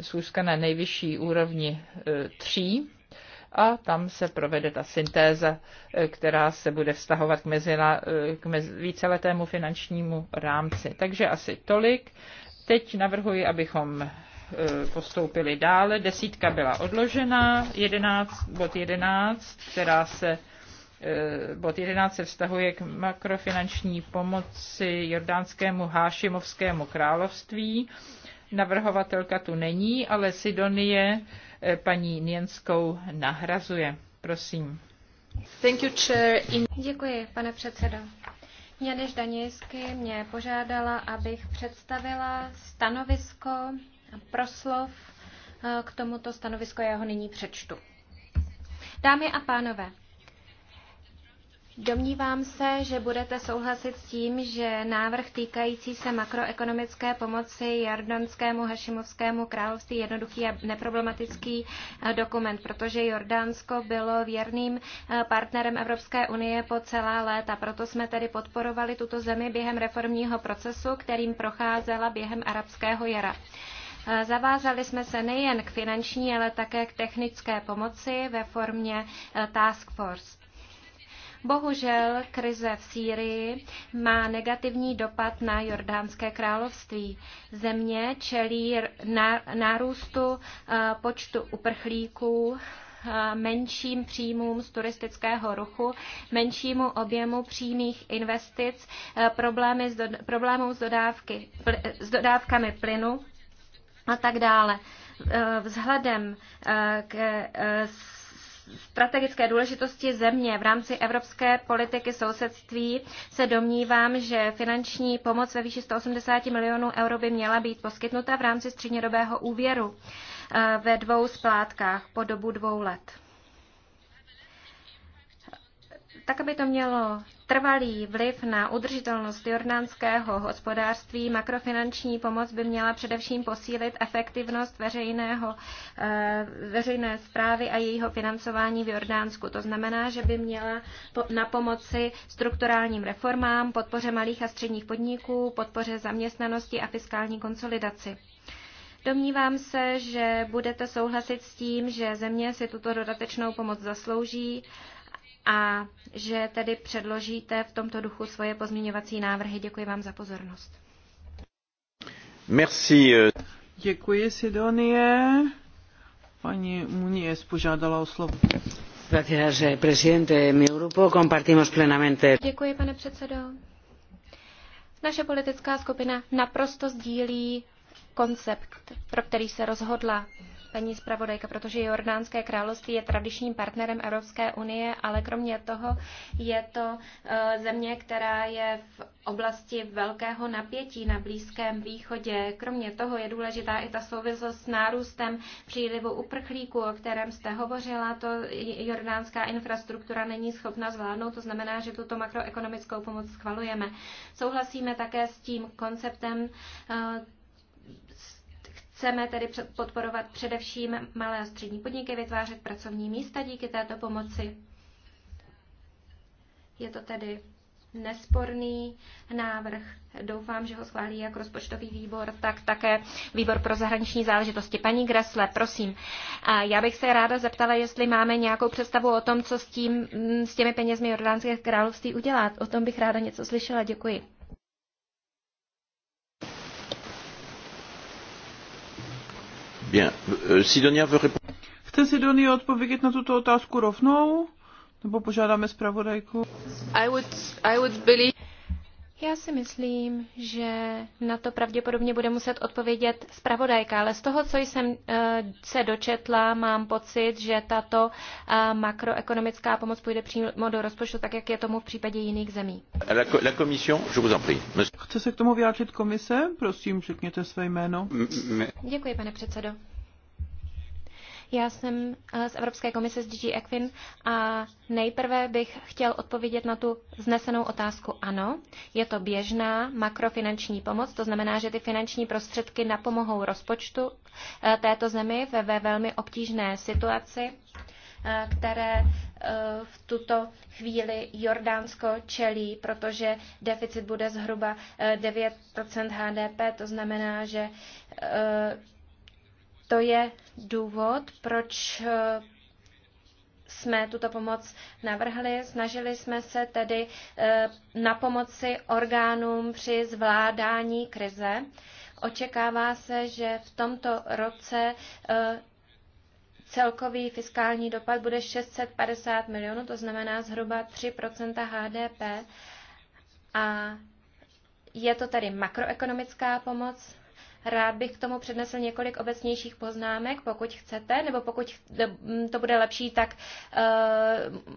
schůzka na nejvyšší úrovni e, tří a tam se provede ta syntéza, e, která se bude vztahovat k, mezina, e, k mez, víceletému finančnímu rámci. Takže asi tolik. Teď navrhuji, abychom postoupili dále. Desítka byla odložena, 11, bod 11, která se bod 11 se vztahuje k makrofinanční pomoci jordánskému hášimovskému království. Navrhovatelka tu není, ale Sidonie eh, paní Nienskou nahrazuje. Prosím. Thank you, chair. In... Děkuji, pane předsedo. Janeš Danějsky mě požádala, abych představila stanovisko a proslov eh, k tomuto stanovisko, já ho nyní přečtu. Dámy a pánové, Domnívám se, že budete souhlasit s tím, že návrh týkající se makroekonomické pomoci jordánskému Hašimovskému království je jednoduchý a neproblematický eh, dokument, protože Jordánsko bylo věrným eh, partnerem Evropské unie po celá léta. Proto jsme tedy podporovali tuto zemi během reformního procesu, kterým procházela během arabského jara. Eh, zavázali jsme se nejen k finanční, ale také k technické pomoci ve formě Task Force. Bohužel krize v Sýrii má negativní dopad na Jordánské království. Země čelí nárůstu eh, počtu uprchlíků, eh, menším příjmům z turistického ruchu, menšímu objemu přímých investic, eh, problémy s, do, problémů s, dodávky, pl, s dodávkami plynu a tak dále. Vzhledem k strategické důležitosti země v rámci evropské politiky sousedství se domnívám, že finanční pomoc ve výši 180 milionů euro by měla být poskytnuta v rámci střednědobého úvěru eh, ve dvou splátkách po dobu dvou let tak aby to mělo trvalý vliv na udržitelnost jordánského hospodářství, makrofinanční pomoc by měla především posílit efektivnost veřejného, eh, veřejné zprávy a jejího financování v Jordánsku. To znamená, že by měla na pomoci strukturálním reformám, podpoře malých a středních podniků, podpoře zaměstnanosti a fiskální konsolidaci. Domnívám se, že budete souhlasit s tím, že země si tuto dodatečnou pomoc zaslouží a že tedy předložíte v tomto duchu svoje pozměňovací návrhy. Děkuji vám za pozornost. Merci. Eh. Děkuji, Sidonie. Paní Munie požádala o slovo. Gracias, eh, presidente. Mi grupo compartimos plenamente. Děkuji, pane předsedo. Naše politická skupina naprosto sdílí koncept, pro který se rozhodla paní zpravodajka, protože Jordánské království je tradičním partnerem Evropské unie, ale kromě toho je to e, země, která je v oblasti velkého napětí na Blízkém východě. Kromě toho je důležitá i ta souvislost s nárůstem přílivu uprchlíků, o kterém jste hovořila. To jordánská infrastruktura není schopna zvládnout, to znamená, že tuto makroekonomickou pomoc schvalujeme. Souhlasíme také s tím konceptem e, Chceme tedy podporovat především malé a střední podniky, vytvářet pracovní místa díky této pomoci. Je to tedy nesporný návrh. Doufám, že ho schválí jak rozpočtový výbor, tak také výbor pro zahraniční záležitosti. Paní Gresle, prosím, já bych se ráda zeptala, jestli máme nějakou představu o tom, co s, tím, s těmi penězmi Jordánské království udělat. O tom bych ráda něco slyšela. Děkuji. Bien. Euh, Sidonia Chce Sidonie odpovědět na tuto otázku rovnou? Nebo požádáme zpravodajku? I would, I would believe... Já si myslím, že na to pravděpodobně bude muset odpovědět zpravodajka, ale z toho, co jsem eh, se dočetla, mám pocit, že tato eh, makroekonomická pomoc půjde přímo do rozpočtu, tak jak je tomu v případě jiných zemí. La commission, je vous en prie. Chce se k tomu vyjádřit komise? Prosím, řekněte své jméno. Děkuji, pane předsedo. Já jsem eh, z Evropské komise z DG Equin a nejprve bych chtěl odpovědět na tu znesenou otázku ano. Je to běžná makrofinanční pomoc, to znamená, že ty finanční prostředky napomohou rozpočtu eh, této zemi ve velmi obtížné situaci eh, které v tuto chvíli Jordánsko čelí, protože deficit bude zhruba 9 HDP. To znamená, že to je důvod, proč eh, jsme tuto pomoc navrhli. Snažili jsme se tedy eh, na pomoci orgánům při zvládání krize. Očekává se, že v tomto roce eh, celkový fiskální dopad bude 650 milionů, to znamená zhruba 3 HDP. A je to tedy makroekonomická pomoc, Rád bych k tomu přednesl několik obecnějších poznámek, pokud chcete, nebo pokud to bude lepší, tak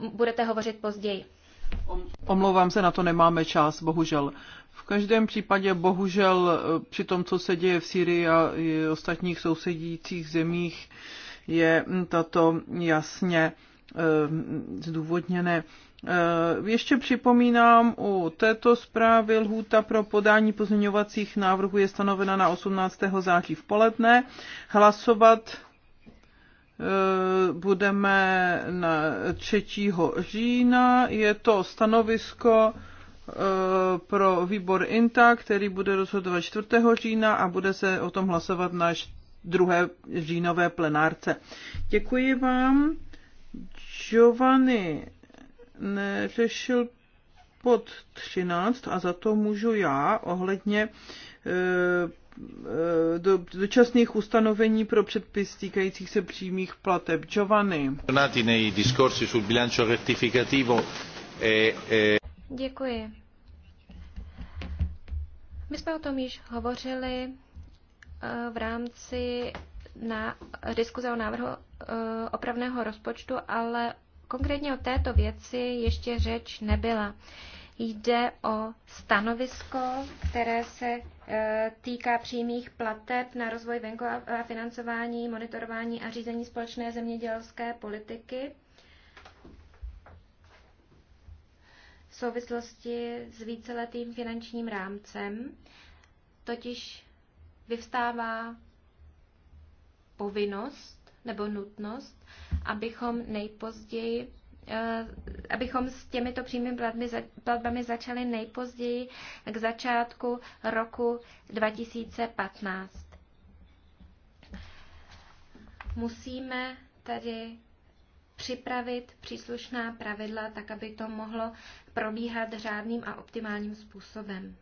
uh, budete hovořit později. Omlouvám se, na to nemáme čas, bohužel. V každém případě, bohužel, eh, při tom, co se děje v Syrii a ostatních sousedících zemích, je mm, tato jasně eh, zdůvodněné. Eh, ještě připomínám, u této zprávy lhůta pro podání pozměňovacích návrhů je stanovena na 18. září v poledne. Hlasovat eh, budeme na 3. října. Je to stanovisko eh, pro výbor INTA, který bude rozhodovat 4. října a bude se o tom hlasovat na druhé říjnové plenárce. Děkuji vám. Giovanni neřešil pod 13 a za to můžu já ohledně eh, eh, do, dočasných ustanovení pro předpis týkajících se přímých plateb. Giovanni. sul bilancio eh, Děkuji. My jsme o tom již hovořili v rámci na diskuze o návrhu opravného rozpočtu, ale Konkrétně o této věci ještě řeč nebyla. Jde o stanovisko, které se e, týká přímých plateb na rozvoj venkova a financování, monitorování a řízení společné zemědělské politiky. v souvislosti s víceletým finančním rámcem, totiž vyvstává povinnost nebo nutnost abychom nejpozději eh, abychom s těmito přímými platbami platbami začali nejpozději k začátku roku 2015. Musíme tady připravit příslušná pravidla tak, aby to mohlo probíhat řádným a optimálním způsobem.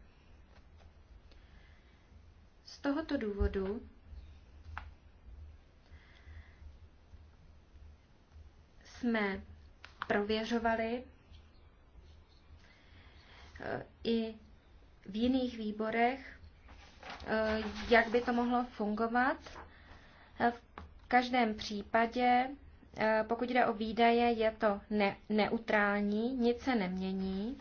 Z tohoto důvodu jsme prověřovali e, i v jiných výborech, e, jak by to mohlo fungovat. E, v každém případě, pokud jde o výdaje, je to ne- neutrální, nic se nemění.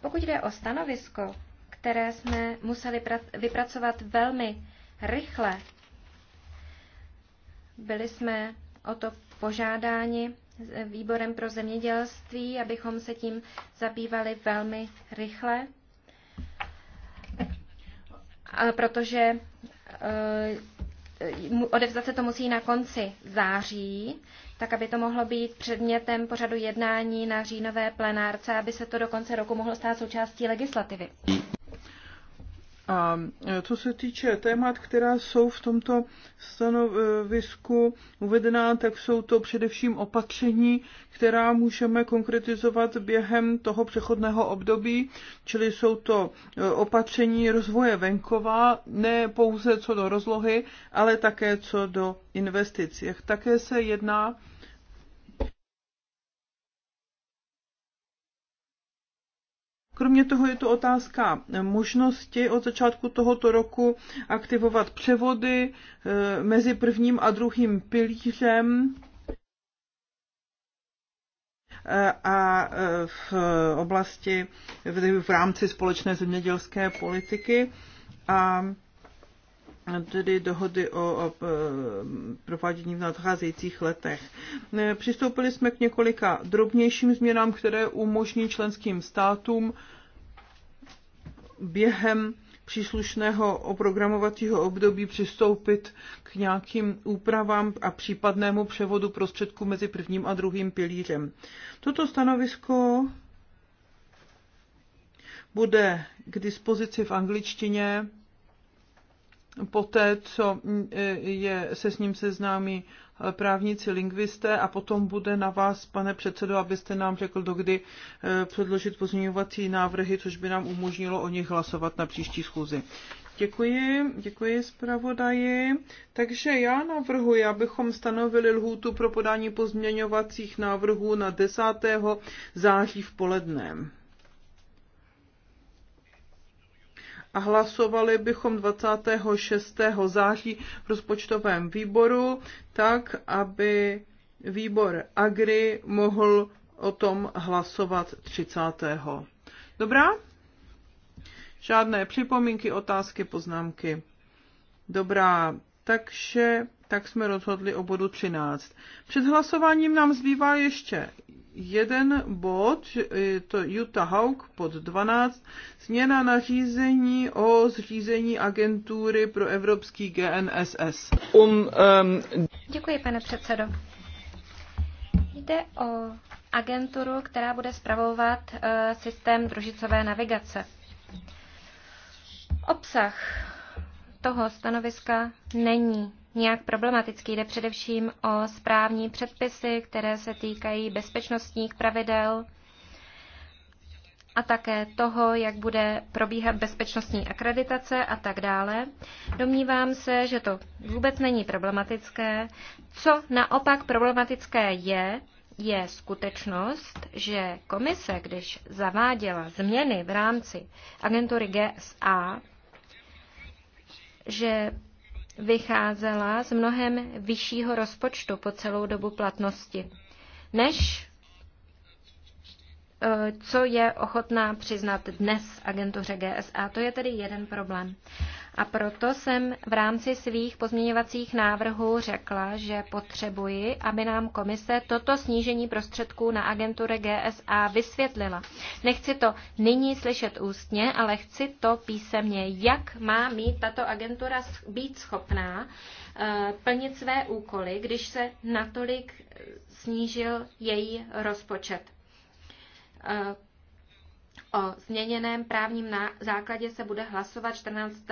Pokud jde o stanovisko, které jsme museli vypracovat velmi rychle, byli jsme o to požádáni výborem pro zemědělství, abychom se tím zabývali velmi rychle, protože eh, odevzat se to musí na konci září, tak aby to mohlo být předmětem pořadu jednání na říjnové plenárce, aby se to do konce roku mohlo stát součástí legislativy. A e, co se týče témat, která jsou v tomto stanovisku uvedená, tak jsou to především opatření, která můžeme konkretizovat během toho přechodného období, čili jsou to e, opatření rozvoje venkova, ne pouze co do rozlohy, ale také co do investic. Také se jedná Kromě toho je to otázka možnosti od začátku tohoto roku aktivovat převody eh, mezi prvním a druhým pilířem eh, a eh, v oblasti v rámci společné zemědělské politiky. A tedy dohody o, o provádění v nadcházejících letech. E, přistoupili jsme k několika drobnějším změnám, které umožní členským státům během příslušného oprogramovacího období přistoupit k nějakým úpravám a případnému převodu prostředků mezi prvním a druhým pilířem. Toto stanovisko bude k dispozici v angličtině poté, co e, je, se s ním seznámí e, právníci, lingvisté a potom bude na vás, pane předsedo, abyste nám řekl, dokdy e, předložit pozměňovací návrhy, což by nám umožnilo o nich hlasovat na příští schůzi. Děkuji, děkuji zpravodaji. Takže já navrhuji, abychom stanovili lhůtu pro podání pozměňovacích návrhů na 10. září v poledne. a hlasovali bychom 26. září v rozpočtovém výboru, tak aby výbor Agri mohl o tom hlasovat 30. Dobrá? Žádné připomínky, otázky, poznámky. Dobrá, takže tak jsme rozhodli o bodu 13. Před hlasováním nám zbývá ještě jeden bod, e, to Utah Hawk pod 12, změna nařízení o zřízení agentury pro evropský GNSS. Um, um... Děkuji, pane předsedo. Jde o agenturu, která bude spravovat uh, systém družicové navigace. Obsah toho stanoviska není nějak problematický. Jde především o správní předpisy, které se týkají bezpečnostních pravidel a také toho, jak bude probíhat bezpečnostní akreditace a tak dále. Domnívám se, že to vůbec není problematické. Co naopak problematické je, je skutečnost, že komise, když zaváděla změny v rámci agentury GSA, že vycházela z mnohem vyššího rozpočtu po celou dobu platnosti, než Eh, co je ochotná přiznat dnes agentuře GSA. To je tedy jeden problém. A proto jsem v rámci svých pozměňovacích návrhů řekla, že potřebuji, aby nám komise toto snížení prostředků na agentury GSA vysvětlila. Nechci to nyní slyšet ústně, ale chci to písemně, jak má mít tato agentura být schopná eh, plnit své úkoly, když se natolik snížil její rozpočet. Eh, o změněném právním základě se bude hlasovat 14.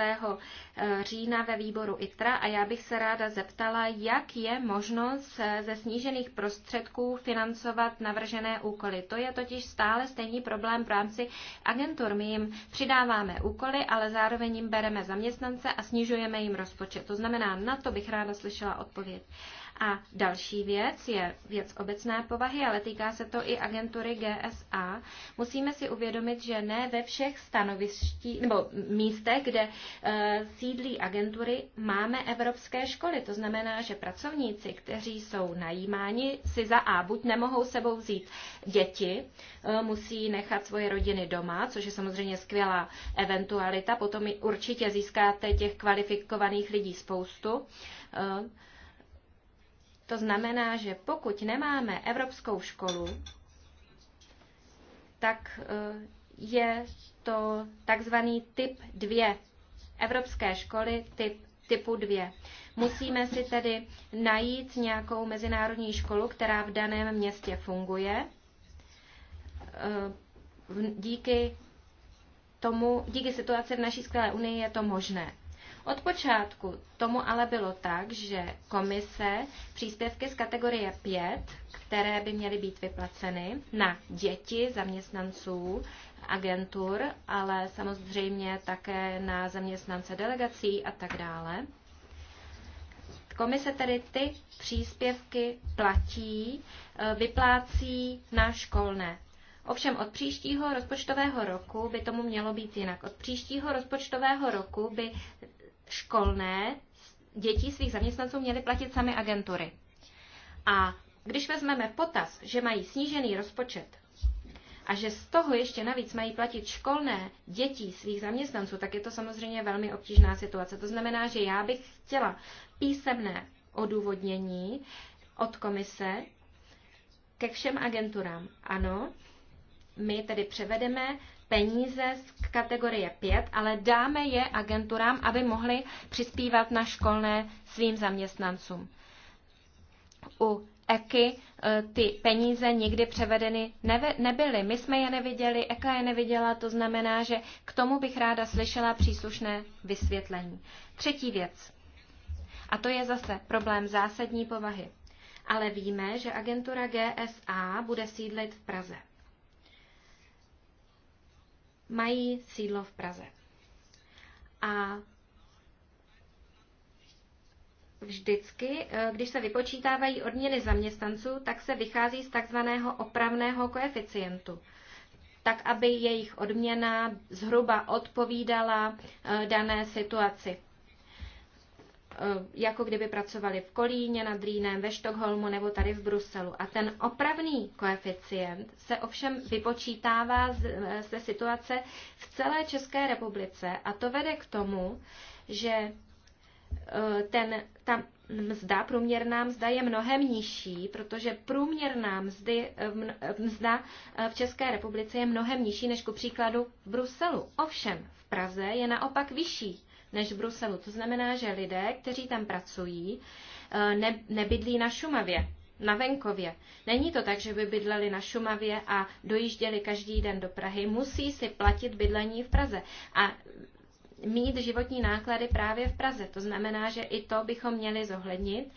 Eh, října ve výboru ITRA a já bych se ráda zeptala, jak je možnost ze snížených prostředků financovat navržené úkoly. To je totiž stále stejný problém v rámci agentur. My jim přidáváme úkoly, ale zároveň jim bereme zaměstnance a snižujeme jim rozpočet. To znamená, na to bych ráda slyšela odpověď. A další věc je věc obecné povahy, ale týká se to i agentury GSA. Musíme si uvědomit, že ne ve všech stanovištích nebo místech, kde e, sídlí agentury, máme evropské školy. To znamená, že pracovníci, kteří jsou najímáni, si za A buď nemohou sebou vzít děti, e, musí nechat svoje rodiny doma, což je samozřejmě skvělá eventualita. Potom určitě získáte těch kvalifikovaných lidí spoustu. E, to znamená, že pokud nemáme evropskou školu, tak e, je to takzvaný typ 2. Evropské školy typ, typu 2. Musíme si tedy najít nějakou mezinárodní školu, která v daném městě funguje. E, díky tomu, díky situaci v naší skvělé unii je to možné. Od počátku tomu ale bylo tak, že komise příspěvky z kategorie 5, které by měly být vyplaceny na děti zaměstnanců agentur, ale samozřejmě také na zaměstnance delegací a tak dále. Komise tedy ty příspěvky platí, e, vyplácí na školné. Ovšem od příštího rozpočtového roku by tomu mělo být jinak. Od příštího rozpočtového roku by školné děti svých zaměstnanců měly platit sami agentury. A když vezmeme potaz, že mají snížený rozpočet a že z toho ještě navíc mají platit školné dětí svých zaměstnanců, tak je to samozřejmě velmi obtížná situace. To znamená, že já bych chtěla písemné odůvodnění od komise ke všem agenturám. Ano, my tedy převedeme peníze z kategorie 5, ale dáme je agenturám, aby mohly přispívat na školné svým zaměstnancům. U EKY eh, ty peníze nikdy převedeny nebyly. My jsme je neviděli, EKA je neviděla, to znamená, že k tomu bych ráda slyšela příslušné vysvětlení. Třetí věc. A to je zase problém zásadní povahy. Ale víme, že agentura GSA bude sídlit v Praze mají sídlo v Praze. A vždycky, eh, když se vypočítávají odměny zaměstnanců, tak se vychází z takzvaného opravného koeficientu tak aby jejich odměna zhruba odpovídala eh, dané situaci. Eh, jako kdyby pracovali v Kolíně nad Rýnem, ve Štokholmu nebo tady v Bruselu. A ten opravný koeficient se ovšem vypočítává eh, ze situace v celé České republice a to vede k tomu, že eh, ten, ta mzda, průměrná mzda je mnohem nižší, protože průměrná mzdy, mzda v České republice je mnohem nižší než ku příkladu v Bruselu. Ovšem v Praze je naopak vyšší než v Bruselu. To znamená, že lidé, kteří tam pracují, eh, ne, nebydlí na Šumavě, na venkově. Není to tak, že by bydleli na Šumavě a dojížděli každý den do Prahy. Musí si platit bydlení v Praze. A mít životní náklady právě v Praze. To znamená, že i to bychom měli zohlednit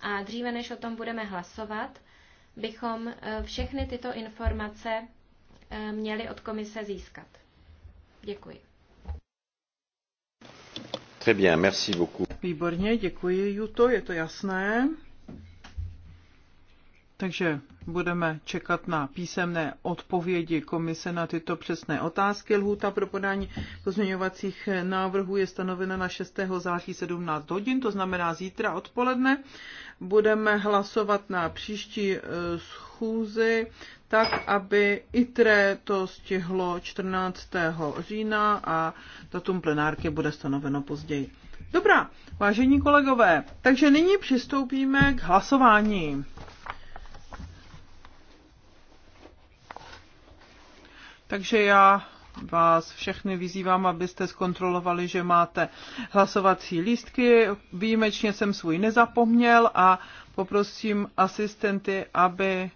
a dříve, než o tom budeme hlasovat, bychom eh, všechny tyto informace eh, měli od komise získat. Děkuji. Très bien, merci beaucoup. Výborně, děkuji, Juto, je to jasné. Takže budeme čekat na písemné odpovědi komise na tyto přesné otázky. Lhůta pro podání pozměňovacích návrhů je stanovena na 6. září 17 hodin, to znamená zítra odpoledne. Budeme hlasovat na příští schůzi eh, schůzi, tak aby ITRE to stihlo 14. října a datum plenárky bude stanoveno později. Dobrá, vážení kolegové, takže nyní přistoupíme k hlasování. Takže já vás všechny vyzývám, abyste zkontrolovali, že máte hlasovací lístky. Výjimečně jsem svůj nezapomněl a poprosím asistenty, aby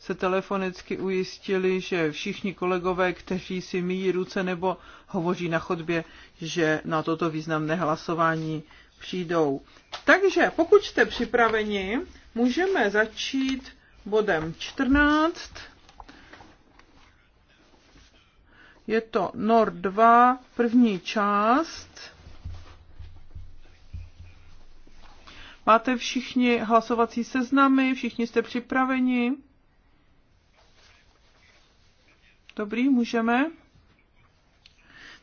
se telefonicky ujistili, že všichni kolegové, kteří si míjí ruce nebo hovoří na chodbě, že na toto významné hlasování přijdou. Takže pokud jste připraveni, můžeme začít bodem 14. Je to NOR 2, první část. Máte všichni hlasovací seznamy, všichni jste připraveni. Dobrý, můžeme.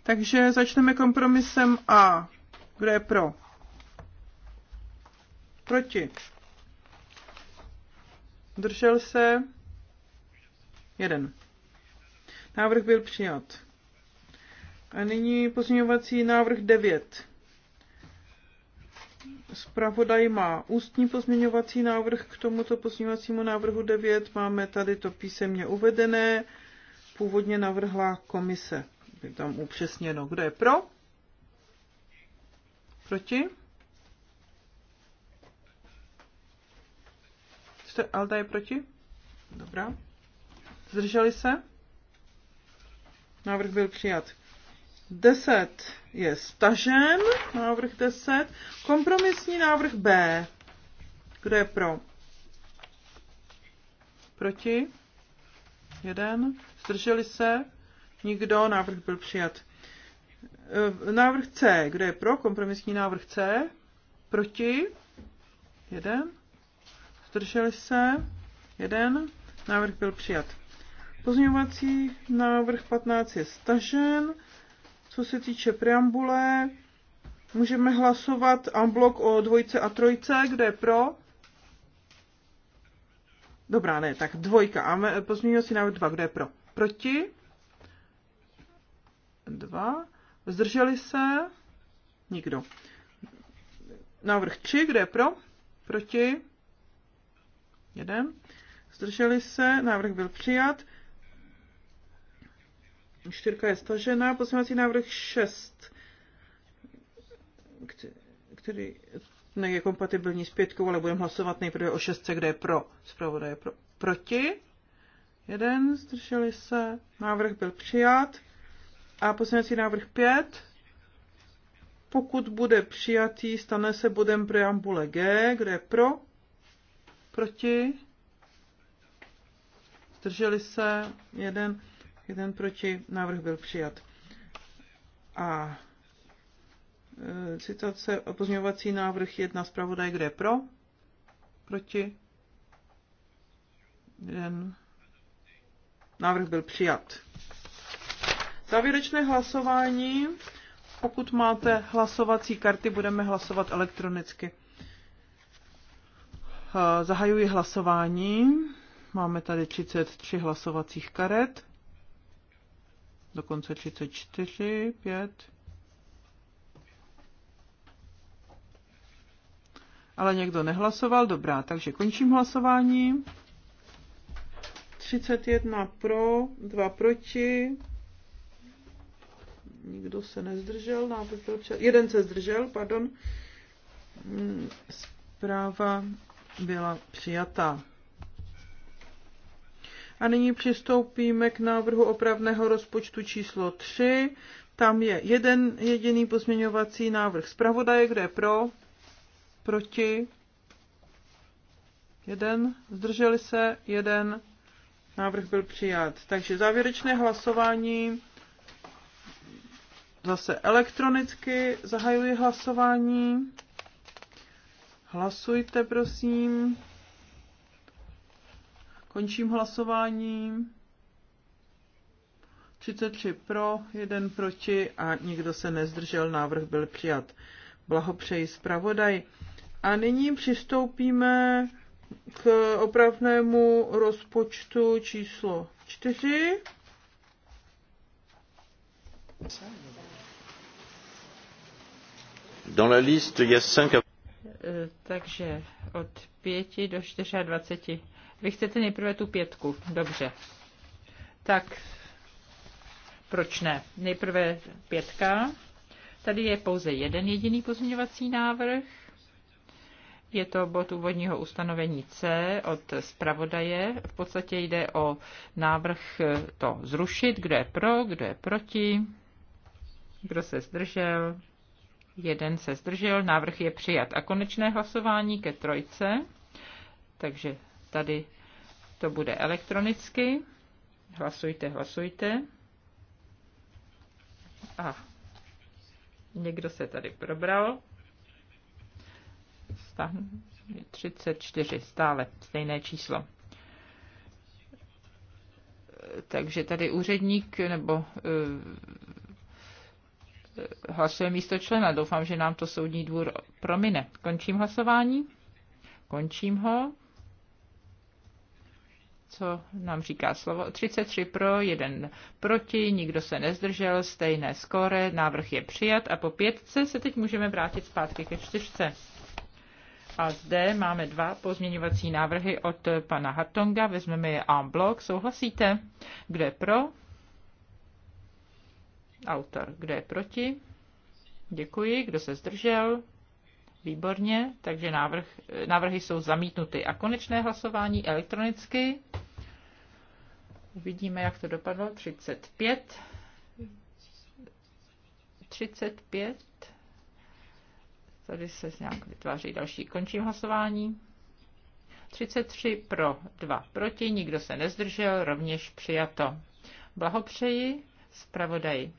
Takže začneme kompromisem A. Kdo je pro? Proti. Držel se. Jeden. Návrh byl přijat. A nyní pozměňovací návrh 9. Zpravodaj má ústní pozměňovací návrh k tomuto pozměňovacímu návrhu 9. Máme tady to písemně uvedené původně navrhla komise. Je tam upřesněno, kdo je pro, proti. Alda je proti? Dobrá. Zdrželi se? Návrh byl přijat. 10 je stažen, návrh 10. Kompromisní návrh B. Kdo je pro? Proti? Jeden. Zdrželi se? Nikdo. Návrh byl přijat. E, návrh C. Kdo je pro? Kompromisní návrh C. Proti? Jeden. Zdrželi se? Jeden. Návrh byl přijat. Pozměňovací návrh 15 je stažen. Co se týče preambule, můžeme hlasovat en blok o dvojce a trojce. Kde je pro? Dobrá, ne, tak dvojka. A pozměňovací návrh 2. Kde je pro? Proti? Dva. Zdrželi se? Nikdo. Návrh tři, kde je pro? Proti? Jeden. Zdrželi se, návrh byl přijat. Čtyřka je stažená, poslanecí návrh šest, který je kompatibilní s pětkou, ale budeme hlasovat nejprve o šestce, kde je pro. Zpravodaj je pro. proti. Jeden, zdrželi se, návrh byl přijat. A poslanecí návrh 5, pokud bude přijatý, stane se bodem preambule G, kde je pro, proti, zdrželi se, jeden, jeden proti, návrh byl přijat. A e, citace, pozměňovací návrh 1, zpravodaj, kde je pro, proti, jeden, Návrh byl přijat. Závěrečné hlasování. Pokud máte hlasovací karty, budeme hlasovat elektronicky. Eh, zahajuji hlasování. Máme tady 33 hlasovacích karet. Dokonce 34, 5. Ale někdo nehlasoval, dobrá, takže končím hlasování. 31 pro, 2 proti. Nikdo se nezdržel, návrh byl přijat. Jeden se zdržel, pardon. Hmm, zpráva byla přijatá. A nyní přistoupíme k návrhu opravného rozpočtu číslo 3. Tam je jeden jediný pozměňovací návrh zpravodaje, kde je pro, proti, jeden, zdrželi se, jeden, Návrh byl přijat. Takže závěrečné hlasování. Zase elektronicky zahajuji hlasování. Hlasujte, prosím. Končím hlasování. 33 pro, 1 proti a nikdo se nezdržel. Návrh byl přijat. Blahopřeji zpravodaj. A nyní přistoupíme k opravnému rozpočtu číslo 4. Dans la liste, il y a cinq... Eh, takže od 5 do 24. Vy chcete nejprve tu pětku, dobře. Tak proč ne? Nejprve pětka. Tady je pouze jeden jediný pozměňovací návrh. Je to bod úvodního ustanovení C od zpravodaje. V podstatě jde o návrh to zrušit, kdo je pro, kdo je proti, kdo se zdržel. Jeden se zdržel, návrh je přijat. A konečné hlasování ke trojce, takže tady to bude elektronicky. Hlasujte, hlasujte. A někdo se tady probral. 34, stále stejné číslo. Takže tady úředník nebo eh, hlasuje místo člena. Doufám, že nám to soudní dvůr promine. Končím hlasování. Končím ho. Co nám říká slovo? 33 pro, 1 proti, nikdo se nezdržel, stejné skóre, návrh je přijat a po pětce se teď můžeme vrátit zpátky ke čtyřce. A zde máme dva pozměňovací návrhy od pana Hartonga. Vezmeme je en bloc. Souhlasíte? Kdo je pro? Autor. Kdo je proti? Děkuji. Kdo se zdržel? Výborně. Takže návrh, návrhy jsou zamítnuty. A konečné hlasování elektronicky. Uvidíme, jak to dopadlo. 35. 35 Tady se nějak vytváří další. Končím hlasování. 33 pro, 2 proti, nikdo se nezdržel, rovněž přijato. Blahopřeji zpravodaji.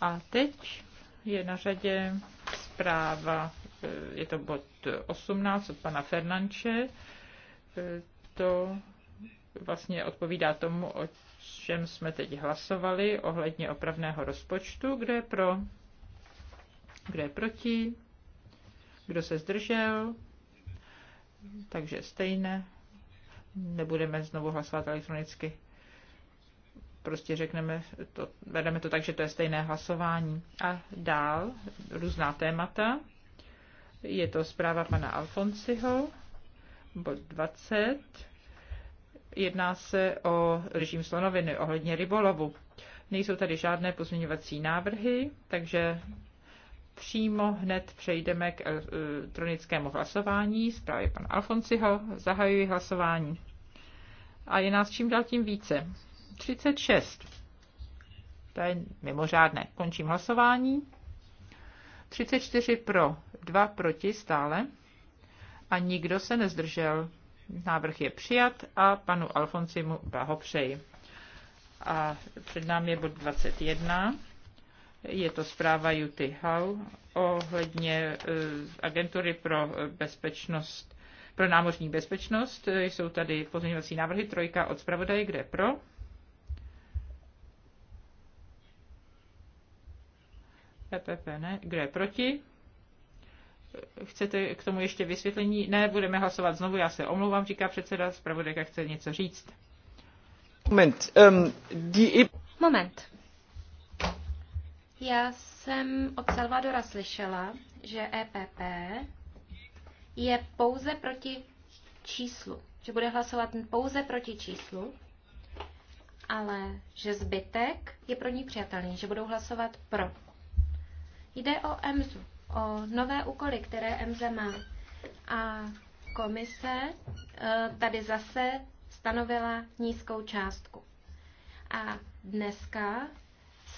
A teď je na řadě zpráva, eh, je to bod 18 od pana Fernanče. Eh, to vlastně odpovídá tomu, o čem jsme teď hlasovali ohledně opravného rozpočtu. Kde je pro? Kdo je proti? Kdo se zdržel? Takže stejné. Nebudeme znovu hlasovat elektronicky. Prostě řekneme, to, vedeme to tak, že to je stejné hlasování. A dál různá témata. Je to zpráva pana Alfonsiho, bod 20. Jedná se o režim slonoviny ohledně rybolovu. Nejsou tady žádné pozměňovací návrhy, takže přímo hned přejdeme k eh, elektronickému hlasování. Zprávě pan Alfonsiho. Zahajuji hlasování. A je nás čím dál tím více. 36. To je mimořádné. Končím hlasování. 34 pro, 2 proti stále. A nikdo se nezdržel. Návrh je přijat a panu ho blahopřeji. A před námi je bod 21. Je to zpráva Juty Hau ohledně e, agentury pro bezpečnost, pro námořní bezpečnost. E, jsou tady pozměňovací návrhy, trojka od zpravodaje, kde pro. PPP e ne, kde proti. Chcete k tomu ještě vysvětlení? Ne, budeme hlasovat znovu, já se omlouvám, říká předseda, zpravodajka chce něco říct. Moment. Um, die... Moment. Já jsem od Salvadora slyšela, že EPP je pouze proti číslu, že bude hlasovat pouze proti číslu, ale že zbytek je pro ní přijatelný, že budou hlasovat pro. Jde o EMZu, o nové úkoly, které EMZ má. A komise eh, tady zase stanovila nízkou částku. A dneska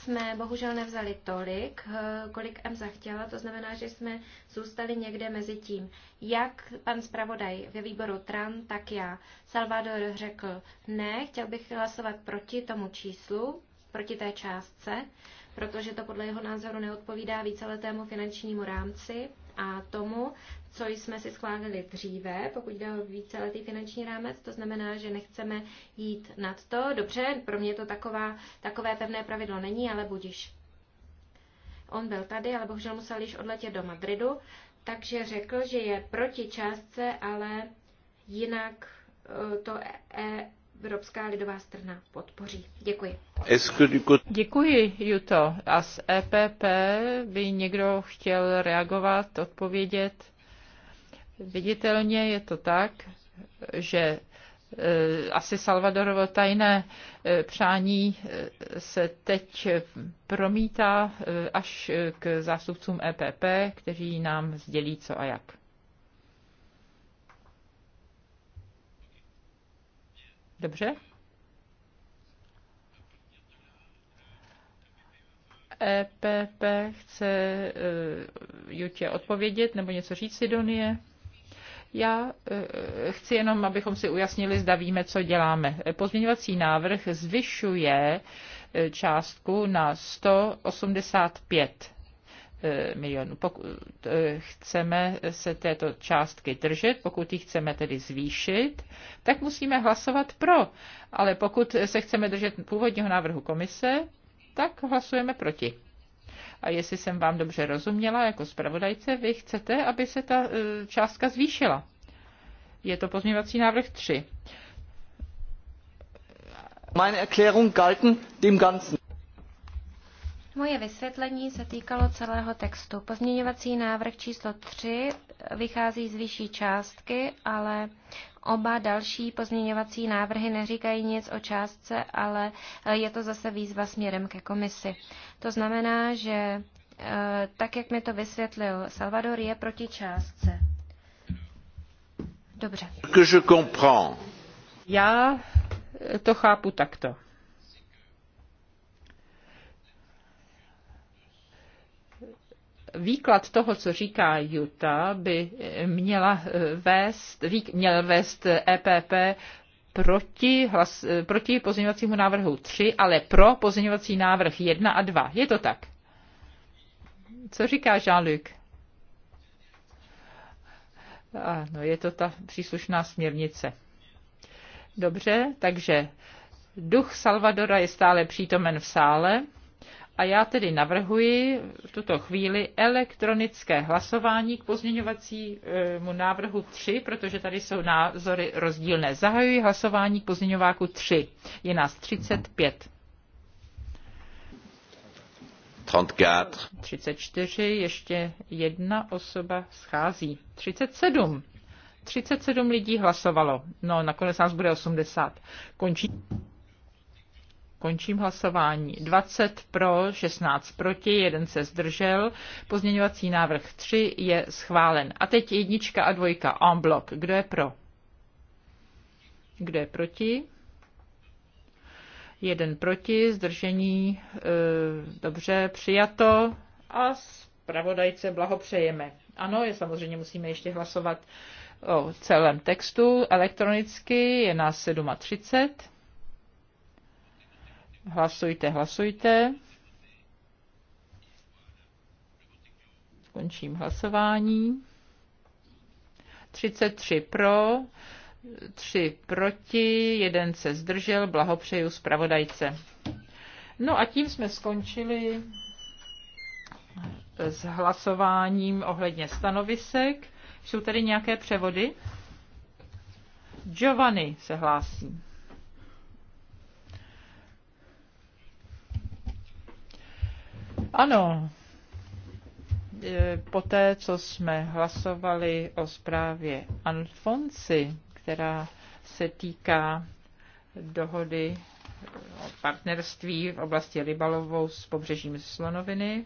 jsme bohužel nevzali tolik, eh, kolik m zachtěla, to znamená, že jsme zůstali někde mezi tím. Jak pan zpravodaj ve výboru TRAN, tak já. Salvador řekl ne, chtěl bych hlasovat proti tomu číslu, proti té částce, protože to podle jeho názoru neodpovídá víceletému finančnímu rámci a tomu, co jsme si schválili dříve, pokud jde o víceletý finanční rámec, to znamená, že nechceme jít nad to. Dobře, pro mě to taková, takové pevné pravidlo není, ale budiš. On byl tady, ale bohužel musel již odletět do Madridu, takže řekl, že je proti částce, ale jinak eh, to e-, e Evropská lidová strana podpoří. Děkuji. Děkuji, Juto. A z EPP by někdo chtěl reagovat, odpovědět? Viditelně je to tak, že e, asi Salvadorovo tajné e, přání e, se teď promítá až k zástupcům EPP, kteří nám sdělí co a jak. Dobře? EPP chce Jutě odpovědět nebo něco říct Sidonie? Já e, e, chci jenom, abychom si ujasnili, zda víme, co děláme. Pozměňovací návrh zvyšuje e, částku na 185 milionů. Pokud chceme se této částky držet, pokud ji chceme tedy zvýšit, tak musíme hlasovat pro. Ale pokud se chceme držet původního návrhu komise, tak hlasujeme proti. A jestli jsem vám dobře rozuměla jako zpravodajce, vy chcete, aby se ta e, částka zvýšila. Je to pozměňovací návrh 3. Meine Erklärung galten dem Ganzen. Moje vysvětlení se týkalo celého textu. Pozměňovací návrh číslo 3 vychází z vyšší částky, ale Oba další pozměňovací návrhy neříkají nic o částce, ale eh, je to zase výzva směrem ke komisi. To znamená, že eh, tak, jak mi to vysvětlil Salvador, je proti částce. Dobře. Já to chápu takto. výklad toho, co říká Juta, by měla eh, vést, měl vést EPP eh, e proti, hlas, eh, proti pozměňovacímu návrhu 3, ale pro pozměňovací návrh 1 a 2. Je to tak? Co říká Jean-Luc? Ano, je to ta příslušná směrnice. Dobře, takže duch Salvadora je stále přítomen v sále. A já tedy navrhuji v tuto chvíli elektronické hlasování k pozměňovacímu návrhu 3, protože tady jsou názory rozdílné. Zahajuji hlasování k pozměňováku 3. Je nás 35. 34. 34, ještě jedna osoba schází. 37. 37 lidí hlasovalo. No, nakonec nás bude 80. Končí. Končím hlasování. 20 pro, 16 proti, jeden se zdržel. Pozměňovací návrh 3 je schválen. A teď jednička a dvojka en blok. Kdo je pro? Kdo je proti? Jeden proti, zdržení, e, dobře, přijato. A zpravodajce blahopřejeme. Ano, je samozřejmě musíme ještě hlasovat o celém textu elektronicky, je nás 37. Hlasujte, hlasujte. Končím hlasování. 33 pro, 3 proti, jeden se zdržel. Blahopřeju zpravodajce. No a tím jsme skončili s hlasováním ohledně stanovisek. Jsou tady nějaké převody? Giovanni se hlásí. Ano, poté, co jsme hlasovali o zprávě Anfonsi, která se týká dohody o partnerství v oblasti rybalovou s pobřežím Slonoviny,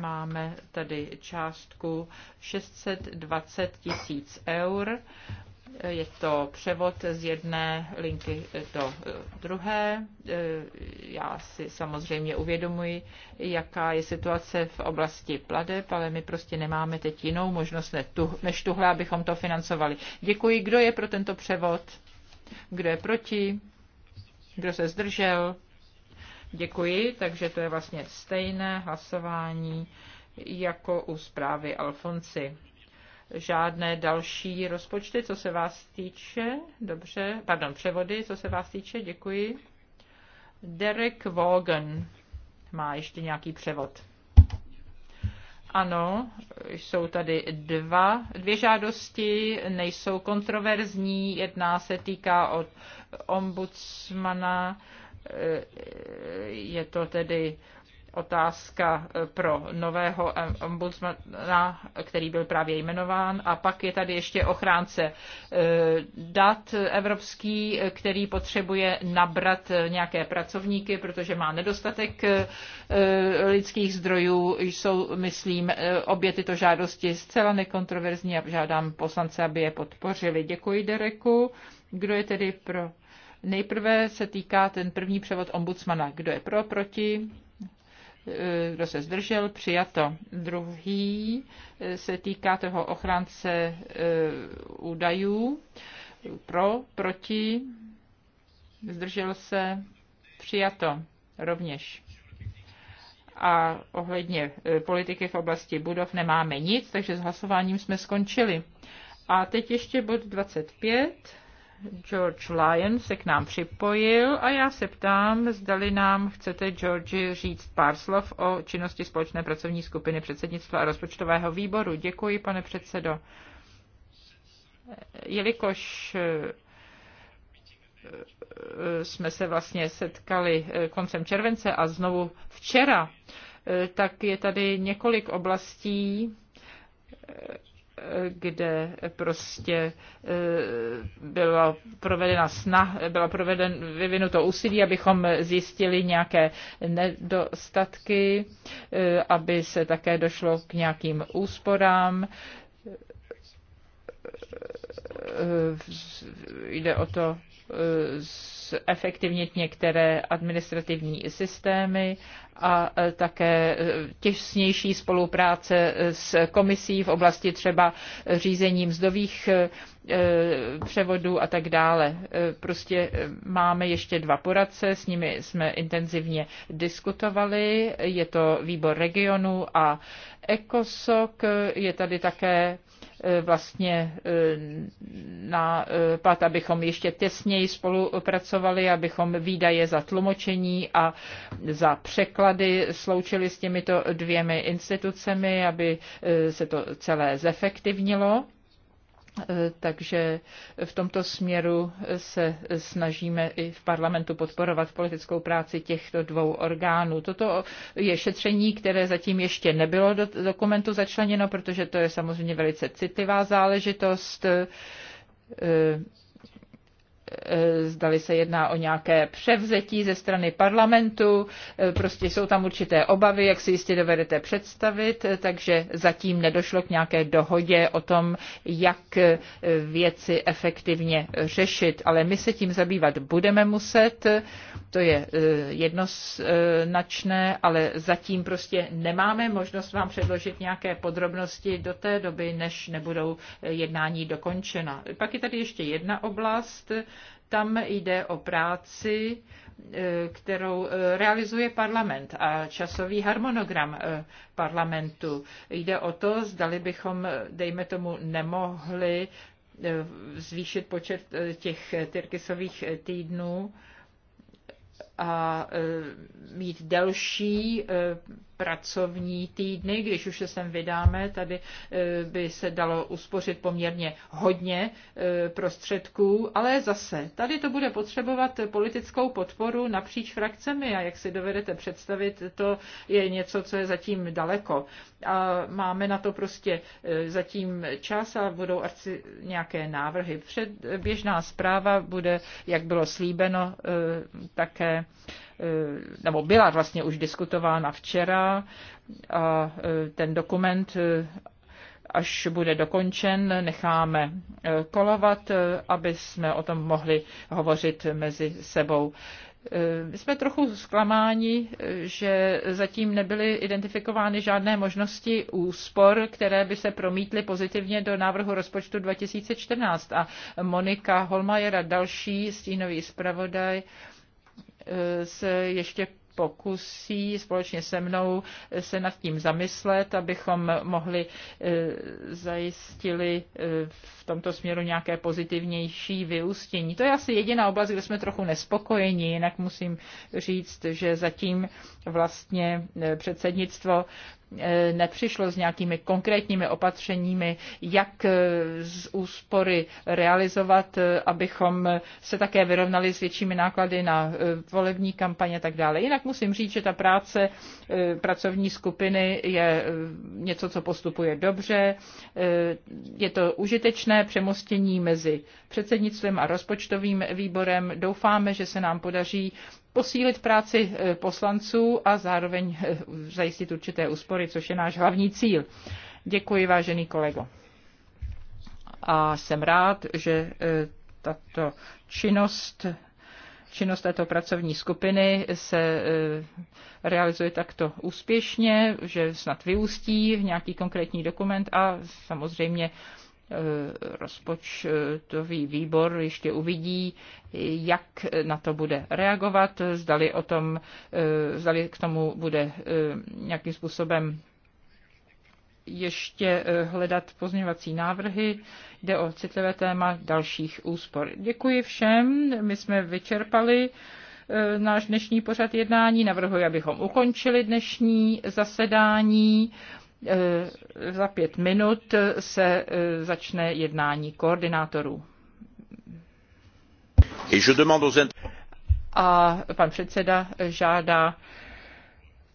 máme tady částku 620 tisíc eur je to převod z jedné linky do eh, druhé. Eh, já si samozřejmě uvědomuji, jaká je situace v oblasti pladeb, ale my prostě nemáme teď jinou možnost než tuhle, abychom to financovali. Děkuji. Kdo je pro tento převod? Kdo je proti? Kdo se zdržel? Děkuji, takže to je vlastně stejné hlasování jako u zprávy Alfonsi žádné další rozpočty, co se vás týče. Dobře, pardon, převody, co se vás týče, děkuji. Derek Vaughan má ještě nějaký převod. Ano, jsou tady dva, dvě žádosti, nejsou kontroverzní, jedna se týká od ombudsmana, eh, je to tedy otázka eh, pro nového ombudsmana, který byl právě jmenován. A pak je tady ještě ochránce eh, dat evropský, eh, který potřebuje nabrat nějaké pracovníky, protože má nedostatek lidských zdrojů. Jsou, myslím, obě tyto žádosti zcela nekontroverzní a žádám poslance, aby je podpořili. Děkuji, Dereku. Kdo je tedy pro? Nejprve se týká ten první převod ombudsmana. Kdo je pro, proti? Eh, kdo se zdržel, přijato. Druhý eh, se týká toho ochránce eh, údajů. Pro, proti, zdržel se, přijato rovněž. A ohledně politiky v oblasti budov nemáme nic, takže s hlasováním jsme skončili. A teď ještě bod 25. George Lyon se k nám připojil a já se ptám, zdali nám chcete, George, říct pár slov o činnosti společné pracovní skupiny předsednictva a rozpočtového výboru. Děkuji, pane předsedo. Jelikož eh, jsme se vlastně setkali eh, koncem července a znovu včera, eh, tak je tady několik oblastí, kde prostě eh, byla provedena snah, byla proveden, vyvinuto úsilí, abychom zjistili nějaké nedostatky, eh, aby se také došlo k nějakým úsporám eh, jde o to zefektivnit některé administrativní systémy a e, také e, těsnější spolupráce s komisí v oblasti třeba řízení mzdových e, převodů a tak dále. Prostě máme ještě dva poradce, s nimi jsme intenzivně diskutovali. Je to výbor regionu a ECOSOC. Je tady také vlastně na pat, abychom ještě těsněji spolupracovali hlasovali, abychom výdaje za tlumočení a za překlady sloučili s těmito dvěmi institucemi, aby eh, se to celé zefektivnilo. Eh, takže v tomto směru se snažíme i v parlamentu podporovat politickou práci těchto dvou orgánů. Toto je šetření, které zatím ještě nebylo do dokumentu začleněno, protože to je samozřejmě velice citlivá záležitost eh, Eh, zdali se jedná o nějaké převzetí ze strany parlamentu, eh, prostě jsou tam určité obavy, jak si jistě dovedete představit, eh, takže zatím nedošlo k nějaké dohodě o tom, jak věci efektivně řešit, ale my se tím zabývat budeme muset, to je jednoznačné, ale zatím prostě nemáme možnost vám předložit nějaké podrobnosti do té doby, než nebudou jednání dokončena. Pak je tady ještě jedna oblast, tam jde o práci, e, kterou e, realizuje parlament a časový harmonogram e, parlamentu. Jde o to, zdali bychom, dejme tomu, nemohli zvýšit počet těch tyrkisových týdnů a mít delší pracovní týdny, když už se sem vydáme, tady eh, by se dalo uspořit poměrně hodně eh, prostředků, ale zase, tady to bude potřebovat politickou podporu napříč frakcemi a jak si dovedete představit, to je něco, co je zatím daleko. A máme na to prostě eh, zatím čas a budou asi nějaké návrhy. Předběžná zpráva bude, jak bylo slíbeno, také Eh, nebo byla vlastně už diskutována včera a eh, ten dokument eh, až bude dokončen, necháme kolovat, aby jsme o tom mohli hovořit mezi sebou. My jsme trochu zklamáni, že zatím nebyly identifikovány žádné možnosti úspor, které by se promítly pozitivně do návrhu rozpočtu 2014. A Monika Holmajer a další stínový zpravodaj se ještě pokusí společně se mnou se nad tím zamyslet, abychom mohli e, zajistili e, v tomto směru nějaké pozitivnější vyústění. To je asi jediná oblast, kde jsme trochu nespokojeni, jinak musím říct, že zatím vlastně e, předsednictvo Eh, nepřišlo s nějakými konkrétními opatřeními, jak eh, z úspory realizovat, eh, abychom se také vyrovnali s většími náklady na volební kampaně a tak dále. Jinak musím říct, že ta práce pracovní skupiny je něco, co postupuje dobře. Je to užitečné přemostění mezi předsednictvím a rozpočtovým výborem. Doufáme, že se nám podaří posílit práci eh, poslanců a zároveň eh, zajistit určité úspory, což je náš hlavní cíl. Děkuji, vážený kolego. A jsem rád, že eh, tato činnost, činnost této pracovní skupiny se realizuje takto úspěšně, že snad vyústí v nějaký konkrétní dokument a samozřejmě Eh, rozpočtový výbor ještě uvidí, jak na to bude reagovat, zdali, o tom, eh, zdali k tomu bude eh, nějakým způsobem ještě hledat pozměňovací návrhy. Jde o citlivé téma dalších úspor. Děkuji všem, my jsme vyčerpali náš dnešní pořad jednání. Navrhuji, abychom ukončili dnešní zasedání. Eh, za pět minut se eh, začne jednání koordinátorů. A pan předseda žádá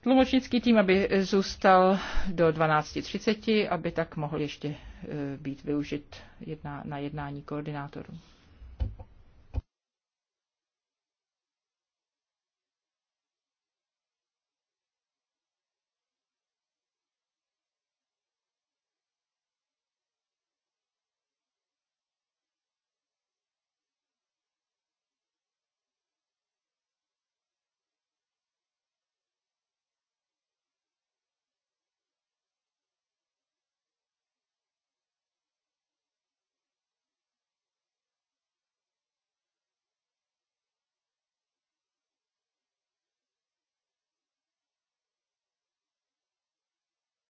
tlumočnický tým, aby zůstal do 12.30, aby tak mohl ještě eh, být využit jedna, na jednání koordinátorů.